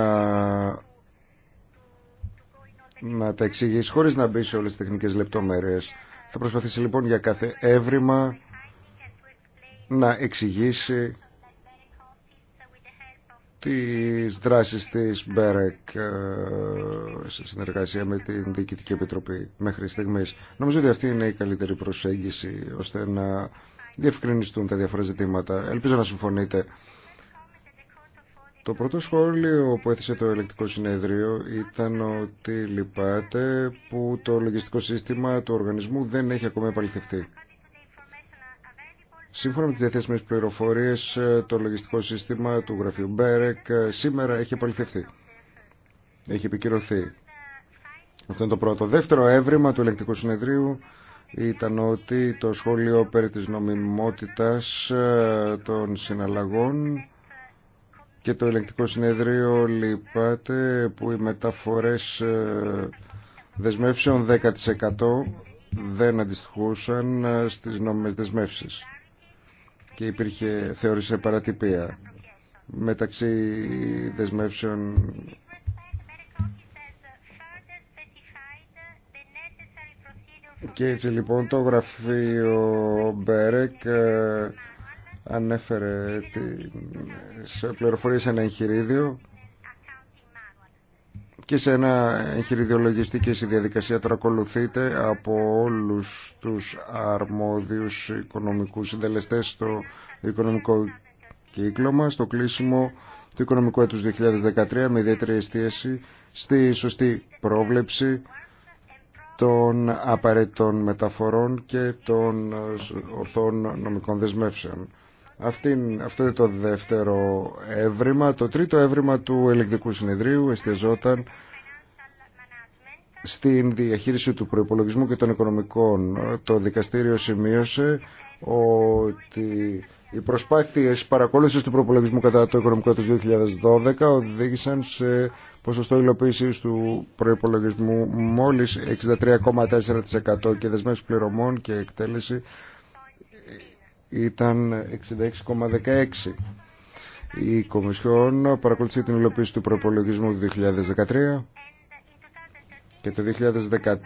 να τα εξηγήσει χωρίς να μπει σε όλες τις τεχνικές λεπτομέρειες. Θα προσπαθήσει λοιπόν για κάθε εύρημα να εξηγήσει τις δράσεις της Μπέρεκ ε, σε συνεργασία με την Διοικητική Επιτροπή μέχρι στιγμής. Νομίζω ότι αυτή είναι η καλύτερη προσέγγιση ώστε να διευκρινιστούν τα διάφορα ζητήματα. Ελπίζω να συμφωνείτε. Το πρώτο σχόλιο που έθεσε το ελεκτικό συνέδριο ήταν ότι λυπάται που το λογιστικό σύστημα του οργανισμού δεν έχει ακόμα επαληθευτεί. Σύμφωνα με τις διαθέσιμες πληροφορίες, ε, το λογιστικό σύστημα του γραφείου Μπέρεκ ε, σήμερα έχει επαληθευτεί. Έχει επικυρωθεί. Αυτό είναι το πρώτο. Δεύτερο έβριμα του ελεκτικού συνεδρίου ήταν ότι το σχόλιο περί της νομιμότητας ε, των συναλλαγών και το ελεκτικό συνεδρίο λυπάται που οι μεταφορές δεσμεύσεων 10% δεν αντιστοιχούσαν στις νόμιμες δεσμεύσεις και υπήρχε θεώρησε, παρατυπία μεταξύ δεσμεύσεων Και έτσι λοιπόν το γραφείο Μπέρεκ ε, ανέφερε τις πληροφορίες σε ένα εγχειρίδιο και σε ένα στη διαδικασία τώρα ακολουθείται από όλους τους αρμόδιους οικονομικούς συντελεστές στο οικονομικό κύκλωμα, στο κλείσιμο του οικονομικού έτους 2013 με ιδιαίτερη εστίαση στη σωστή πρόβλεψη των απαραίτητων μεταφορών και των ορθών νομικών δεσμεύσεων αυτό είναι το δεύτερο έβριμα. Το τρίτο έβριμα του ελεγκτικού συνεδρίου εστιαζόταν στην διαχείριση του προϋπολογισμού και των οικονομικών. Το δικαστήριο σημείωσε ότι οι προσπάθειες παρακολούθησης του προϋπολογισμού κατά το οικονομικό του 2012 οδήγησαν σε ποσοστό υλοποίησης του προϋπολογισμού μόλις 63,4% και δεσμεύσεις πληρωμών και εκτέλεση ήταν 66,16. Η Κομισιόν παρακολουθεί την υλοποίηση του προπολογισμού του 2013 και το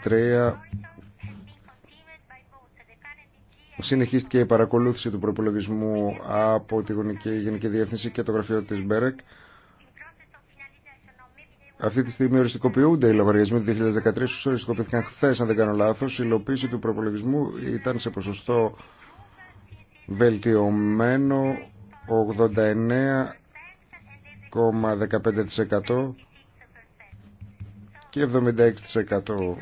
2013 συνεχίστηκε η παρακολούθηση του προπολογισμού από τη Γενική Διεύθυνση και το γραφείο της Μπέρεκ. Αυτή τη στιγμή οριστικοποιούνται οι λογαριασμοί του 2013, οριστικοποιήθηκαν χθε, αν δεν κάνω λάθο. Η υλοποίηση του προπολογισμού ήταν σε ποσοστό βελτιωμένο 89,15% και 76%.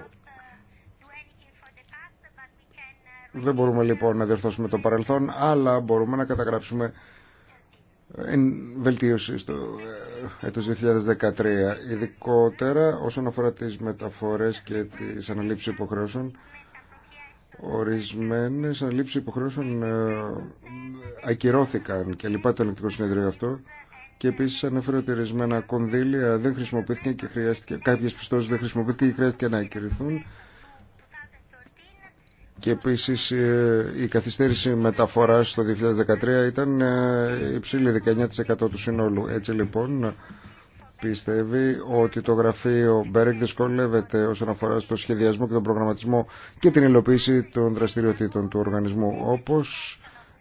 Δεν μπορούμε λοιπόν να διορθώσουμε το παρελθόν, αλλά μπορούμε να καταγράψουμε ε, βελτίωση στο ε, έτος 2013. Ειδικότερα όσον αφορά τις μεταφορές και τις αναλήψεις υποχρεώσεων, Ορισμένες αναλήψεις υποχρεώσεων ε, ακυρώθηκαν και λοιπά το ελεκτικό συνέδριο αυτό και επίσης ανέφερε ότι ορισμένα κονδύλια δεν χρησιμοποιήθηκαν και χρειάστηκε, κάποιες πιστώσεις δεν χρησιμοποιήθηκαν και χρειάστηκε να ακυρωθούν και επίσης ε, η καθυστέρηση μεταφοράς το 2013 ήταν ε, υψηλή 19% του συνόλου. Έτσι λοιπόν πιστεύει ότι το γραφείο Μπέρεκ δυσκολεύεται όσον αφορά στο σχεδιασμό και τον προγραμματισμό και την υλοποίηση των δραστηριοτήτων του οργανισμού. Όπως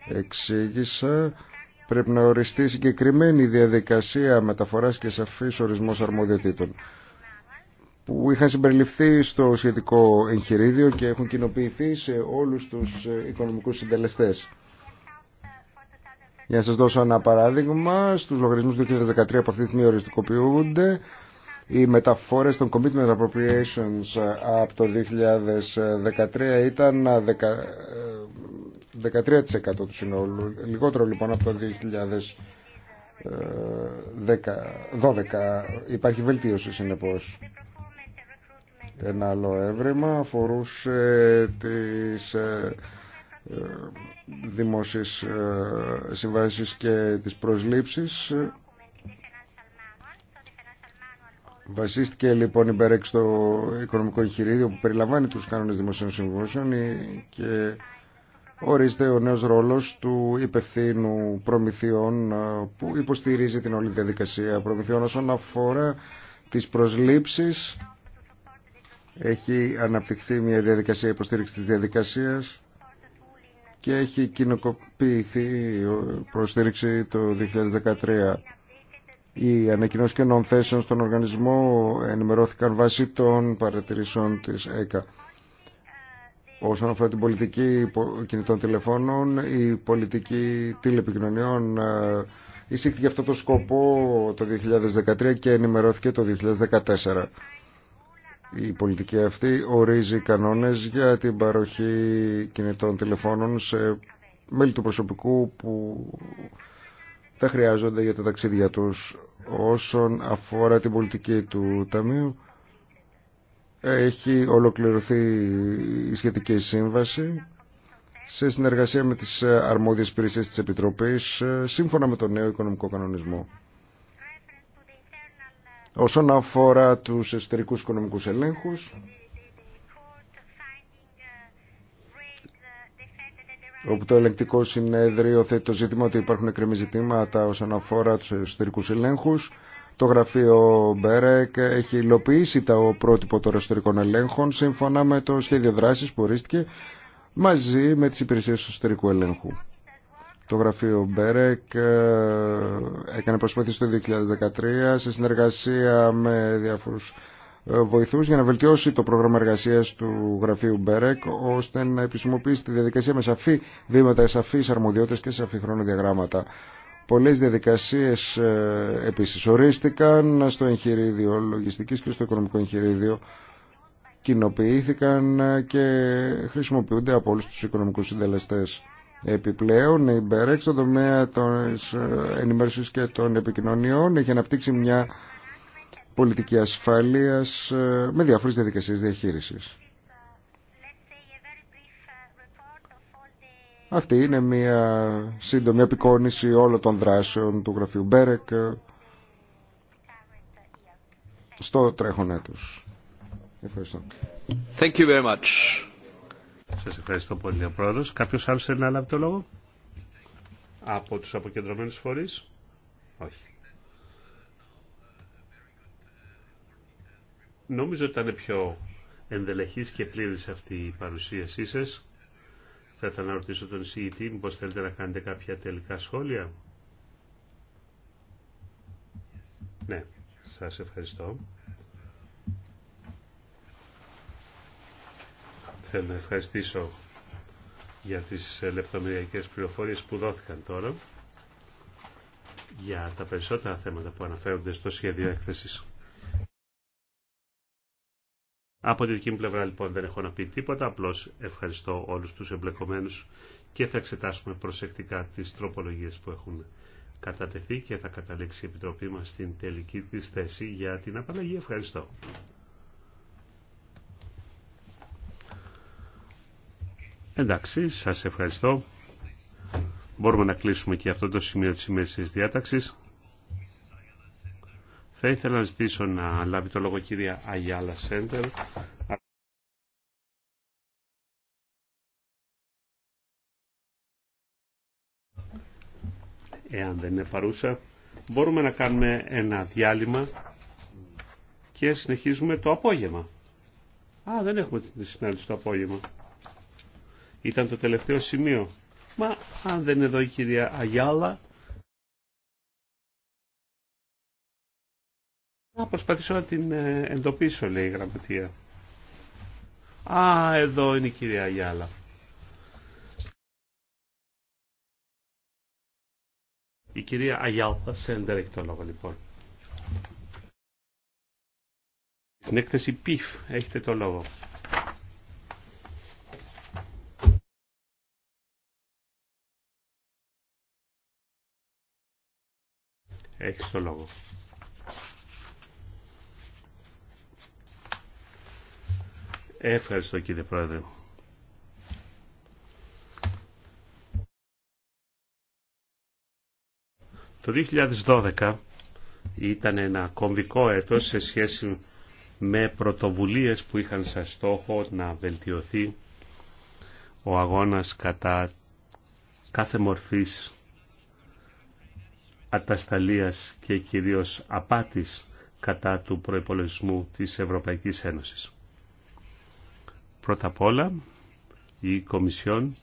εξήγησα, πρέπει να οριστεί συγκεκριμένη διαδικασία μεταφοράς και σαφής ορισμός αρμοδιοτήτων που είχαν συμπεριληφθεί στο σχετικό εγχειρίδιο και έχουν κοινοποιηθεί σε όλους τους οικονομικούς συντελεστές. Για να σας δώσω ένα παράδειγμα, στους λογαριασμούς 2013 από αυτή τη στιγμή οριστικοποιούνται οι μεταφόρες των commitment appropriations ε, από το 2013 ήταν 13% ε, του συνόλου, λιγότερο λοιπόν από το 2012. Υπάρχει βελτίωση συνεπώς. Ένα άλλο έβριμα αφορούσε τις ε, ε, δημόσιες ε, συμβάσεις και τις προσλήψεις. Βασίστηκε λοιπόν η Μπερέξ στο οικονομικό εγχειρίδιο που περιλαμβάνει τους κανόνες δημοσίων συμβάσεων ε, και ορίζεται ο νέος ρόλος του υπευθύνου προμηθειών που υποστηρίζει την όλη διαδικασία προμηθειών όσον αφορά τις προσλήψεις. Έχει αναπτυχθεί μια διαδικασία υποστήριξης της διαδικασίας και έχει κοινοκοποιηθεί προστήριξη το 2013. Οι ανακοινώσει και θέσεων στον οργανισμό ενημερώθηκαν βάσει των παρατηρήσεων της ΕΚΑ. Όσον αφορά την πολιτική κινητών τηλεφώνων, η πολιτική τηλεπικοινωνιών ε, εισήχθηκε αυτό το σκοπό το 2013 και ενημερώθηκε το 2014. Η πολιτική αυτή ορίζει κανόνες για την παροχή κινητών τηλεφώνων σε μέλη του προσωπικού που τα χρειάζονται για τα ταξίδια τους. Όσον αφορά την πολιτική του Ταμείου, έχει ολοκληρωθεί η σχετική σύμβαση σε συνεργασία με τις αρμόδιες υπηρεσίες της Επιτροπής σύμφωνα με τον νέο οικονομικό κανονισμό. Όσον αφορά τους εσωτερικούς οικονομικούς ελέγχους, όπου το ελεγκτικό συνέδριο θέτει το ζήτημα ότι υπάρχουν εκκρεμή ζητήματα όσον αφορά τους εσωτερικούς ελέγχους. Το γραφείο Μπέρεκ έχει υλοποιήσει το πρότυπο των εσωτερικών ελέγχων σύμφωνα με το σχέδιο δράσης που ορίστηκε μαζί με τις υπηρεσίες του εσωτερικού ελέγχου. Το γραφείο Μπέρεκ ε, έκανε προσπάθειες το 2013 σε συνεργασία με διάφορους ε, βοηθούς για να βελτιώσει το πρόγραμμα εργασίας του γραφείου Μπέρεκ ώστε να επισημοποιήσει τη διαδικασία με σαφή βήματα, σαφείς αρμοδιότητες και σαφή χρονοδιαγράμματα. Πολλές διαδικασίες ε, επίσης ορίστηκαν στο εγχειρίδιο λογιστικής και στο οικονομικό εγχειρίδιο κοινοποιήθηκαν και χρησιμοποιούνται από όλους τους οικονομικούς συντελεστές. Επιπλέον, η Μπέρεκ στον τομέα των ε, ενημέρωσης και των επικοινωνιών έχει αναπτύξει μια πολιτική ασφάλειας ε, με διάφορε διαδικασίες διαχείρισης. Αυτή είναι μια σύντομη απεικόνηση όλων των δράσεων του γραφείου Μπέρεκ ε, στο τρέχον έτος. Ευχαριστώ. Σας ευχαριστώ πολύ, ο Πρόεδρος. Κάποιος άλλος θέλει να λάβει το λόγο? Από τους αποκεντρωμένους φορείς? Όχι. Νομίζω ότι ήταν πιο ενδελεχής και πλήρης αυτή η παρουσίασή σας. Θα ήθελα να ρωτήσω τον εισηγητή, μήπως θέλετε να κάνετε κάποια τελικά σχόλια. Ναι, σας ευχαριστώ. Θέλω να ευχαριστήσω για τις λεπτομεριακές πληροφορίες που δόθηκαν τώρα για τα περισσότερα θέματα που αναφέρονται στο σχέδιο έκθεσης. Από τη δική μου πλευρά λοιπόν δεν έχω να πει τίποτα, απλώς ευχαριστώ όλους τους εμπλεκομένους και θα εξετάσουμε προσεκτικά τις τροπολογίες που έχουν κατατεθεί και θα καταλήξει η Επιτροπή μας στην τελική της θέση για την απαλλαγή. Ευχαριστώ. Εντάξει, σας ευχαριστώ. Μπορούμε να κλείσουμε και αυτό το σημείο της ημέρησης διάταξης. Θα ήθελα να ζητήσω να λάβει το λόγο κυρία Αγιάλα Σέντερ. Εάν δεν είναι παρούσα, μπορούμε να κάνουμε ένα διάλειμμα και συνεχίζουμε το απόγευμα. Α, δεν έχουμε τη συνάντηση το απόγευμα. Ήταν το τελευταίο σημείο. Μα αν δεν είναι εδώ η κυρία Αγιάλα, να προσπαθήσω να την ε, εντοπίσω, λέει η γραμματεία. Α, εδώ είναι η κυρία Αγιάλα. Η κυρία Αγιάλα Σέντερ έχει το λόγο λοιπόν. Στην έκθεση ΠΙΦ έχετε το λόγο. έχει το λόγο. Ευχαριστώ κύριε Πρόεδρε. Το 2012 ήταν ένα κομβικό έτος σε σχέση με πρωτοβουλίες που είχαν σαν στόχο να βελτιωθεί ο αγώνας κατά κάθε μορφής ατασταλίας και κυρίως απάτης κατά του προϋπολογισμού της Ευρωπαϊκής Ένωσης. Πρώτα απ' όλα, η Κομισιόν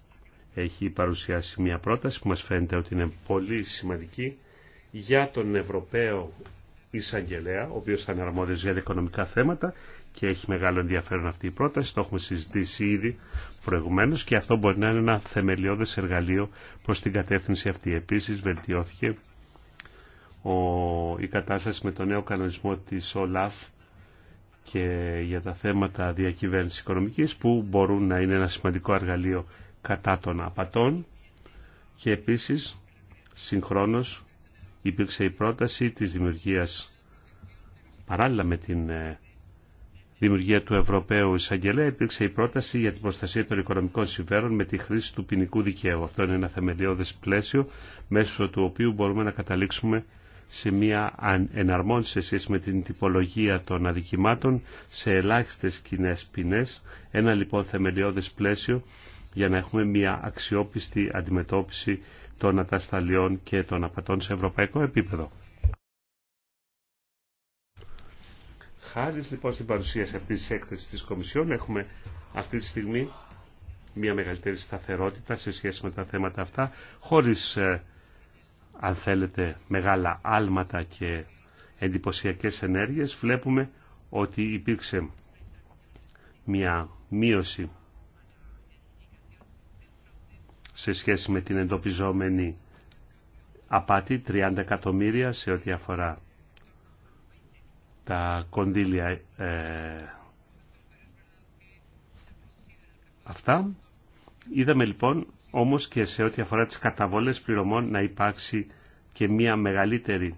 έχει παρουσιάσει μια πρόταση που μας φαίνεται ότι είναι πολύ σημαντική για τον Ευρωπαίο Εισαγγελέα, ο οποίος θα είναι αρμόδιος για οικονομικά θέματα και έχει μεγάλο ενδιαφέρον αυτή η πρόταση, το έχουμε συζητήσει ήδη προηγουμένως και αυτό μπορεί να είναι ένα θεμελιώδες εργαλείο προς την κατεύθυνση αυτή. Επίσης βελτιώθηκε η κατάσταση με τον νέο κανονισμό της ΟΛΑΦ και για τα θέματα διακυβέρνησης οικονομικής που μπορούν να είναι ένα σημαντικό εργαλείο κατά των απατών και επίσης συγχρόνως υπήρξε η πρόταση της δημιουργίας παράλληλα με την ε, δημιουργία του Ευρωπαίου Εισαγγελέα υπήρξε η πρόταση για την προστασία των οικονομικών συμφέρων με τη χρήση του ποινικού δικαίου. Αυτό είναι ένα θεμελιώδες πλαίσιο μέσω του οποίου μπορούμε να καταλήξουμε σε μια εναρμόνιση σε σχέση με την τυπολογία των αδικημάτων σε ελάχιστες κοινέ ποινές, ένα λοιπόν θεμελιώδες πλαίσιο για να έχουμε μια αξιόπιστη αντιμετώπιση των ατασταλιών και των απατών σε ευρωπαϊκό επίπεδο. Χάρη λοιπόν στην παρουσίαση αυτή της έκθεσης τη Κομισιόν έχουμε αυτή τη στιγμή μια μεγαλύτερη σταθερότητα σε σχέση με τα θέματα αυτά, χωρίς ε, αν θέλετε, μεγάλα άλματα και εντυπωσιακές ενέργειες, βλέπουμε ότι υπήρξε μια μείωση σε σχέση με την εντοπιζόμενη απάτη, 30 εκατομμύρια σε ό,τι αφορά τα κονδύλια ε, αυτά. Είδαμε λοιπόν όμως και σε ό,τι αφορά τις καταβολές πληρωμών να υπάρξει και μια μεγαλύτερη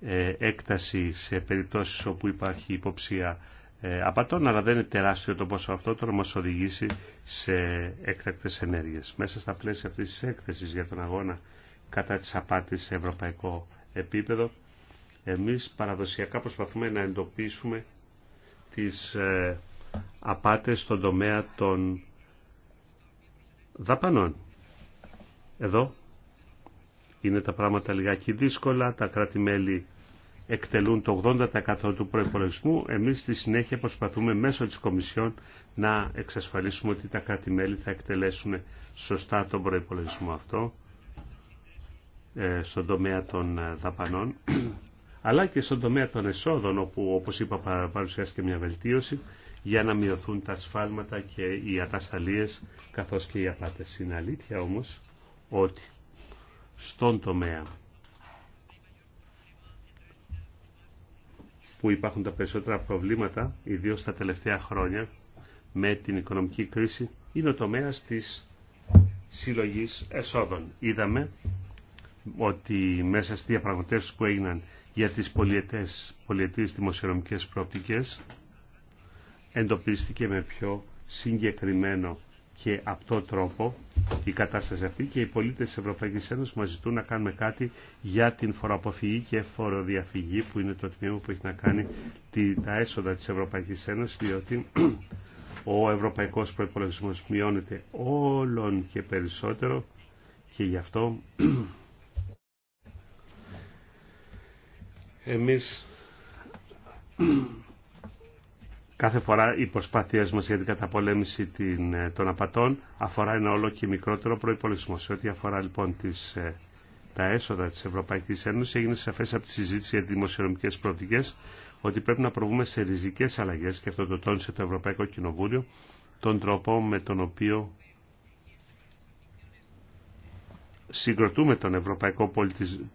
ε, έκταση σε περιπτώσεις όπου υπάρχει υποψία ε, απατών, αλλά δεν είναι τεράστιο το πόσο αυτό τώρα μας οδηγήσει σε έκτακτες ενέργειες. Μέσα στα πλαίσια αυτής της έκθεσης για τον αγώνα κατά της απάτης σε ευρωπαϊκό επίπεδο, εμείς παραδοσιακά προσπαθούμε να εντοπίσουμε τις ε, απάτες στον τομέα των δαπανών. Εδώ είναι τα πράγματα λιγάκι δύσκολα, τα κράτη-μέλη εκτελούν το 80% του προϋπολογισμού, εμείς στη συνέχεια προσπαθούμε μέσω της Κομισιόν να εξασφαλίσουμε ότι τα κράτη-μέλη θα εκτελέσουν σωστά τον προϋπολογισμό αυτό ε, στον τομέα των ε, δαπανών, αλλά και στον τομέα των εσόδων, όπου όπως είπα παρουσιάστηκε μια βελτίωση, για να μειωθούν τα σφάλματα και οι ατασταλίες καθώς και οι απάτες. Είναι αλήθεια όμως ότι στον τομέα που υπάρχουν τα περισσότερα προβλήματα, ιδίως τα τελευταία χρόνια, με την οικονομική κρίση, είναι ο τομέας της συλλογής εσόδων. Είδαμε ότι μέσα στις διαπραγματεύσεις που έγιναν για τις πολιετές, πολιετές δημοσιονομικές προοπτικές, εντοπίστηκε με πιο συγκεκριμένο και αυτό τρόπο η κατάσταση αυτή και οι πολίτες της Ευρωπαϊκής Ένωσης μας ζητούν να κάνουμε κάτι για την φοροαποφυγή και φοροδιαφυγή που είναι το τμήμα που έχει να κάνει τα έσοδα της Ευρωπαϊκής Ένωσης διότι ο ευρωπαϊκός προϋπολογισμός μειώνεται όλων και περισσότερο και γι' αυτό εμείς Κάθε φορά οι προσπάθειές μας για την καταπολέμηση ε, των απατών αφορά ένα όλο και μικρότερο προϋπολογισμό. Σε ό,τι αφορά λοιπόν τις, ε, τα έσοδα της Ευρωπαϊκής Ένωσης έγινε σαφές από τη συζήτηση για τις δημοσιονομικές προοπτικές ότι πρέπει να προβούμε σε ριζικές αλλαγές και αυτό το τόνισε το Ευρωπαϊκό Κοινοβούλιο τον τρόπο με τον οποίο συγκροτούμε τον ευρωπαϊκό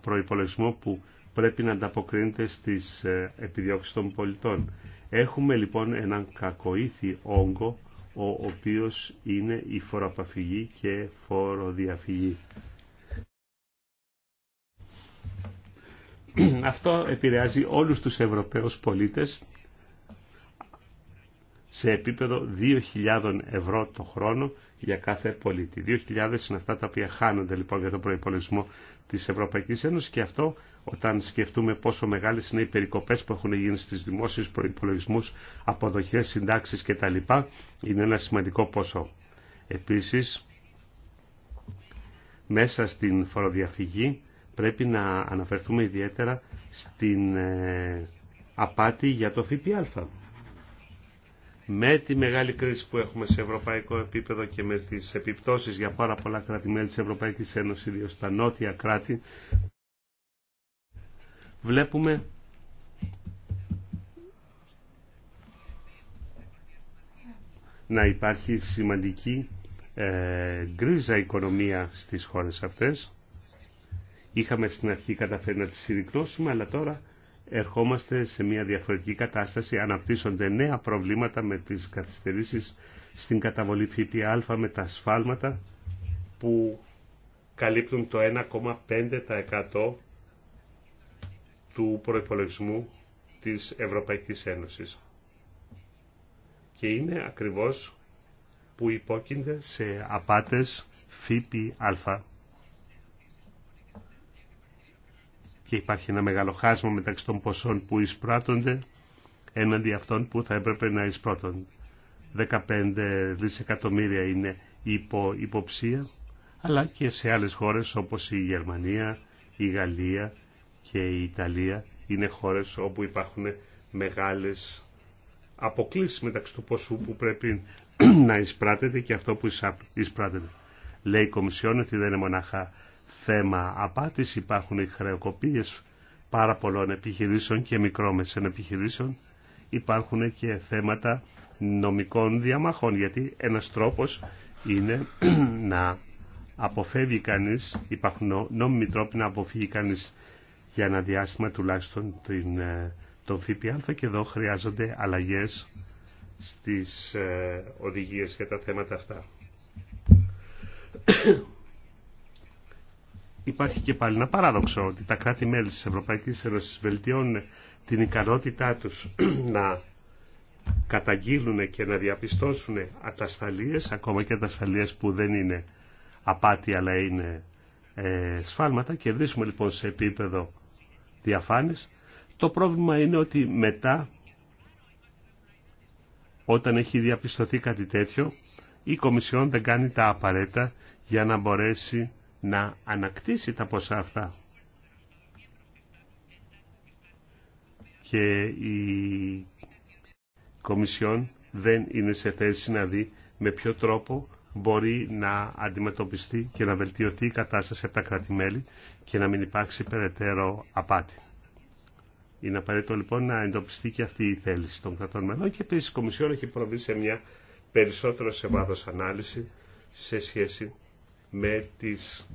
προϋπολογισμό που πρέπει να ανταποκρίνεται στις ε, επιδιώξεις των πολιτών. Έχουμε λοιπόν έναν κακοήθη όγκο ο οποίος είναι η φοροαπαφυγή και φοροδιαφυγή. Αυτό επηρεάζει όλους τους Ευρωπαίους πολίτες σε επίπεδο 2.000 ευρώ το χρόνο για κάθε πολίτη. 2.000 είναι αυτά τα οποία χάνονται λοιπόν για τον προϋπολογισμό της Ευρωπαϊκής Ένωσης και αυτό όταν σκεφτούμε πόσο μεγάλε είναι οι περικοπές που έχουν γίνει στις δημόσιες προϋπολογισμούς, αποδοχές, συντάξει κτλ. Είναι ένα σημαντικό ποσό. Επίσης, μέσα στην φοροδιαφυγή πρέπει να αναφερθούμε ιδιαίτερα στην ε, απάτη για το ΦΠΑ. Με τη μεγάλη κρίση που έχουμε σε ευρωπαϊκό επίπεδο και με τις επιπτώσεις για πάρα πολλά κράτη-μέλη της Ευρωπαϊκής Ένωσης, ιδίως νότια κράτη, βλέπουμε να υπάρχει σημαντική ε, γκρίζα οικονομία στις χώρες αυτές. Είχαμε στην αρχή καταφέρει να τις συρρυκνώσουμε, αλλά τώρα ερχόμαστε σε μια διαφορετική κατάσταση. Αναπτύσσονται νέα προβλήματα με τις καθυστερήσεις στην καταβολή ΦΠΑ, με τα σφάλματα που καλύπτουν το 1,5% του προϋπολογισμού της Ευρωπαϊκής Ένωσης. Και είναι ακριβώς που υπόκεινται σε απάτες ΦΠΑ. Και υπάρχει ένα μεγάλο χάσμα μεταξύ των ποσών που εισπράττονται έναντι αυτών που θα έπρεπε να εισπράττουν. 15 δισεκατομμύρια είναι υπό υποψία, αλλά και σε άλλες χώρες όπως η Γερμανία, η Γαλλία, και η Ιταλία είναι χώρες όπου υπάρχουν μεγάλες αποκλήσεις μεταξύ του ποσού που πρέπει να εισπράτεται και αυτό που εισπράτεται. Λέει η Κομισιόν ότι δεν είναι μονάχα θέμα απάτης, υπάρχουν οι χρεοκοπίες πάρα πολλών επιχειρήσεων και μικρόμεσων επιχειρήσεων. Υπάρχουν και θέματα νομικών διαμάχων, γιατί ένας τρόπος είναι να αποφεύγει κανείς, υπάρχουν νόμιμοι τρόποι να αποφύγει κανείς για ένα διάστημα τουλάχιστον την, ε, τον ΦΠΑ και εδώ χρειάζονται αλλαγές στις ε, οδηγίες για τα θέματα αυτά. Υπάρχει και πάλι ένα παράδοξο ότι τα κράτη-μέλη της Ευρωπαϊκής Ένωσης βελτιώνουν την ικανότητά τους να καταγγείλουν και να διαπιστώσουν ατασταλίες, ακόμα και ατασταλίες που δεν είναι απάτη αλλά είναι ε, σφάλματα και βρίσκουμε λοιπόν σε επίπεδο διαφάνεις. Το πρόβλημα είναι ότι μετά, όταν έχει διαπιστωθεί κάτι τέτοιο, η Κομισιόν δεν κάνει τα απαραίτητα για να μπορέσει να ανακτήσει τα ποσά αυτά. Και η Κομισιόν δεν είναι σε θέση να δει με ποιο τρόπο μπορεί να αντιμετωπιστεί και να βελτιωθεί η κατάσταση από τα κρατη και να μην υπάρξει περαιτέρω απάτη. Είναι απαραίτητο λοιπόν να εντοπιστεί και αυτή η θέληση των κρατών μελών και επίση η Κομισιόν έχει προβεί σε μια περισσότερο σε βάθος ανάλυση σε σχέση με τις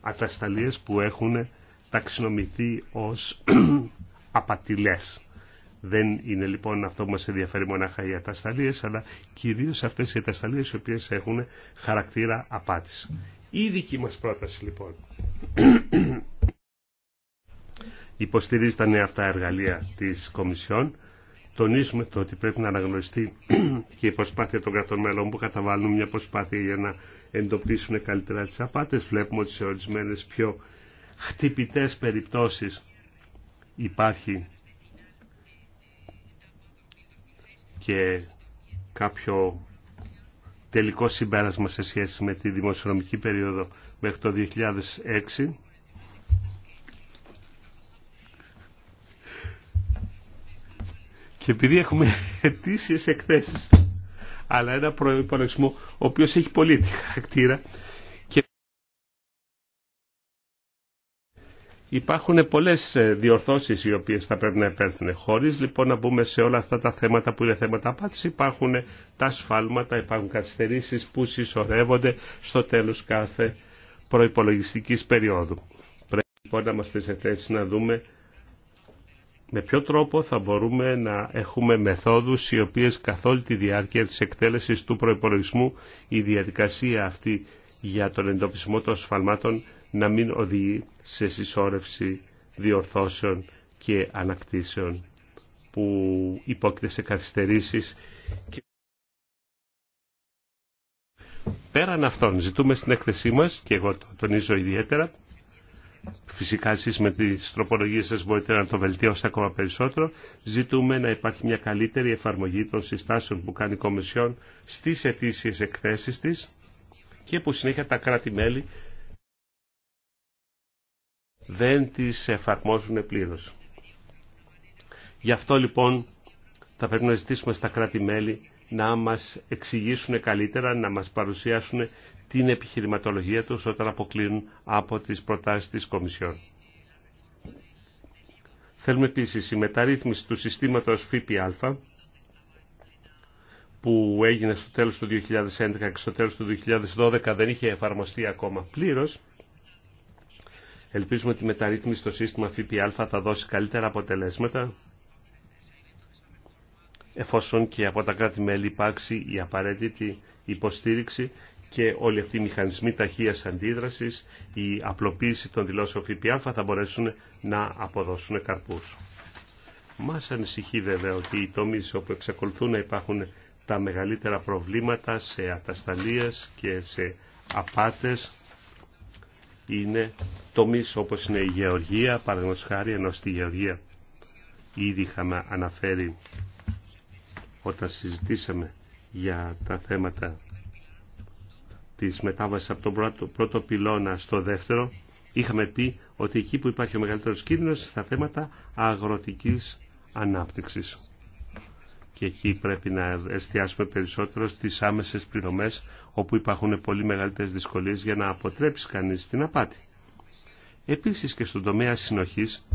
ατασταλίες που έχουν ταξινομηθεί ως απατηλές. Δεν είναι λοιπόν αυτό που μας ενδιαφέρει μονάχα οι ατασταλίες, αλλά κυρίως αυτές οι ατασταλίες οι οποίες έχουν χαρακτήρα απάτης. Η δική μας πρόταση λοιπόν υποστηρίζει τα νέα αυτά εργαλεία της Κομισιόν. Τονίζουμε το ότι πρέπει να αναγνωριστεί και η προσπάθεια των κρατών μελών που καταβάλουν μια προσπάθεια για να εντοπίσουν καλύτερα τις απάτες. Βλέπουμε ότι σε ορισμένε πιο χτυπητές περιπτώσεις υπάρχει και κάποιο τελικό συμπέρασμα σε σχέση με τη δημοσιονομική περίοδο μέχρι το 2006. Και επειδή έχουμε αιτήσιες εκθέσεις, αλλά ένα προϋπολογισμό ο οποίος έχει πολύ χαρακτήρα, Υπάρχουν πολλές ε, διορθώσεις οι οποίες θα πρέπει να επέλθουν. Χωρίς λοιπόν να μπούμε σε όλα αυτά τα θέματα που είναι θέματα απάτηση, υπάρχουν τα σφάλματα, υπάρχουν καθυστερήσεις που συσσωρεύονται στο τέλος κάθε προϋπολογιστικής περίοδου. Πρέπει λοιπόν να είμαστε σε θέση να δούμε με ποιο τρόπο θα μπορούμε να έχουμε μεθόδους οι οποίες καθ' όλη τη διάρκεια της εκτέλεσης του προϋπολογισμού η διαδικασία αυτή για τον εντοπισμό των σφαλμάτων να μην οδηγεί σε συσσόρευση διορθώσεων και ανακτήσεων που υπόκειται σε καθυστερήσεις. Πέραν αυτών ζητούμε στην έκθεσή μας, και εγώ το τονίζω ιδιαίτερα, φυσικά εσείς με τις τροπολογίες σας μπορείτε να το βελτιώσετε ακόμα περισσότερο, ζητούμε να υπάρχει μια καλύτερη εφαρμογή των συστάσεων που κάνει η Κομισιόν στις ετήσιες εκθέσεις της και που συνέχεια τα κράτη-μέλη δεν τις εφαρμόζουν πλήρως. Γι' αυτό λοιπόν θα πρέπει να ζητήσουμε στα κράτη-μέλη να μας εξηγήσουν καλύτερα, να μας παρουσιάσουν την επιχειρηματολογία τους όταν αποκλίνουν από τις προτάσεις της Κομισιόν. Θέλουμε επίσης η μεταρρύθμιση του συστήματος ΦΠΑ που έγινε στο τέλος του 2011 και στο τέλος του 2012 δεν είχε εφαρμοστεί ακόμα πλήρως Ελπίζουμε ότι η μεταρρύθμιση στο σύστημα ΦΠΑ θα δώσει καλύτερα αποτελέσματα εφόσον και από τα κράτη-μέλη υπάρξει η απαραίτητη υποστήριξη και όλοι αυτοί οι μηχανισμοί ταχείας αντίδρασης, η απλοποίηση των δηλώσεων ΦΠΑ θα μπορέσουν να αποδώσουν καρπούς. Μας ανησυχεί βέβαια ότι οι τομείς όπου εξακολουθούν να υπάρχουν τα μεγαλύτερα προβλήματα σε ατασταλίες και σε απάτες είναι τομείς όπως είναι η γεωργία, παραδείγματος χάρη, ενώ στη γεωργία ήδη είχαμε αναφέρει όταν συζητήσαμε για τα θέματα της μετάβασης από τον πρώτο, πυλώνα στο δεύτερο, είχαμε πει ότι εκεί που υπάρχει ο μεγαλύτερος κίνδυνος στα θέματα αγροτικής ανάπτυξης εκεί πρέπει να εστιάσουμε περισσότερο στις άμεσες πληρωμές όπου υπάρχουν πολύ μεγαλύτερες δυσκολίες για να αποτρέψει κανείς την απάτη. Επίσης και στον τομέα συνοχής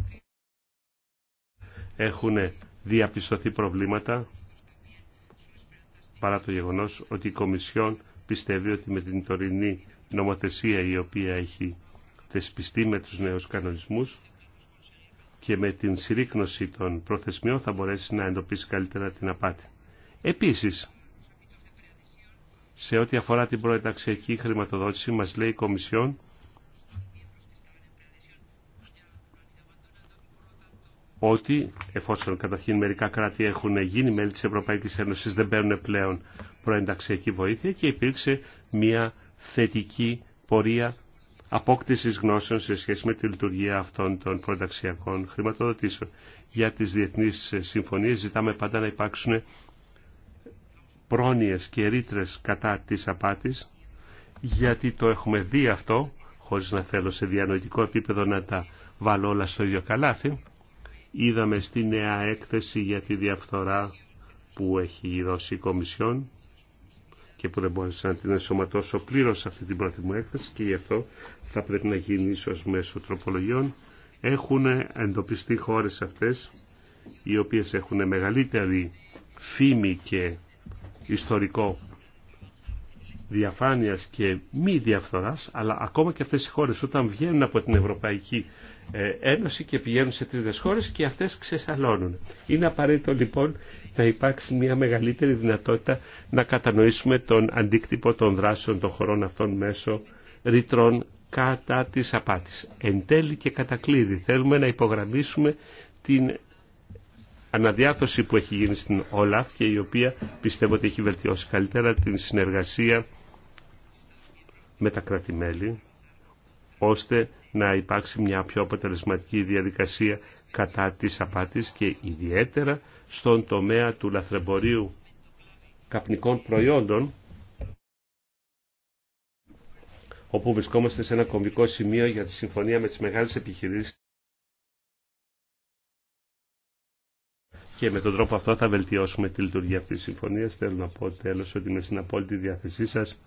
έχουν διαπιστωθεί προβλήματα παρά το γεγονός ότι η Κομισιόν πιστεύει ότι με την τωρινή νομοθεσία η οποία έχει θεσπιστεί με τους νέους κανονισμούς και με την συρρήκνωση των προθεσμιών θα μπορέσει να εντοπίσει καλύτερα την απάτη. Επίσης, σε ό,τι αφορά την προεταξιακή χρηματοδότηση, μας λέει η Κομισιόν ότι εφόσον καταρχήν μερικά κράτη έχουν γίνει μέλη της Ευρωπαϊκής Ένωσης δεν παίρνουν πλέον προενταξιακή βοήθεια και υπήρξε μια θετική πορεία απόκτησης γνώσεων σε σχέση με τη λειτουργία αυτών των προταξιακών χρηματοδοτήσεων. Για τις διεθνείς συμφωνίες ζητάμε πάντα να υπάρξουν πρόνοιες και ρήτρε κατά της απάτης, γιατί το έχουμε δει αυτό, χωρίς να θέλω σε διανοητικό επίπεδο να τα βάλω όλα στο ίδιο καλάθι. Είδαμε στη νέα έκθεση για τη διαφθορά που έχει δώσει η Κομισιόν και που δεν μπόρεσα να την ενσωματώσω πλήρω σε αυτή την πρώτη μου έκθεση και γι' αυτό θα πρέπει να γίνει ίσω μέσω τροπολογιών. Έχουν εντοπιστεί χώρε αυτέ οι οποίε έχουν μεγαλύτερη φήμη και ιστορικό διαφάνειας και μη διαφθοράς, αλλά ακόμα και αυτές οι χώρες όταν βγαίνουν από την Ευρωπαϊκή ε, ένωση και πηγαίνουν σε τρίτες χώρες και αυτές ξεσαλώνουν. Είναι απαραίτητο λοιπόν να υπάρξει μια μεγαλύτερη δυνατότητα να κατανοήσουμε τον αντίκτυπο των δράσεων των χωρών αυτών μέσω ρητρών κατά της απάτης. Εν τέλει και κλείδι θέλουμε να υπογραμμίσουμε την αναδιάρθρωση που έχει γίνει στην ΟΛΑΦ και η οποία πιστεύω ότι έχει βελτιώσει καλύτερα την συνεργασία με τα κρατη ώστε να υπάρξει μια πιο αποτελεσματική διαδικασία κατά της απάτης και ιδιαίτερα στον τομέα του λαθρεμπορίου καπνικών προϊόντων όπου βρισκόμαστε σε ένα κομβικό σημείο για τη συμφωνία με τις μεγάλες επιχειρήσεις και με τον τρόπο αυτό θα βελτιώσουμε τη λειτουργία αυτής της συμφωνίας. Θέλω να πω τέλος ότι είμαι στην απόλυτη διάθεσή σας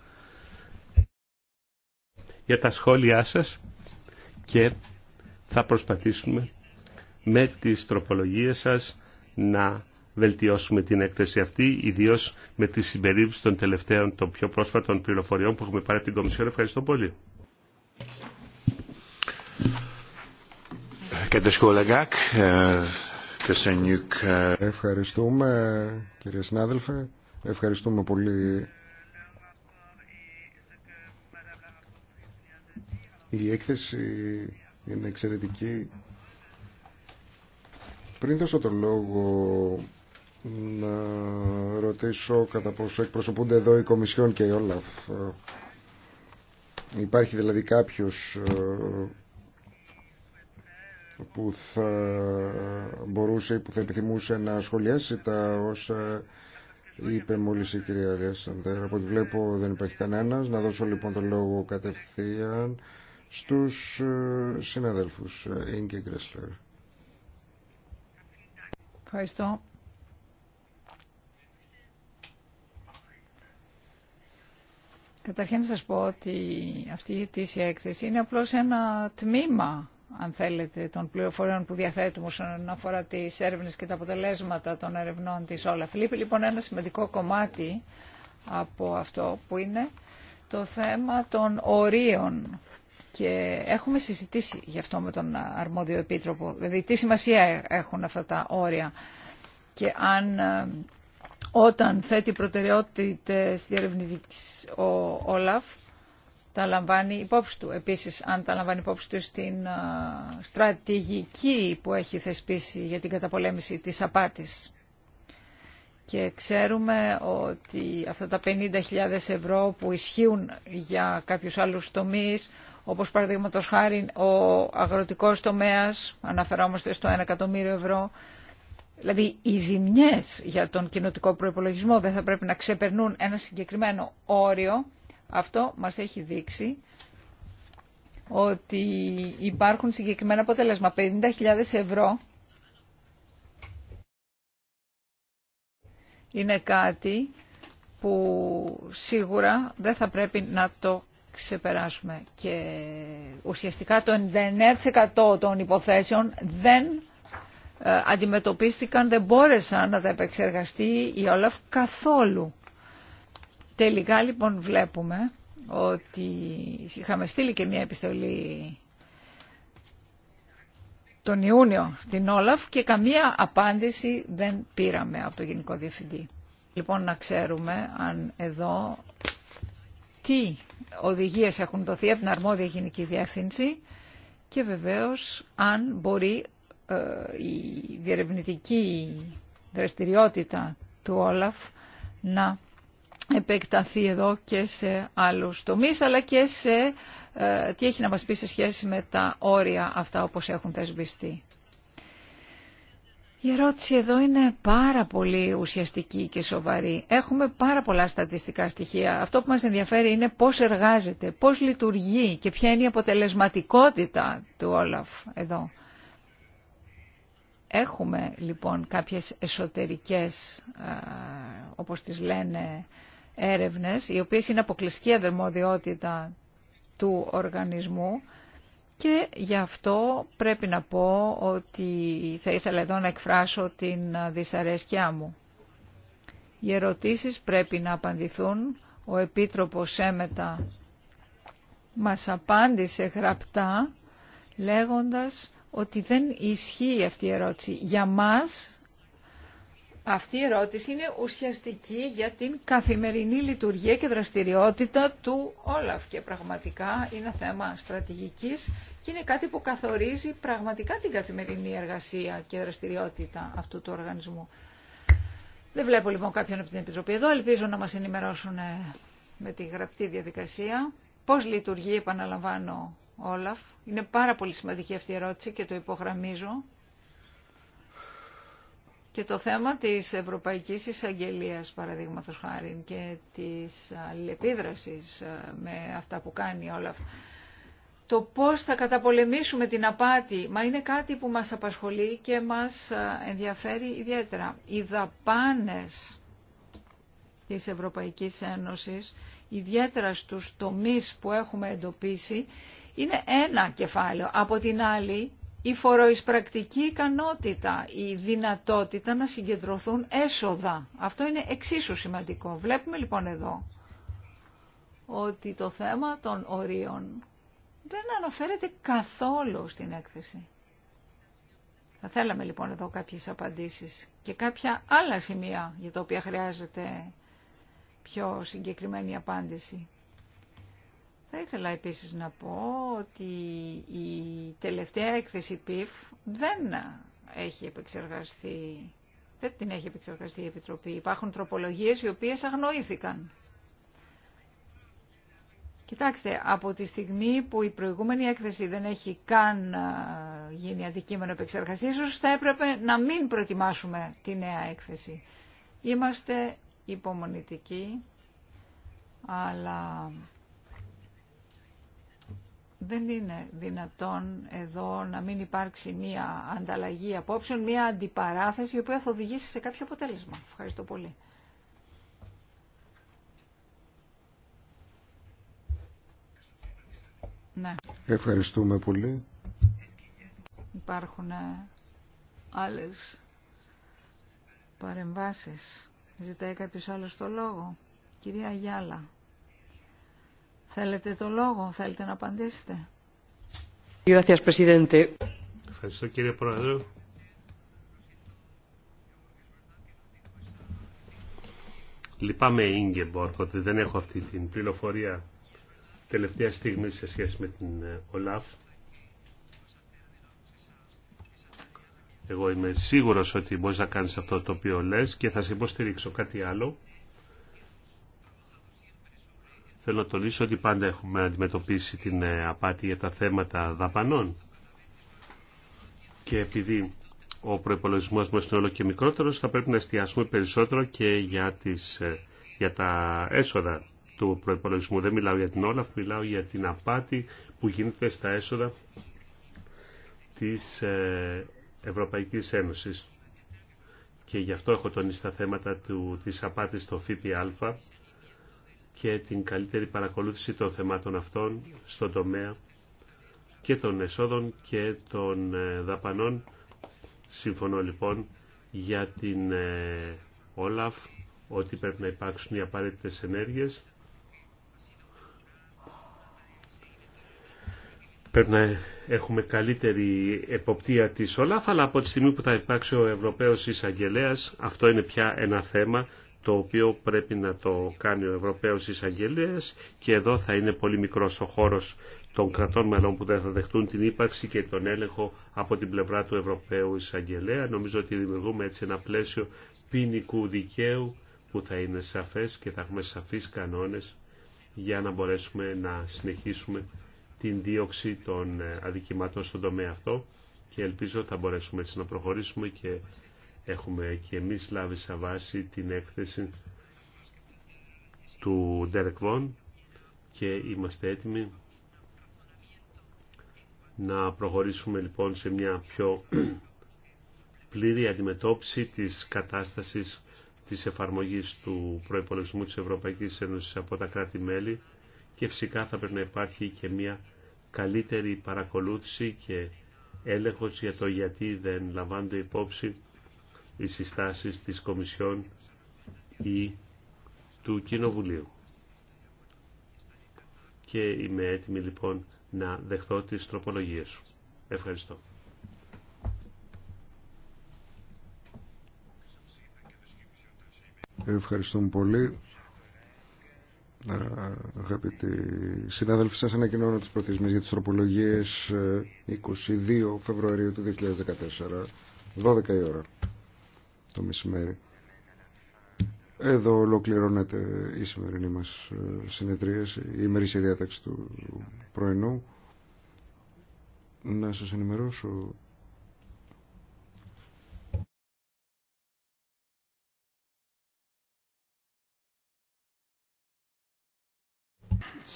για τα σχόλιά σας και θα προσπαθήσουμε με τις τροπολογίες σας να βελτιώσουμε την έκθεση αυτή, ιδίω με τη συμπερίληψη των τελευταίων, των πιο πρόσφατων πληροφοριών που έχουμε πάρει από την Κομισιόν. Ευχαριστώ πολύ. Ευχαριστούμε κύριε συνάδελφε. Ευχαριστούμε πολύ Η έκθεση είναι εξαιρετική. Πριν δώσω το λόγο να ρωτήσω κατά πόσο εκπροσωπούνται εδώ η Κομισιόν και η Όλαφ. Ε, υπάρχει δηλαδή κάποιος ε, που θα μπορούσε ή που θα επιθυμούσε να σχολιάσει τα όσα είπε μόλις η κυρία Ρέσαντερ. Από ό,τι βλέπω δεν υπάρχει κανένας. Να δώσω λοιπόν το λόγο κατευθείαν στους ε, συναδέλφους Ίγκε Γκρέσλερ. Ευχαριστώ. Καταρχήν σας πω ότι αυτή η ετήσια έκθεση είναι απλώς ένα τμήμα, αν θέλετε, των πληροφοριών που διαθέτουμε όσον αφορά τις έρευνες και τα αποτελέσματα των ερευνών της όλα. Λείπει λοιπόν ένα σημαντικό κομμάτι από αυτό που είναι το θέμα των ορίων και έχουμε συζητήσει γι' αυτό με τον αρμόδιο επίτροπο. Δηλαδή τι σημασία έχουν αυτά τα όρια. Και αν ε, όταν θέτει προτεραιότητες διερευνητική, ο Όλαφ, τα λαμβάνει υπόψη του. Επίσης, αν τα λαμβάνει υπόψη του στην ε, στρατηγική που έχει θεσπίσει για την καταπολέμηση της απάτης και ξέρουμε ότι αυτά τα 50.000 ευρώ που ισχύουν για κάποιους άλλους τομείς, όπως παραδείγματο χάρη ο αγροτικός τομέας, αναφερόμαστε στο 1 εκατομμύριο ευρώ, δηλαδή οι ζημιές για τον κοινοτικό προϋπολογισμό δεν θα πρέπει να ξεπερνούν ένα συγκεκριμένο όριο, αυτό μας έχει δείξει ότι υπάρχουν συγκεκριμένα αποτέλεσμα. 50.000 ευρώ είναι κάτι που σίγουρα δεν θα πρέπει να το ξεπεράσουμε. Και ουσιαστικά το 99% των υποθέσεων δεν ε, αντιμετωπίστηκαν, δεν μπόρεσαν να τα επεξεργαστεί η Όλαφ καθόλου. Τελικά λοιπόν βλέπουμε ότι είχαμε στείλει και μια επιστολή τον Ιούνιο στην Όλαφ και καμία απάντηση δεν πήραμε από το Γενικό Διευθυντή. Λοιπόν, να ξέρουμε αν εδώ τι οδηγίες έχουν δοθεί από την αρμόδια Γενική Διεύθυνση και βεβαίως αν μπορεί ε, η διερευνητική δραστηριότητα του Όλαφ να επεκταθεί εδώ και σε άλλους τομείς αλλά και σε ε, τι έχει να μας πει σε σχέση με τα όρια αυτά όπως έχουν θεσπιστεί. Η ερώτηση εδώ είναι πάρα πολύ ουσιαστική και σοβαρή. Έχουμε πάρα πολλά στατιστικά στοιχεία. Αυτό που μας ενδιαφέρει είναι πώς εργάζεται, πώς λειτουργεί και ποια είναι η αποτελεσματικότητα του Όλαφ εδώ. Έχουμε λοιπόν κάποιες εσωτερικές, ε, όπως τις λένε, έρευνες, οι οποίες είναι αποκλειστική αδερμοδιότητα του οργανισμού και γι' αυτό πρέπει να πω ότι θα ήθελα εδώ να εκφράσω την δυσαρέσκειά μου. Οι ερωτήσεις πρέπει να απαντηθούν. Ο Επίτροπος Έμετα μας απάντησε γραπτά λέγοντας ότι δεν ισχύει αυτή η ερώτηση. Για μας αυτή η ερώτηση είναι ουσιαστική για την καθημερινή λειτουργία και δραστηριότητα του Όλαφ και πραγματικά είναι θέμα στρατηγικής και είναι κάτι που καθορίζει πραγματικά την καθημερινή εργασία και δραστηριότητα αυτού του οργανισμού. Δεν βλέπω λοιπόν κάποιον από την Επιτροπή εδώ, ελπίζω να μας ενημερώσουν ε, με τη γραπτή διαδικασία. Πώς λειτουργεί, επαναλαμβάνω, Όλαφ. Είναι πάρα πολύ σημαντική αυτή η ερώτηση και το υπογραμμίζω και το θέμα της Ευρωπαϊκής Εισαγγελίας, παραδείγματο χάρη, και της αλληλεπίδρασης ε, με αυτά που κάνει όλα αυτά. Το πώς θα καταπολεμήσουμε την απάτη, μα είναι κάτι που μας απασχολεί και μας ε, ενδιαφέρει ιδιαίτερα. Οι δαπάνες της Ευρωπαϊκής Ένωσης, ιδιαίτερα στους τομείς που έχουμε εντοπίσει, είναι ένα κεφάλαιο. Από την άλλη, η φοροεισπρακτική ικανότητα, η δυνατότητα να συγκεντρωθούν έσοδα. Αυτό είναι εξίσου σημαντικό. Βλέπουμε λοιπόν εδώ ότι το θέμα των ορίων δεν αναφέρεται καθόλου στην έκθεση. Θα θέλαμε λοιπόν εδώ κάποιες απαντήσεις και κάποια άλλα σημεία για τα οποία χρειάζεται πιο συγκεκριμένη απάντηση. Θα ήθελα επίσης να πω ότι η τελευταία έκθεση PIF δεν έχει επεξεργαστεί, δεν την έχει επεξεργαστεί η Επιτροπή. Υπάρχουν τροπολογίες οι οποίες αγνοήθηκαν. Κοιτάξτε, από τη στιγμή που η προηγούμενη έκθεση δεν έχει καν γίνει αντικείμενο επεξεργαστή, ίσως θα έπρεπε να μην προετοιμάσουμε τη νέα έκθεση. Είμαστε υπομονητικοί, αλλά δεν είναι δυνατόν εδώ να μην υπάρξει μία ανταλλαγή απόψεων, μία αντιπαράθεση η οποία θα οδηγήσει σε κάποιο αποτέλεσμα. Ευχαριστώ πολύ. Ναι. Ευχαριστούμε πολύ. Υπάρχουν ε, άλλες παρεμβάσεις. Ζητάει κάποιος άλλος το λόγο. Κυρία Γιάλα. Θέλετε το λόγο, θέλετε να απαντήσετε. Ευχαριστώ κύριε Πρόεδρε. Λυπάμαι Ίγκεμπορκ ότι δεν έχω αυτή την πληροφορία τελευταία στιγμή σε σχέση με την ΟΛΑΦ. Ε, Εγώ είμαι σίγουρος ότι μπορείς να κάνεις αυτό το οποίο λες και θα σε υποστηρίξω κάτι άλλο. Θέλω να τονίσω ότι πάντα έχουμε αντιμετωπίσει την ε, απάτη για τα θέματα δαπανών. Και επειδή ο προπολογισμό μα είναι όλο και μικρότερο, θα πρέπει να εστιάσουμε περισσότερο και για, τις, ε, για τα έσοδα του προπολογισμού. Δεν μιλάω για την Όλαφ, μιλάω για την απάτη που γίνεται στα έσοδα τη ε, Ευρωπαϊκής Ένωσης. Και γι' αυτό έχω τονίσει τα θέματα του, της απάτης στο ΦΠΑ και την καλύτερη παρακολούθηση των θεμάτων αυτών στον τομέα και των εσόδων και των ε, δαπανών. Συμφωνώ λοιπόν για την ε, Όλαφ ότι πρέπει να υπάρξουν οι απαραίτητες ενέργειες. Πρέπει να έχουμε καλύτερη εποπτεία της Όλαφ, αλλά από τη στιγμή που θα υπάρξει ο Ευρωπαίος Εισαγγελέας, αυτό είναι πια ένα θέμα το οποίο πρέπει να το κάνει ο Ευρωπαίος Εισαγγελέας και εδώ θα είναι πολύ μικρός ο χώρος των κρατών μελών που δεν θα δεχτούν την ύπαρξη και τον έλεγχο από την πλευρά του Ευρωπαίου Εισαγγελέα. Νομίζω ότι δημιουργούμε έτσι ένα πλαίσιο ποινικού δικαίου που θα είναι σαφές και θα έχουμε σαφείς κανόνες για να μπορέσουμε να συνεχίσουμε την δίωξη των ε, αδικημάτων στον τομέα αυτό και ελπίζω θα μπορέσουμε έτσι να προχωρήσουμε και Έχουμε και εμείς λάβει σαν βάση την έκθεση του Derek και είμαστε έτοιμοι να προχωρήσουμε λοιπόν σε μια πιο πλήρη αντιμετώπιση της κατάστασης της εφαρμογής του προϋπολογισμού της Ευρωπαϊκής Ένωσης από τα κράτη-μέλη και φυσικά θα πρέπει να υπάρχει και μια καλύτερη παρακολούθηση και έλεγχος για το γιατί δεν λαμβάνονται υπόψη οι συστάσεις της Κομισιόν ή του Κοινοβουλίου. Και είμαι έτοιμη λοιπόν να δεχτώ τις τροπολογίες σου. Ευχαριστώ. Ευχαριστούμε πολύ. Ε, αγαπητοί συνάδελφοι, σας ανακοινώνω τις προθεσμίες για τις τροπολογίες 22 ε, Φεβρουαρίου του 2014, 12 η ώρα το μεσημέρι. Εδώ ολοκληρώνεται η σημερινή μας ε, συνεδρίαση, η ημερήσια διάταξη του πρωινού. Να σας ενημερώσω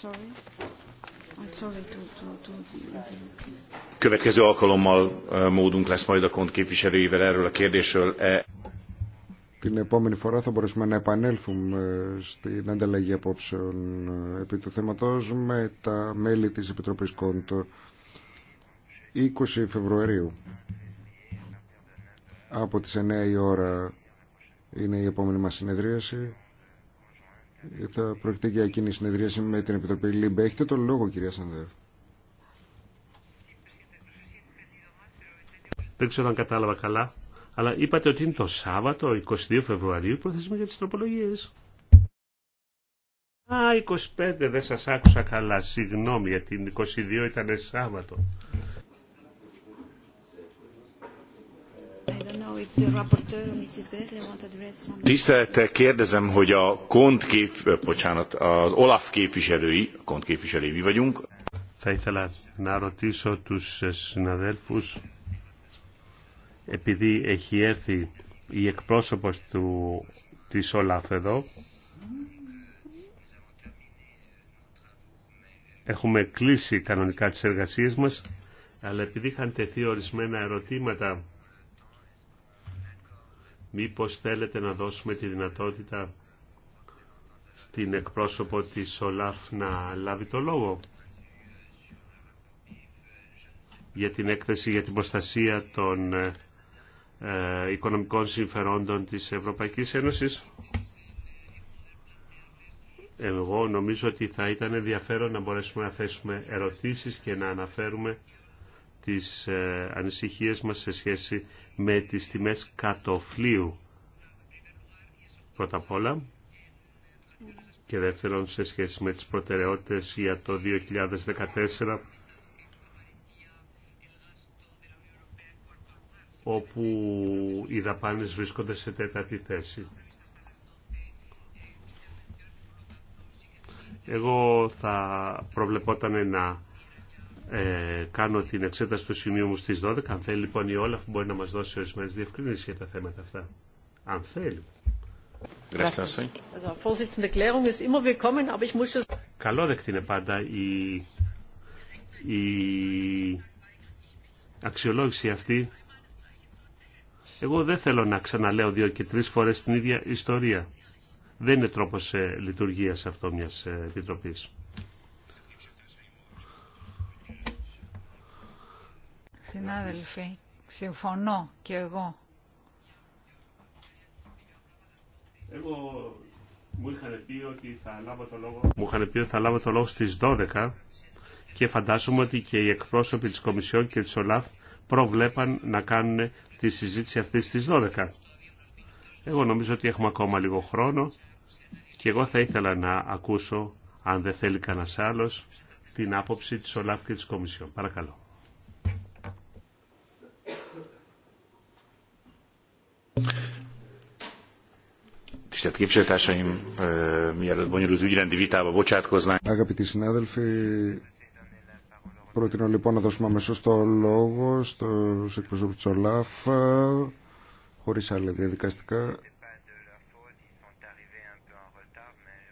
Sorry. Következő alkalommal módunk lesz majd a kont képviselőivel erről a kérdésről. E- Την επόμενη φορά θα μπορέσουμε να επανέλθουμε ε, στην ανταλλαγή απόψεων ε, επί του θέματος με τα μέλη της Επιτροπής Κοντ 20 Φεβρουαρίου. Από τις 9 η ώρα είναι η επόμενη μας συνεδρίαση. Θα πρόκειται για εκείνη η συνεδρίαση με την Επιτροπή ΛΥΜΠΕ. Έχετε τον λόγο, κυρία Σανδεύ. Δεν ξέρω αν κατάλαβα καλά, αλλά είπατε ότι είναι το Σάββατο, 22 Φεβρουαρίου, προθεσμα για τις τροπολογίες. Α, 25, δεν σας άκουσα καλά. Συγγνώμη, γιατί 22 ήταν Σάββατο. Θα ήθελα να ρωτήσω τους συναδέλφους, επειδή έχει έρθει η εκπρόσωπος του, της ΟΛΑΦ εδώ, έχουμε κλείσει κανονικά τις εργασίες μας, αλλά επειδή είχαν τεθεί ορισμένα ερωτήματα μήπως θέλετε να δώσουμε τη δυνατότητα στην εκπρόσωπο της ΟΛΑΦ να λάβει το λόγο για την έκθεση για την προστασία των ε, ε, οικονομικών συμφερόντων της Ευρωπαϊκής Ένωσης. Εγώ νομίζω ότι θα ήταν ενδιαφέρον να μπορέσουμε να θέσουμε ερωτήσεις και να αναφέρουμε τις ε, ανησυχίες μας σε σχέση με τις τιμές κατοφλίου πρώτα απ' όλα και δεύτερον σε σχέση με τις προτεραιότητες για το 2014 όπου οι δαπάνες βρίσκονται σε τέταρτη θέση. Εγώ θα προβλεπόταν να ε, κάνω την εξέταση του σημείου μου στις 12. Αν θέλει λοιπόν η Όλαφ μπορεί να μας δώσει ορισμένε διευκρινήσει για τα θέματα αυτά. Αν θέλει. Καλό δεκτή είναι πάντα η, η αξιολόγηση αυτή. Εγώ δεν θέλω να ξαναλέω δύο και τρεις φορές την ίδια ιστορία. Δεν είναι τρόπος ε, λειτουργίας αυτό μιας ε, επιτροπής. Συνάδελφοι, συμφωνώ και εγώ. Εγώ μου είχαν πει ότι θα λάβω το λόγο. Μου είχαν πει ότι θα λάβω το λόγο στις 12 και φαντάζομαι ότι και οι εκπρόσωποι της Κομισιόν και της ΟΛΑΦ προβλέπαν να κάνουν τη συζήτηση αυτή στις 12. Εγώ νομίζω ότι έχουμε ακόμα λίγο χρόνο και εγώ θα ήθελα να ακούσω, αν δεν θέλει κανένα άλλος, την άποψη της ΟΛΑΦ και της Κομισιόν. Παρακαλώ. Tisztelt képviselőtársaim, mielőtt bonyolult ügyrendi vitába bocsátkoznánk. Αγαπητοί συνάδελφοι, προτείνω λοιπόν να δώσουμε αμέσω το λόγο στους εκπροσώπους της ΟΛΑΦ, χωρίς άλλα διαδικαστικά.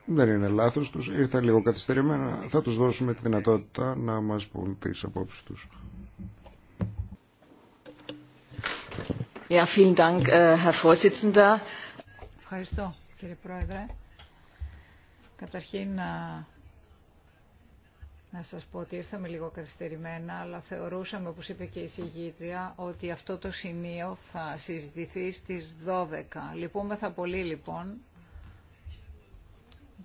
Δεν είναι λάθος τους, ήρθαν λίγο καθυστερημένα. Θα τους δώσουμε τη δυνατότητα να μας πούν τις απόψεις τους. Ja, vielen Dank, äh, Herr Vorsitzender. Ευχαριστώ κύριε Πρόεδρε. Καταρχήν να, να σας πω ότι ήρθαμε λίγο καθυστερημένα, αλλά θεωρούσαμε, όπως είπε και η συγγήτρια, ότι αυτό το σημείο θα συζητηθεί στις 12. Λυπούμεθα πολύ λοιπόν,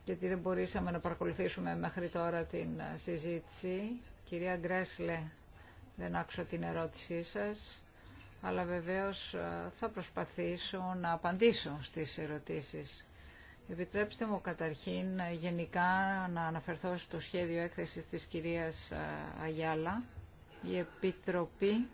γιατί δεν μπορούσαμε να παρακολουθήσουμε μέχρι τώρα την συζήτηση. Κυρία Γκρέσλε, δεν άκουσα την ερώτησή σας αλλά βεβαίως ε, θα προσπαθήσω να απαντήσω στις ερωτήσεις. Επιτρέψτε μου καταρχήν ε, γενικά να αναφερθώ στο σχέδιο έκθεσης της κυρίας ε, Αγιάλα. Η Επιτροπή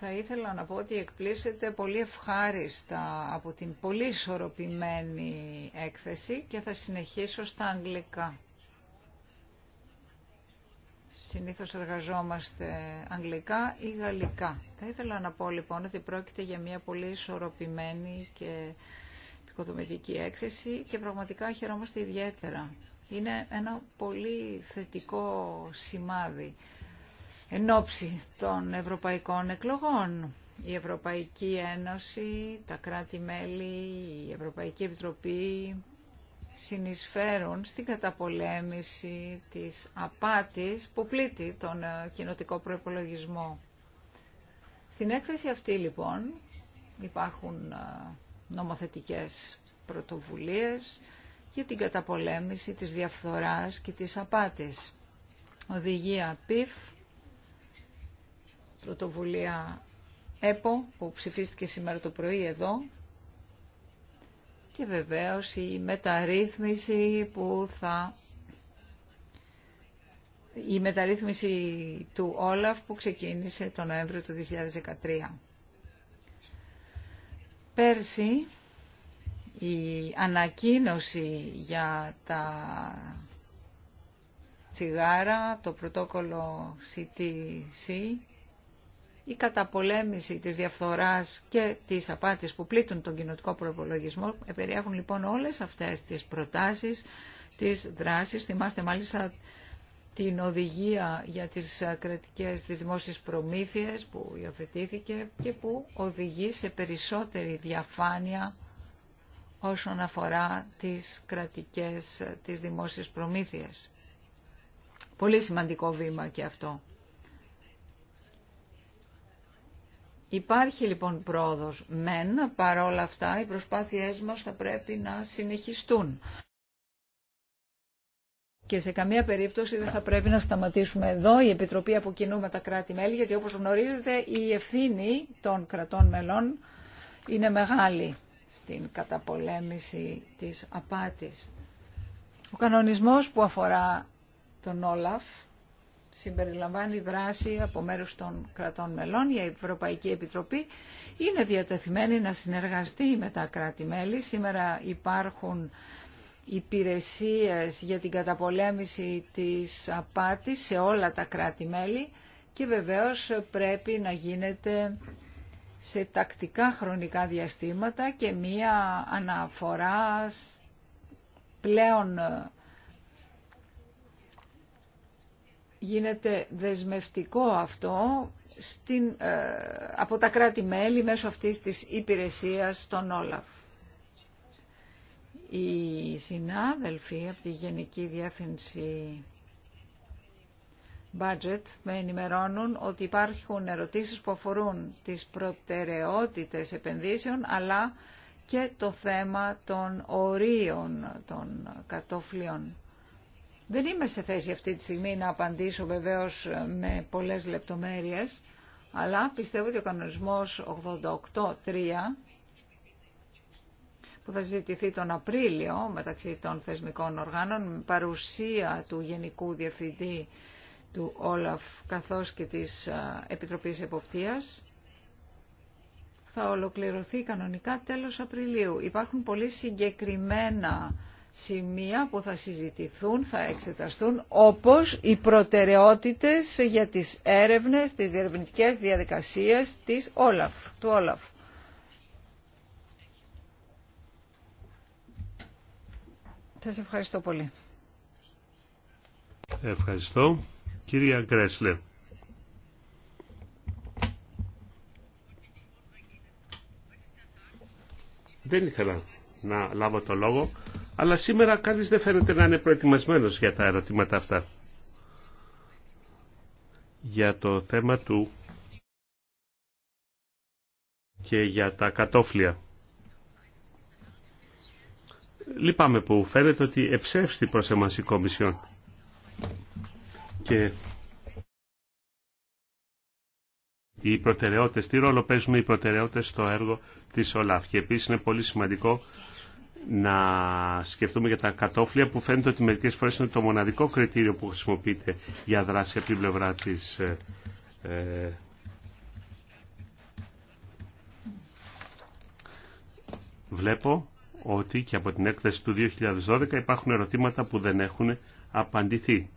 θα ήθελα να πω ότι εκπλήσεται πολύ ευχάριστα από την πολύ ισορροπημένη έκθεση και θα συνεχίσω στα αγγλικά. Συνήθως εργαζόμαστε αγγλικά ή γαλλικά. Θα ήθελα να πω λοιπόν ότι πρόκειται για μια πολύ ισορροπημένη και οικοδομητική έκθεση και πραγματικά χαιρόμαστε ιδιαίτερα. Είναι ένα πολύ θετικό σημάδι εν των ευρωπαϊκών εκλογών. Η Ευρωπαϊκή Ένωση, τα κράτη-μέλη, η Ευρωπαϊκή Επιτροπή συνεισφέρουν στην καταπολέμηση της απάτης που πλήττει τον ε, κοινοτικό προϋπολογισμό. Στην έκθεση αυτή λοιπόν υπάρχουν ε, νομοθετικές πρωτοβουλίες για την καταπολέμηση της διαφθοράς και της απάτης. Οδηγία ΠΙΦ, πρωτοβουλία ΕΠΟ που ψηφίστηκε σήμερα το πρωί εδώ και βεβαίως η μεταρρύθμιση που θα η μεταρρύθμιση του Όλαφ που ξεκίνησε τον Νοέμβριο του 2013. Πέρσι η ανακοίνωση για τα τσιγάρα, το πρωτόκολλο CTC, η καταπολέμηση της διαφθοράς και της απάτης που πλήττουν τον κοινοτικό προπολογισμό περιέχουν λοιπόν όλες αυτές τις προτάσεις, τις δράσεις. Θυμάστε μάλιστα την οδηγία για τις κρατικές, τις δημόσιες προμήθειες που υιοθετήθηκε και που οδηγεί σε περισσότερη διαφάνεια όσον αφορά τις κρατικές, τις δημόσιες προμήθειες. Πολύ σημαντικό βήμα και αυτό. Υπάρχει λοιπόν πρόοδος μεν, παρόλα αυτά οι προσπάθειές μας θα πρέπει να συνεχιστούν. Και σε καμία περίπτωση δεν θα πρέπει να σταματήσουμε εδώ η Επιτροπή από κοινού με τα κράτη-μέλη, γιατί όπως γνωρίζετε η ευθύνη των κρατών μελών είναι μεγάλη στην καταπολέμηση της απάτης. Ο κανονισμός που αφορά τον Όλαφ συμπεριλαμβάνει δράση από μέρους των κρατών μελών. Η Ευρωπαϊκή Επιτροπή είναι διατεθειμένη να συνεργαστεί με τα κράτη-μέλη. Σήμερα υπάρχουν υπηρεσίες για την καταπολέμηση της απάτης σε όλα τα κράτη-μέλη και βεβαίως πρέπει να γίνεται σε τακτικά χρονικά διαστήματα και μία αναφορά πλέον γίνεται δεσμευτικό αυτό στην, ε, από τα κράτη-μέλη μέσω αυτής της υπηρεσίας των Όλαφ. Οι συνάδελφοι από τη Γενική Διεύθυνση Budget με ενημερώνουν ότι υπάρχουν ερωτήσεις που αφορούν τις προτεραιότητες επενδύσεων αλλά και το θέμα των ορίων των κατόφλιων. Δεν είμαι σε θέση αυτή τη στιγμή να απαντήσω βεβαίως ε, με πολλές λεπτομέρειες, αλλά πιστεύω ότι ο κανονισμός 88.3 που θα ζητηθεί τον Απρίλιο μεταξύ των θεσμικών οργάνων με παρουσία του Γενικού Διευθυντή του Όλαφ καθώς και της ε, Επιτροπής Εποπτείας θα ολοκληρωθεί κανονικά τέλος Απριλίου. Υπάρχουν πολύ συγκεκριμένα σημεία που θα συζητηθούν, θα εξεταστούν, όπως οι προτεραιότητες για τις έρευνες, τις διερευνητικές διαδικασίες της Όλαφ, του Όλαφ. Σας ευχαριστώ πολύ. Ευχαριστώ. Κυρία Γκρέσλε. Δεν ήθελα να λάβω το λόγο, αλλά σήμερα κανείς δεν φαίνεται να είναι προετοιμασμένος για τα ερωτήματα αυτά. Για το θέμα του και για τα κατόφλια. Λυπάμαι που φαίνεται ότι εψεύστη προς εμάς η Κομισιόν. Και οι προτεραιότητες, τι ρόλο παίζουν οι προτεραιότητες στο έργο της ΟΛΑΦ. Και επίσης είναι πολύ σημαντικό να σκεφτούμε για τα κατόφλια που φαίνεται ότι μερικές φορές είναι το μοναδικό κριτήριο που χρησιμοποιείται για δράση από την πλευρά της ε, ε, βλέπω ότι και από την έκθεση του 2012 υπάρχουν ερωτήματα που δεν έχουν απαντηθεί.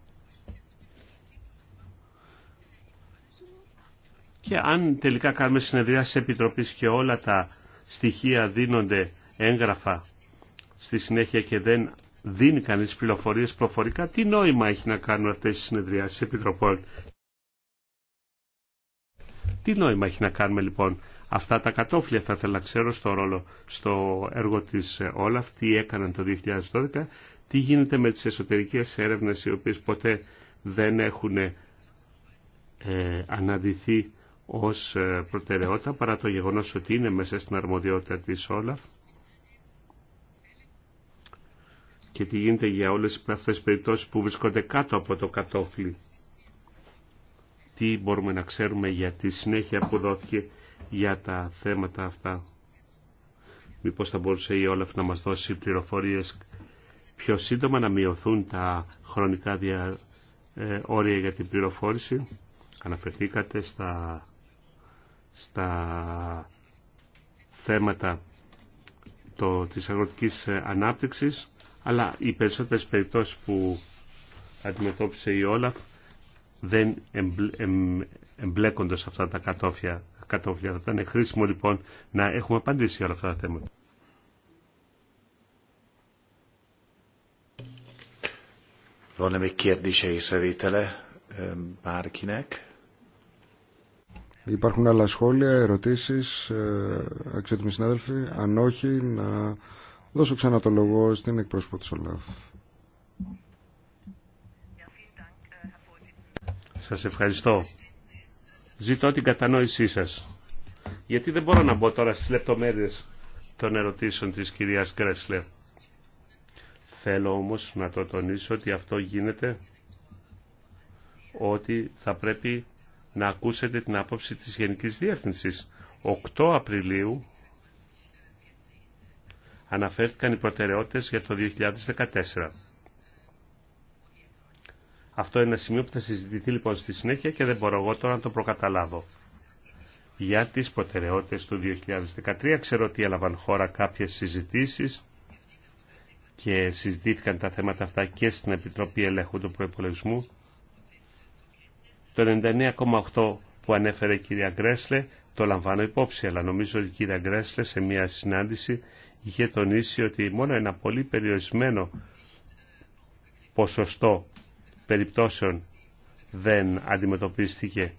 Και αν τελικά κάνουμε συνεδρία σε επιτροπής και όλα τα στοιχεία δίνονται έγγραφα στη συνέχεια και δεν δίνει κανείς πληροφορίες προφορικά, τι νόημα έχει να κάνουν αυτές οι συνεδριάσεις επιτροπών. Τι νόημα έχει να κάνουμε λοιπόν αυτά τα κατόφλια θα ήθελα να ξέρω στο ρόλο, στο έργο της ε, Όλαφ, τι έκαναν το 2012, τι γίνεται με τις εσωτερικές έρευνες οι οποίες ποτέ δεν έχουν ε, αναδυθεί ως ε, προτεραιότητα παρά το γεγονός ότι είναι μέσα στην αρμοδιότητα της Όλαφ και τι γίνεται για όλες αυτές τις περιπτώσεις που βρίσκονται κάτω από το κατόφλι. Τι μπορούμε να ξέρουμε για τη συνέχεια που δόθηκε για τα θέματα αυτά. Μήπως θα μπορούσε η Όλαφ να μας δώσει πληροφορίες πιο σύντομα να μειωθούν τα χρονικά δια, ε, όρια για την πληροφόρηση. Αναφερθήκατε στα, στα θέματα το, της αγροτικής ε, ανάπτυξης αλλά οι περισσότερες περιπτώσεις που αντιμετώπισε η Όλαφ δεν εμπλέκονται σε αυτά τα κατόφια. κατόφια. Θα ήταν χρήσιμο λοιπόν να έχουμε απαντήσει όλα αυτά τα θεματα ehm, Υπάρχουν άλλα σχόλια, ερωτήσεις, ε, αξιότιμοι συνάδελφοι. Αν όχι, να δώσω ξανά το λόγο στην εκπρόσωπο της ΟΛΑΦ. Σας ευχαριστώ. Ζητώ την κατανόησή σας. Γιατί δεν μπορώ να μπω τώρα στις λεπτομέρειες των ερωτήσεων της κυρίας Κρέσλε. Θέλω όμως να το τονίσω ότι αυτό γίνεται ότι θα πρέπει να ακούσετε την άποψη της Γενικής Διεύθυνσης. 8 Απριλίου αναφέρθηκαν οι προτεραιότητες για το 2014. Αυτό είναι ένα σημείο που θα συζητηθεί λοιπόν στη συνέχεια και δεν μπορώ εγώ τώρα να το προκαταλάβω. Για τις προτεραιότητες του 2013 ξέρω ότι έλαβαν χώρα κάποιες συζητήσεις και συζητήθηκαν τα θέματα αυτά και στην Επιτροπή Ελέγχου του Προϋπολογισμού. Το 99,8 που ανέφερε η κυρία Γκρέσλε το λαμβάνω υπόψη, αλλά νομίζω ότι η κυρία Γκρέσλε σε μια συνάντηση είχε τονίσει ότι μόνο ένα πολύ περιορισμένο ποσοστό περιπτώσεων δεν αντιμετωπίστηκε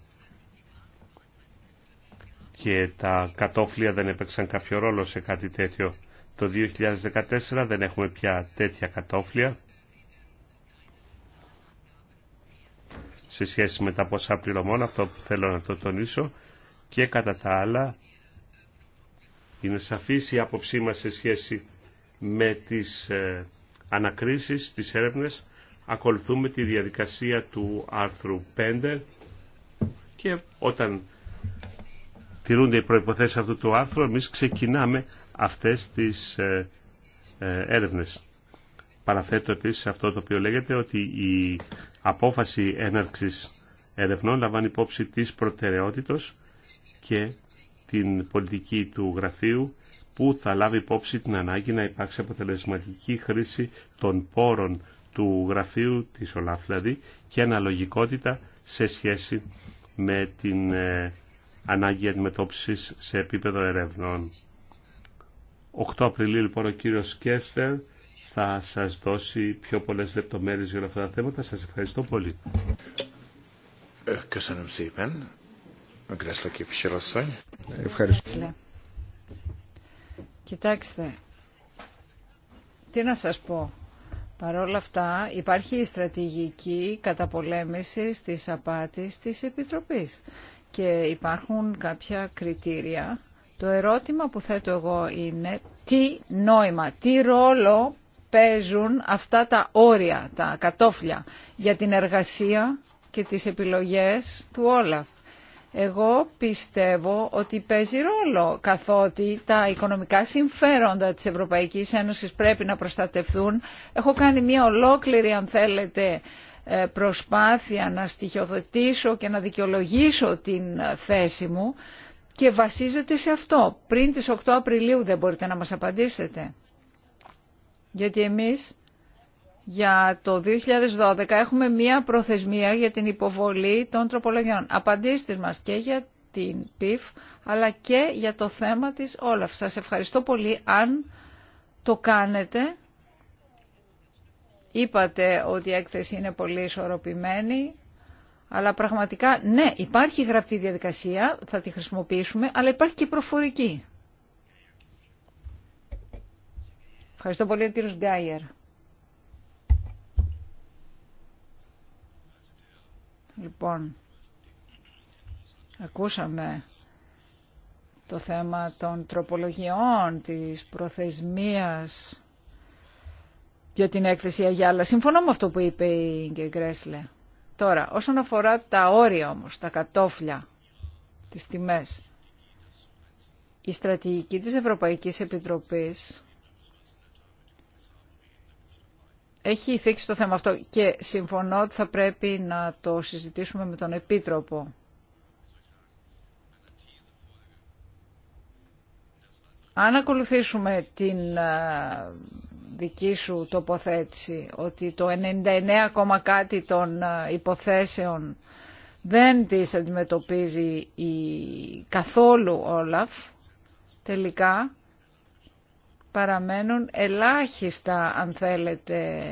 και τα κατόφλια δεν έπαιξαν κάποιο ρόλο σε κάτι τέτοιο. Το 2014 δεν έχουμε πια τέτοια κατόφλια σε σχέση με τα ποσά πληρωμών, αυτό που θέλω να το τονίσω και κατά τα άλλα είναι σαφής η άποψή μας σε σχέση με τις ε, ανακρίσεις, τις έρευνες. Ακολουθούμε τη διαδικασία του άρθρου 5 και όταν τηρούνται οι προϋποθέσεις αυτού του άρθρου, εμείς ξεκινάμε αυτές τις ε, ε, έρευνες. Παραθέτω επίσης αυτό το οποίο λέγεται ότι η απόφαση έναρξης ερευνών λαμβάνει υπόψη της προτεραιότητος και την πολιτική του γραφείου που θα λάβει υπόψη την ανάγκη να υπάρξει αποτελεσματική χρήση των πόρων του γραφείου της ΟΛΑΦ δηλαδή και αναλογικότητα σε σχέση με την ε, ανάγκη αντιμετώπισης σε επίπεδο ερευνών. 8 Απριλίου λοιπόν ο κύριος Κέσλερ θα σας δώσει πιο πολλές λεπτομέρειες για όλα αυτά τα θέματα. Σας ευχαριστώ πολύ. Ε, Ευχαριστώ. Ναι. Κοιτάξτε, τι να σας πω. Παρ' όλα αυτά υπάρχει η στρατηγική καταπολέμηση της απάτης της Επιτροπής και υπάρχουν κάποια κριτήρια. Το ερώτημα που θέτω εγώ είναι τι νόημα, τι ρόλο παίζουν αυτά τα όρια, τα κατόφλια για την εργασία και τις επιλογές του Όλαφ. Εγώ πιστεύω ότι παίζει ρόλο καθότι τα οικονομικά συμφέροντα της Ευρωπαϊκής Ένωσης πρέπει να προστατευθούν. Έχω κάνει μια ολόκληρη, αν θέλετε, ε, προσπάθεια να στοιχειοδοτήσω και να δικαιολογήσω την ε, θέση μου και βασίζεται σε αυτό. Πριν τις 8 Απριλίου δεν μπορείτε να μας απαντήσετε. Γιατί εμείς για το 2012 έχουμε μία προθεσμία για την υποβολή των τροπολογιών. Απαντήστε μας και για την ΠΙΦ, αλλά και για το θέμα της Όλαφ. Σας ευχαριστώ πολύ αν το κάνετε. Είπατε ότι η έκθεση είναι πολύ ισορροπημένη, αλλά πραγματικά, ναι, υπάρχει γραπτή διαδικασία, θα τη χρησιμοποιήσουμε, αλλά υπάρχει και προφορική. Ευχαριστώ πολύ, κύριο Γκάιερ. Λοιπόν, ακούσαμε το θέμα των τροπολογιών, της προθεσμίας για την έκθεση Αγιάλα. Συμφωνώ με αυτό που είπε η Γκέ Γκρέσλε. Τώρα, όσον αφορά τα όρια όμως, τα κατόφλια, τις τιμές, η στρατηγική της Ευρωπαϊκής Επιτροπής έχει θίξει το θέμα αυτό και συμφωνώ ότι θα πρέπει να το συζητήσουμε με τον Επίτροπο. Αν ακολουθήσουμε την δική σου τοποθέτηση ότι το 99, κάτι των υποθέσεων δεν τις αντιμετωπίζει η καθόλου Όλαφ, τελικά παραμένουν ελάχιστα, αν θέλετε,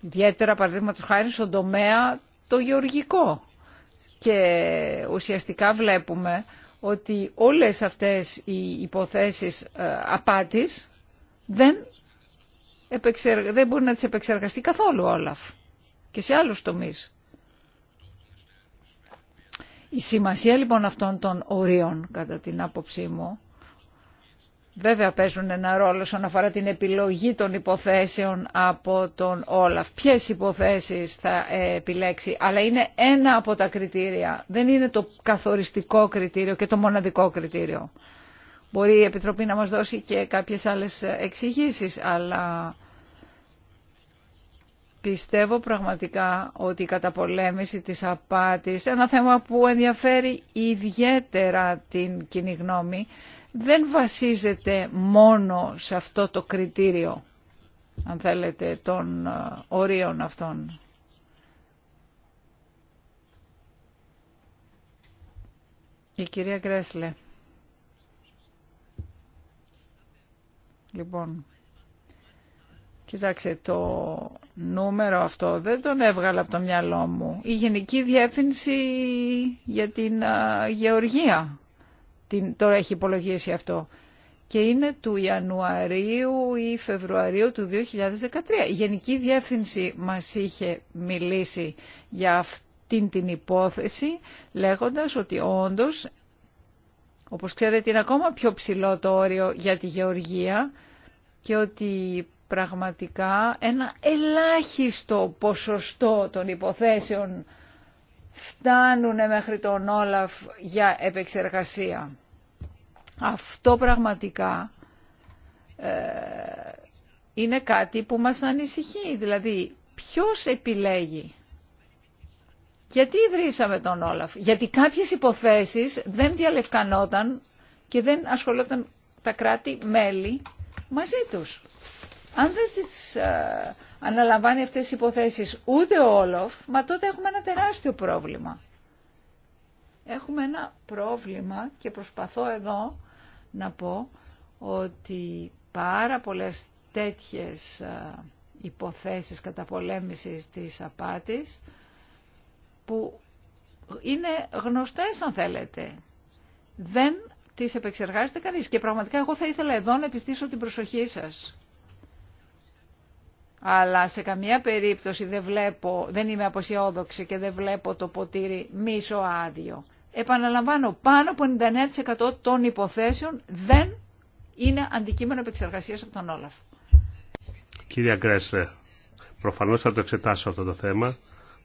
ιδιαίτερα παραδείγματος χάρη στον τομέα το γεωργικό. Και ουσιαστικά βλέπουμε ότι όλες αυτές οι υποθέσεις ε, απάτης δεν, επεξεργα... δεν μπορεί να τις επεξεργαστεί καθόλου Όλαφ και σε άλλους τομείς. Η σημασία λοιπόν αυτών των ορίων, κατά την άποψή μου, βέβαια παίζουν ένα ρόλο όσον αφορά την επιλογή των υποθέσεων από τον Όλαφ. Ποιες υποθέσεις θα ε, επιλέξει, αλλά είναι ένα από τα κριτήρια. Δεν είναι το καθοριστικό κριτήριο και το μοναδικό κριτήριο. Μπορεί η Επιτροπή να μας δώσει και κάποιες άλλες εξηγήσεις, αλλά πιστεύω πραγματικά ότι η καταπολέμηση της απάτης, ένα θέμα που ενδιαφέρει ιδιαίτερα την κοινή γνώμη, δεν βασίζεται μόνο σε αυτό το κριτήριο, αν θέλετε, των ε, ορίων αυτών. Η κυρία Γκρέσλε. Λοιπόν, κοιτάξτε, το νούμερο αυτό δεν τον έβγαλα από το μυαλό μου. Η Γενική Διεύθυνση για την ε, Γεωργία την, τώρα έχει υπολογίσει αυτό. Και είναι του Ιανουαρίου ή Φεβρουαρίου του 2013. Η Γενική Διεύθυνση μας είχε μιλήσει για αυτήν την υπόθεση λέγοντας ότι όντως, όπως ξέρετε είναι ακόμα πιο ψηλό το όριο για τη γεωργία και ότι πραγματικά ένα ελάχιστο ποσοστό των υποθέσεων φτάνουν μέχρι τον Όλαφ για επεξεργασία. Αυτό πραγματικά ε, είναι κάτι που μας ανησυχεί. Δηλαδή, ποιος επιλέγει. Γιατί ιδρύσαμε τον Όλαφ. Γιατί κάποιες υποθέσεις δεν διαλευκανόταν και δεν ασχολόταν τα κράτη-μέλη μαζί τους. Αν δεν τις ε, αναλαμβάνει αυτές τις υποθέσεις ούτε ο Όλοφ, μα τότε έχουμε ένα τεράστιο πρόβλημα. Έχουμε ένα πρόβλημα και προσπαθώ εδώ να πω ότι πάρα πολλές τέτοιες ε, υποθέσεις καταπολέμησης της απάτης που είναι γνωστές αν θέλετε. Δεν τις επεξεργάζεται κανείς και πραγματικά εγώ θα ήθελα εδώ να επιστήσω την προσοχή σας. Αλλά σε καμία περίπτωση δεν βλέπω, δεν είμαι αποσιόδοξη και δεν βλέπω το ποτήρι μίσο άδειο. Επαναλαμβάνω, πάνω από 99% των υποθέσεων δεν είναι αντικείμενο επεξεργασίας από τον Όλαφ. Κύριε Γκρέσλε, προφανώς θα το εξετάσω αυτό το θέμα,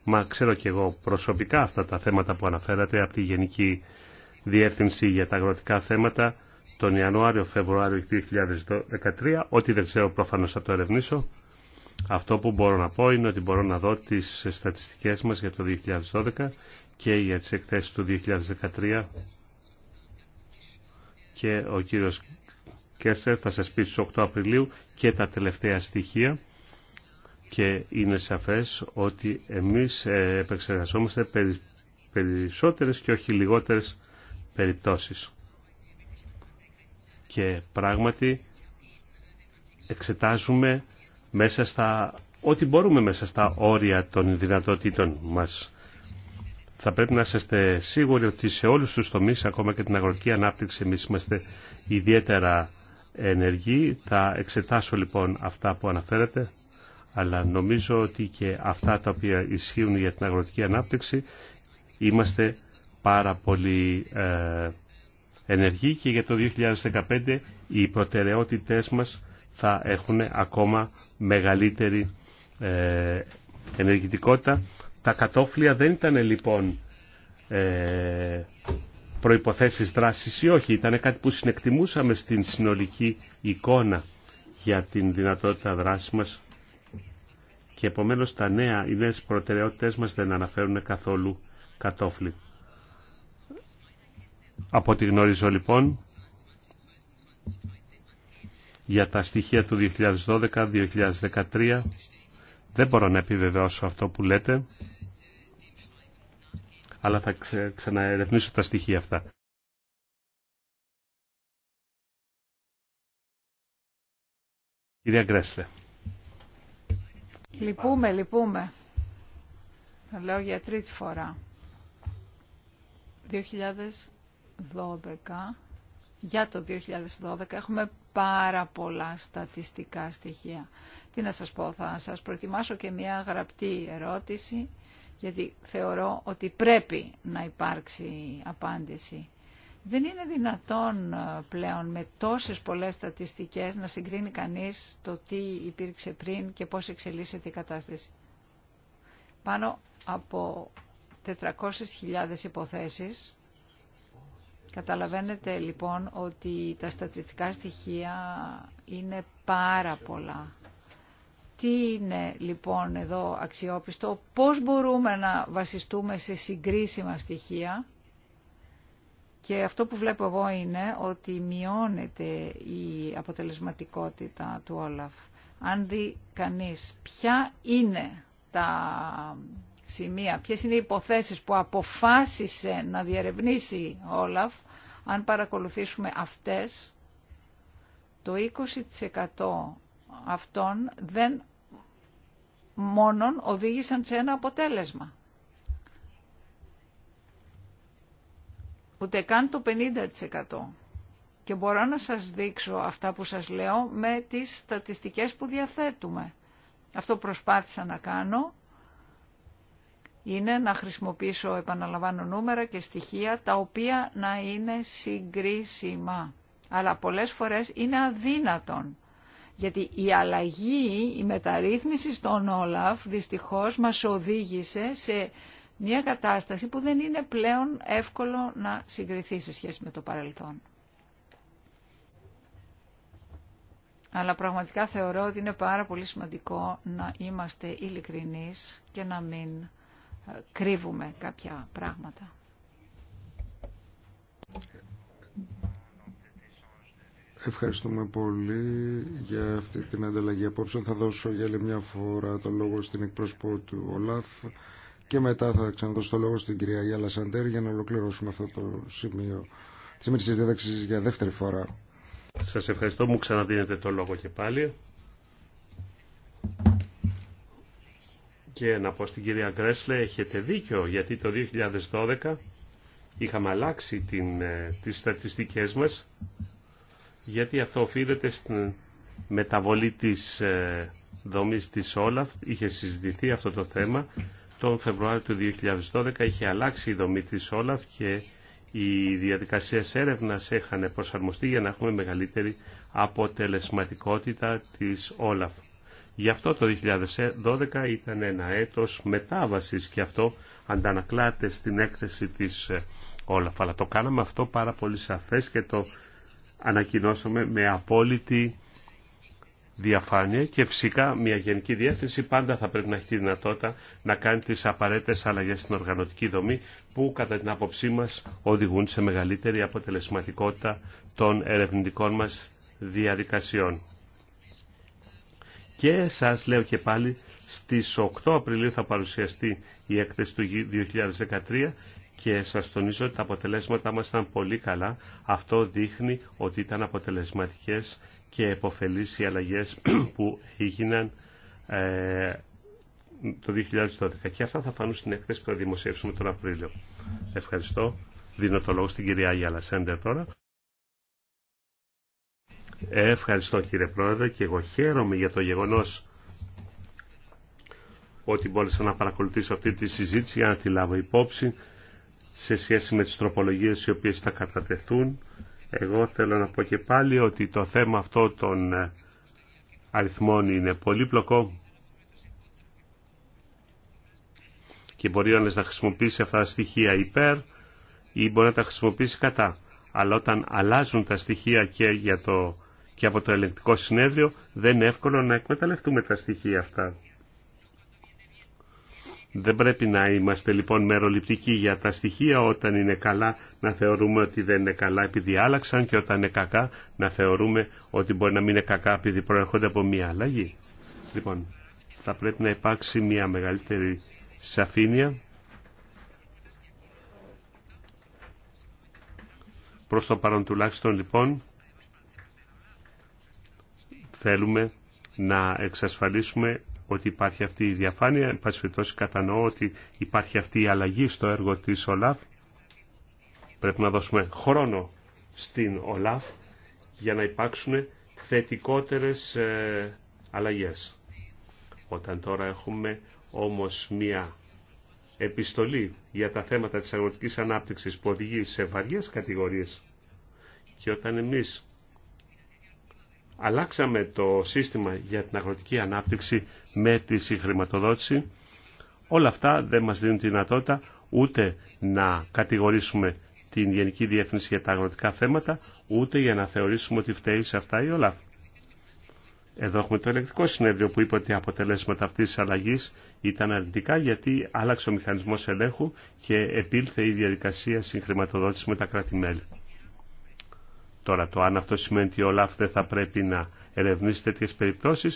μα ξέρω και εγώ προσωπικά αυτά τα θέματα που αναφέρατε από τη Γενική Διεύθυνση για τα Αγροτικά Θέματα τον Ιανουάριο-Φεβρουάριο 2013, ό,τι δεν ξέρω προφανώς θα το ερευνήσω. Αυτό που μπορώ να πω είναι ότι μπορώ να δω τις στατιστικές μας για το 2012 και για τις εκθέσεις του 2013 και ο κύριος Κέσσερ θα σας πει στις 8 Απριλίου και τα τελευταία στοιχεία και είναι σαφές ότι εμείς ε, επεξεργαζόμαστε περισσότερες και όχι λιγότερες περιπτώσεις. Και πράγματι εξετάζουμε μέσα στα, ό,τι μπορούμε μέσα στα όρια των δυνατοτήτων μας. Θα πρέπει να είστε σίγουροι ότι σε όλους τους τομείς, ακόμα και την αγροτική ανάπτυξη, εμείς είμαστε ιδιαίτερα ενεργοί. Θα εξετάσω λοιπόν αυτά που αναφέρετε, αλλά νομίζω ότι και αυτά τα οποία ισχύουν για την αγροτική ανάπτυξη είμαστε πάρα πολύ ε, ενεργοί και για το 2015 οι προτεραιότητές μας θα έχουν ακόμα μεγαλύτερη ε, ενεργητικότητα. Τα κατόφλια δεν ήταν λοιπόν ε, προϋποθέσεις δράσης ή όχι. Ήταν κάτι που συνεκτιμούσαμε στην συνολική εικόνα για την δυνατότητα δράσης μας και επομένως τα νέα, οι νέες προτεραιότητες μας δεν αναφέρουν καθόλου κατόφλι. Από ό,τι γνωρίζω λοιπόν, για τα στοιχεία του 2012-2013. Δεν μπορώ να επιβεβαιώσω αυτό που λέτε, αλλά θα ξε, ξαναερευνήσω τα στοιχεία αυτά. Κυρία Γκρέσλε. Λυπούμε, λυπούμε. Θα λέω για τρίτη φορά. 2012, για το 2012 έχουμε πάρα πολλά στατιστικά στοιχεία. Τι να σας πω, θα σας προετοιμάσω και μια γραπτή ερώτηση, γιατί θεωρώ ότι πρέπει να υπάρξει απάντηση. Δεν είναι δυνατόν ε, πλέον με τόσες πολλές στατιστικές να συγκρίνει κανείς το τι υπήρξε πριν και πώς εξελίσσεται η κατάσταση. Πάνω από 400.000 υποθέσεις Καταλαβαίνετε λοιπόν ότι τα στατιστικά στοιχεία είναι πάρα πολλά. Τι είναι λοιπόν εδώ αξιόπιστο, πώς μπορούμε να βασιστούμε σε συγκρίσιμα στοιχεία και αυτό που βλέπω εγώ είναι ότι μειώνεται η αποτελεσματικότητα του Όλαφ. Αν δει κανείς ποια είναι τα σημεία, ποιες είναι οι υποθέσεις που αποφάσισε να διερευνήσει ο Όλαφ, αν παρακολουθήσουμε αυτές, το 20% αυτών δεν μόνον οδήγησαν σε ένα αποτέλεσμα. Ούτε καν το 50%. Και μπορώ να σας δείξω αυτά που σας λέω με τις στατιστικές που διαθέτουμε. Αυτό προσπάθησα να κάνω είναι να χρησιμοποιήσω, επαναλαμβάνω, νούμερα και στοιχεία τα οποία να είναι συγκρίσιμα. Αλλά πολλές φορές είναι αδύνατον. Γιατί η αλλαγή, η μεταρρύθμιση στον Όλαφ δυστυχώς μας οδήγησε σε μια κατάσταση που δεν είναι πλέον εύκολο να συγκριθεί σε σχέση με το παρελθόν. Αλλά πραγματικά θεωρώ ότι είναι πάρα πολύ σημαντικό να είμαστε ειλικρινείς και να μην κρύβουμε κάποια πράγματα. Ευχαριστούμε πολύ για αυτή την ανταλλαγή Απόψε Θα δώσω για άλλη μια φορά το λόγο στην εκπρόσωπο του ΟΛΑΦ και μετά θα ξαναδώσω το λόγο στην κυρία Γιάλα Σαντέρ για να ολοκληρώσουμε αυτό το σημείο της ημερησής δίδαξης για δεύτερη φορά. Σας ευχαριστώ. Μου ξαναδίνετε το λόγο και πάλι. Και να πω στην κυρία Γκρέσλε, έχετε δίκιο, γιατί το 2012 είχαμε αλλάξει την, ε, τις στατιστικές μας, γιατί αυτό οφείλεται στην μεταβολή της ε, δομής της Όλαφ, είχε συζητηθεί αυτό το θέμα, τον Φεβρουάριο του 2012 είχε αλλάξει η δομή της Όλαφ και οι διαδικασίες έρευνας είχαν προσαρμοστεί για να έχουμε μεγαλύτερη αποτελεσματικότητα της Όλαφ. Γι' αυτό το 2012 ήταν ένα έτος μετάβασης και αυτό αντανακλάται στην έκθεση της ε, όλα, Αλλά το κάναμε αυτό πάρα πολύ σαφές και το ανακοινώσαμε με απόλυτη διαφάνεια και φυσικά μια γενική διεύθυνση πάντα θα πρέπει να έχει τη δυνατότητα να κάνει τις απαραίτητες αλλαγές στην οργανωτική δομή που κατά την άποψή μας οδηγούν σε μεγαλύτερη αποτελεσματικότητα των ερευνητικών μας διαδικασιών. Και σας λέω και πάλι, στις 8 Απριλίου θα παρουσιαστεί η έκθεση του 2013 και σας τονίζω ότι τα αποτελέσματα μας ήταν πολύ καλά. Αυτό δείχνει ότι ήταν αποτελεσματικές και επωφελείς οι αλλαγές που έγιναν ε, το 2012. Και αυτά θα φανούν στην έκθεση που θα δημοσιεύσουμε τον Απρίλιο. Ευχαριστώ. Δίνω το λόγο στην κυρία Άγια Λασέντερ τώρα. Ευχαριστώ κύριε Πρόεδρε και εγώ χαίρομαι για το γεγονός ότι μπόρεσα να παρακολουθήσω αυτή τη συζήτηση για να τη λάβω υπόψη σε σχέση με τις τροπολογίες οι οποίες θα κατατεθούν. Εγώ θέλω να πω και πάλι ότι το θέμα αυτό των ε, αριθμών είναι πολύπλοκο και μπορεί ο να χρησιμοποιήσει αυτά τα στοιχεία υπέρ ή μπορεί να τα χρησιμοποιήσει κατά. Αλλά όταν αλλάζουν τα στοιχεία και για το και από το ελεγκτικό συνέδριο, δεν είναι εύκολο να εκμεταλλευτούμε τα στοιχεία αυτά. Δεν πρέπει να είμαστε λοιπόν μεροληπτικοί για τα στοιχεία όταν είναι καλά να θεωρούμε ότι δεν είναι καλά επειδή άλλαξαν και όταν είναι κακά να θεωρούμε ότι μπορεί να μην είναι κακά επειδή προέρχονται από μια αλλαγή. Λοιπόν, θα πρέπει να υπάρξει μια μεγαλύτερη σαφήνεια προς το παρόν τουλάχιστον λοιπόν θέλουμε να εξασφαλίσουμε ότι υπάρχει αυτή η διαφάνεια. Εν πάση περιπτώσει κατανοώ ότι υπάρχει αυτή η αλλαγή στο έργο της ΟΛΑΦ. Πρέπει να δώσουμε χρόνο στην ΟΛΑΦ για να υπάρξουν θετικότερες ε, αλλαγές. Όταν τώρα έχουμε όμως μία επιστολή για τα θέματα της αγροτικής ανάπτυξης που οδηγεί σε βαριές κατηγορίες και όταν εμείς αλλάξαμε το σύστημα για την αγροτική ανάπτυξη με τη συγχρηματοδότηση. Όλα αυτά δεν μας δίνουν τη δυνατότητα ούτε να κατηγορήσουμε την Γενική Διεύθυνση για τα αγροτικά θέματα, ούτε για να θεωρήσουμε ότι φταίει σε αυτά η όλα. Εδώ έχουμε το ελεκτικό συνέδριο που είπε ότι οι αποτελέσματα αυτής της αλλαγής ήταν αρνητικά γιατί άλλαξε ο μηχανισμός ελέγχου και επήλθε η διαδικασία συγχρηματοδότηση με τα κράτη-μέλη. Τώρα το αν αυτό σημαίνει ότι όλα αυτά θα πρέπει να ερευνήσει τέτοιε περιπτώσει.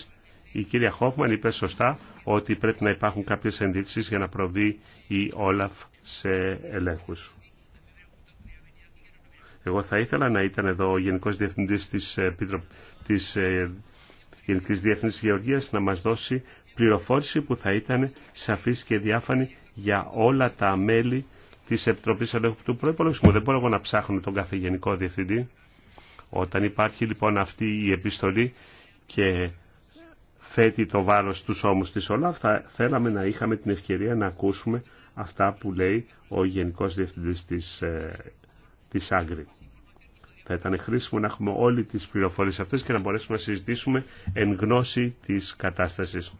Η κυρία Χόφμαν είπε σωστά ότι πρέπει να υπάρχουν κάποιε ενδείξει για να προβεί η Όλαφ σε ελέγχου. Εγώ θα ήθελα να ήταν εδώ ο Γενικός Διευθυντής της, ε, της ε, Γενικής Διεύθυνσης Γεωργίας να μας δώσει πληροφόρηση που θα ήταν σαφής και διάφανη για όλα τα μέλη της Επιτροπής Ελέγχου του Προϋπολογισμού. Δεν μπορώ εγώ να ψάχνω τον κάθε Γενικό Διευθυντή. Όταν υπάρχει λοιπόν αυτή η επιστολή και θέτει το βάρος στους ώμους της όλα, θα θέλαμε να είχαμε την ευκαιρία να ακούσουμε αυτά που λέει ο Γενικός Διευθυντής της, ε, της Άγκρη. Θα ήταν χρήσιμο να έχουμε όλοι τις πληροφορίες αυτές και να μπορέσουμε να συζητήσουμε εν γνώση της κατάστασης.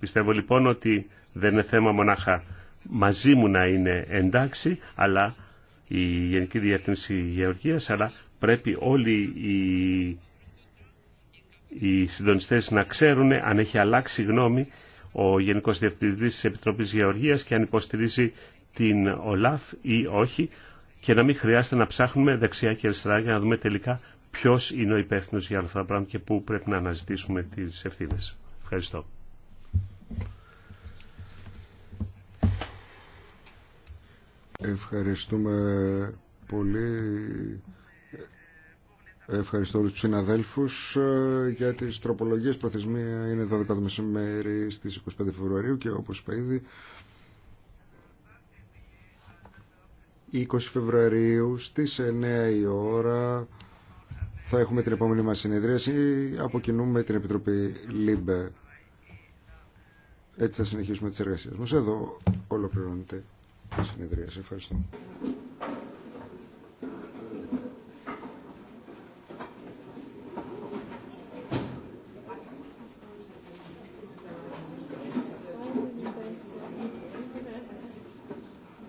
Πιστεύω λοιπόν ότι δεν είναι θέμα μονάχα μαζί μου να είναι εντάξει, αλλά η Γενική Διεύθυνση Γεωργίας, αλλά πρέπει όλοι οι, οι να ξέρουν αν έχει αλλάξει γνώμη ο Γενικός Διευθυντής της Επιτροπής Γεωργίας και αν υποστηρίζει την ΟΛΑΦ ή όχι και να μην χρειάζεται να ψάχνουμε δεξιά και αριστερά για να δούμε τελικά ποιος είναι ο υπεύθυνο για αυτά τα πράγματα και πού πρέπει να αναζητήσουμε τις ευθύνες. Ευχαριστώ. Ευχαριστούμε πολύ. Ευχαριστώ όλους τους συναδέλφους ε, για τις τροπολογίες. Προθεσμία είναι 12 το μεσημέρι στις 25 Φεβρουαρίου και όπως είπα ήδη 20 Φεβρουαρίου στις 9 η ώρα θα έχουμε την επόμενη μας συνεδρίαση από την Επιτροπή ΛΥΜΠΕ. Έτσι θα συνεχίσουμε τις εργασίες μας. Εδώ ολοκληρώνεται συνεδρίαση. Ευχαριστώ.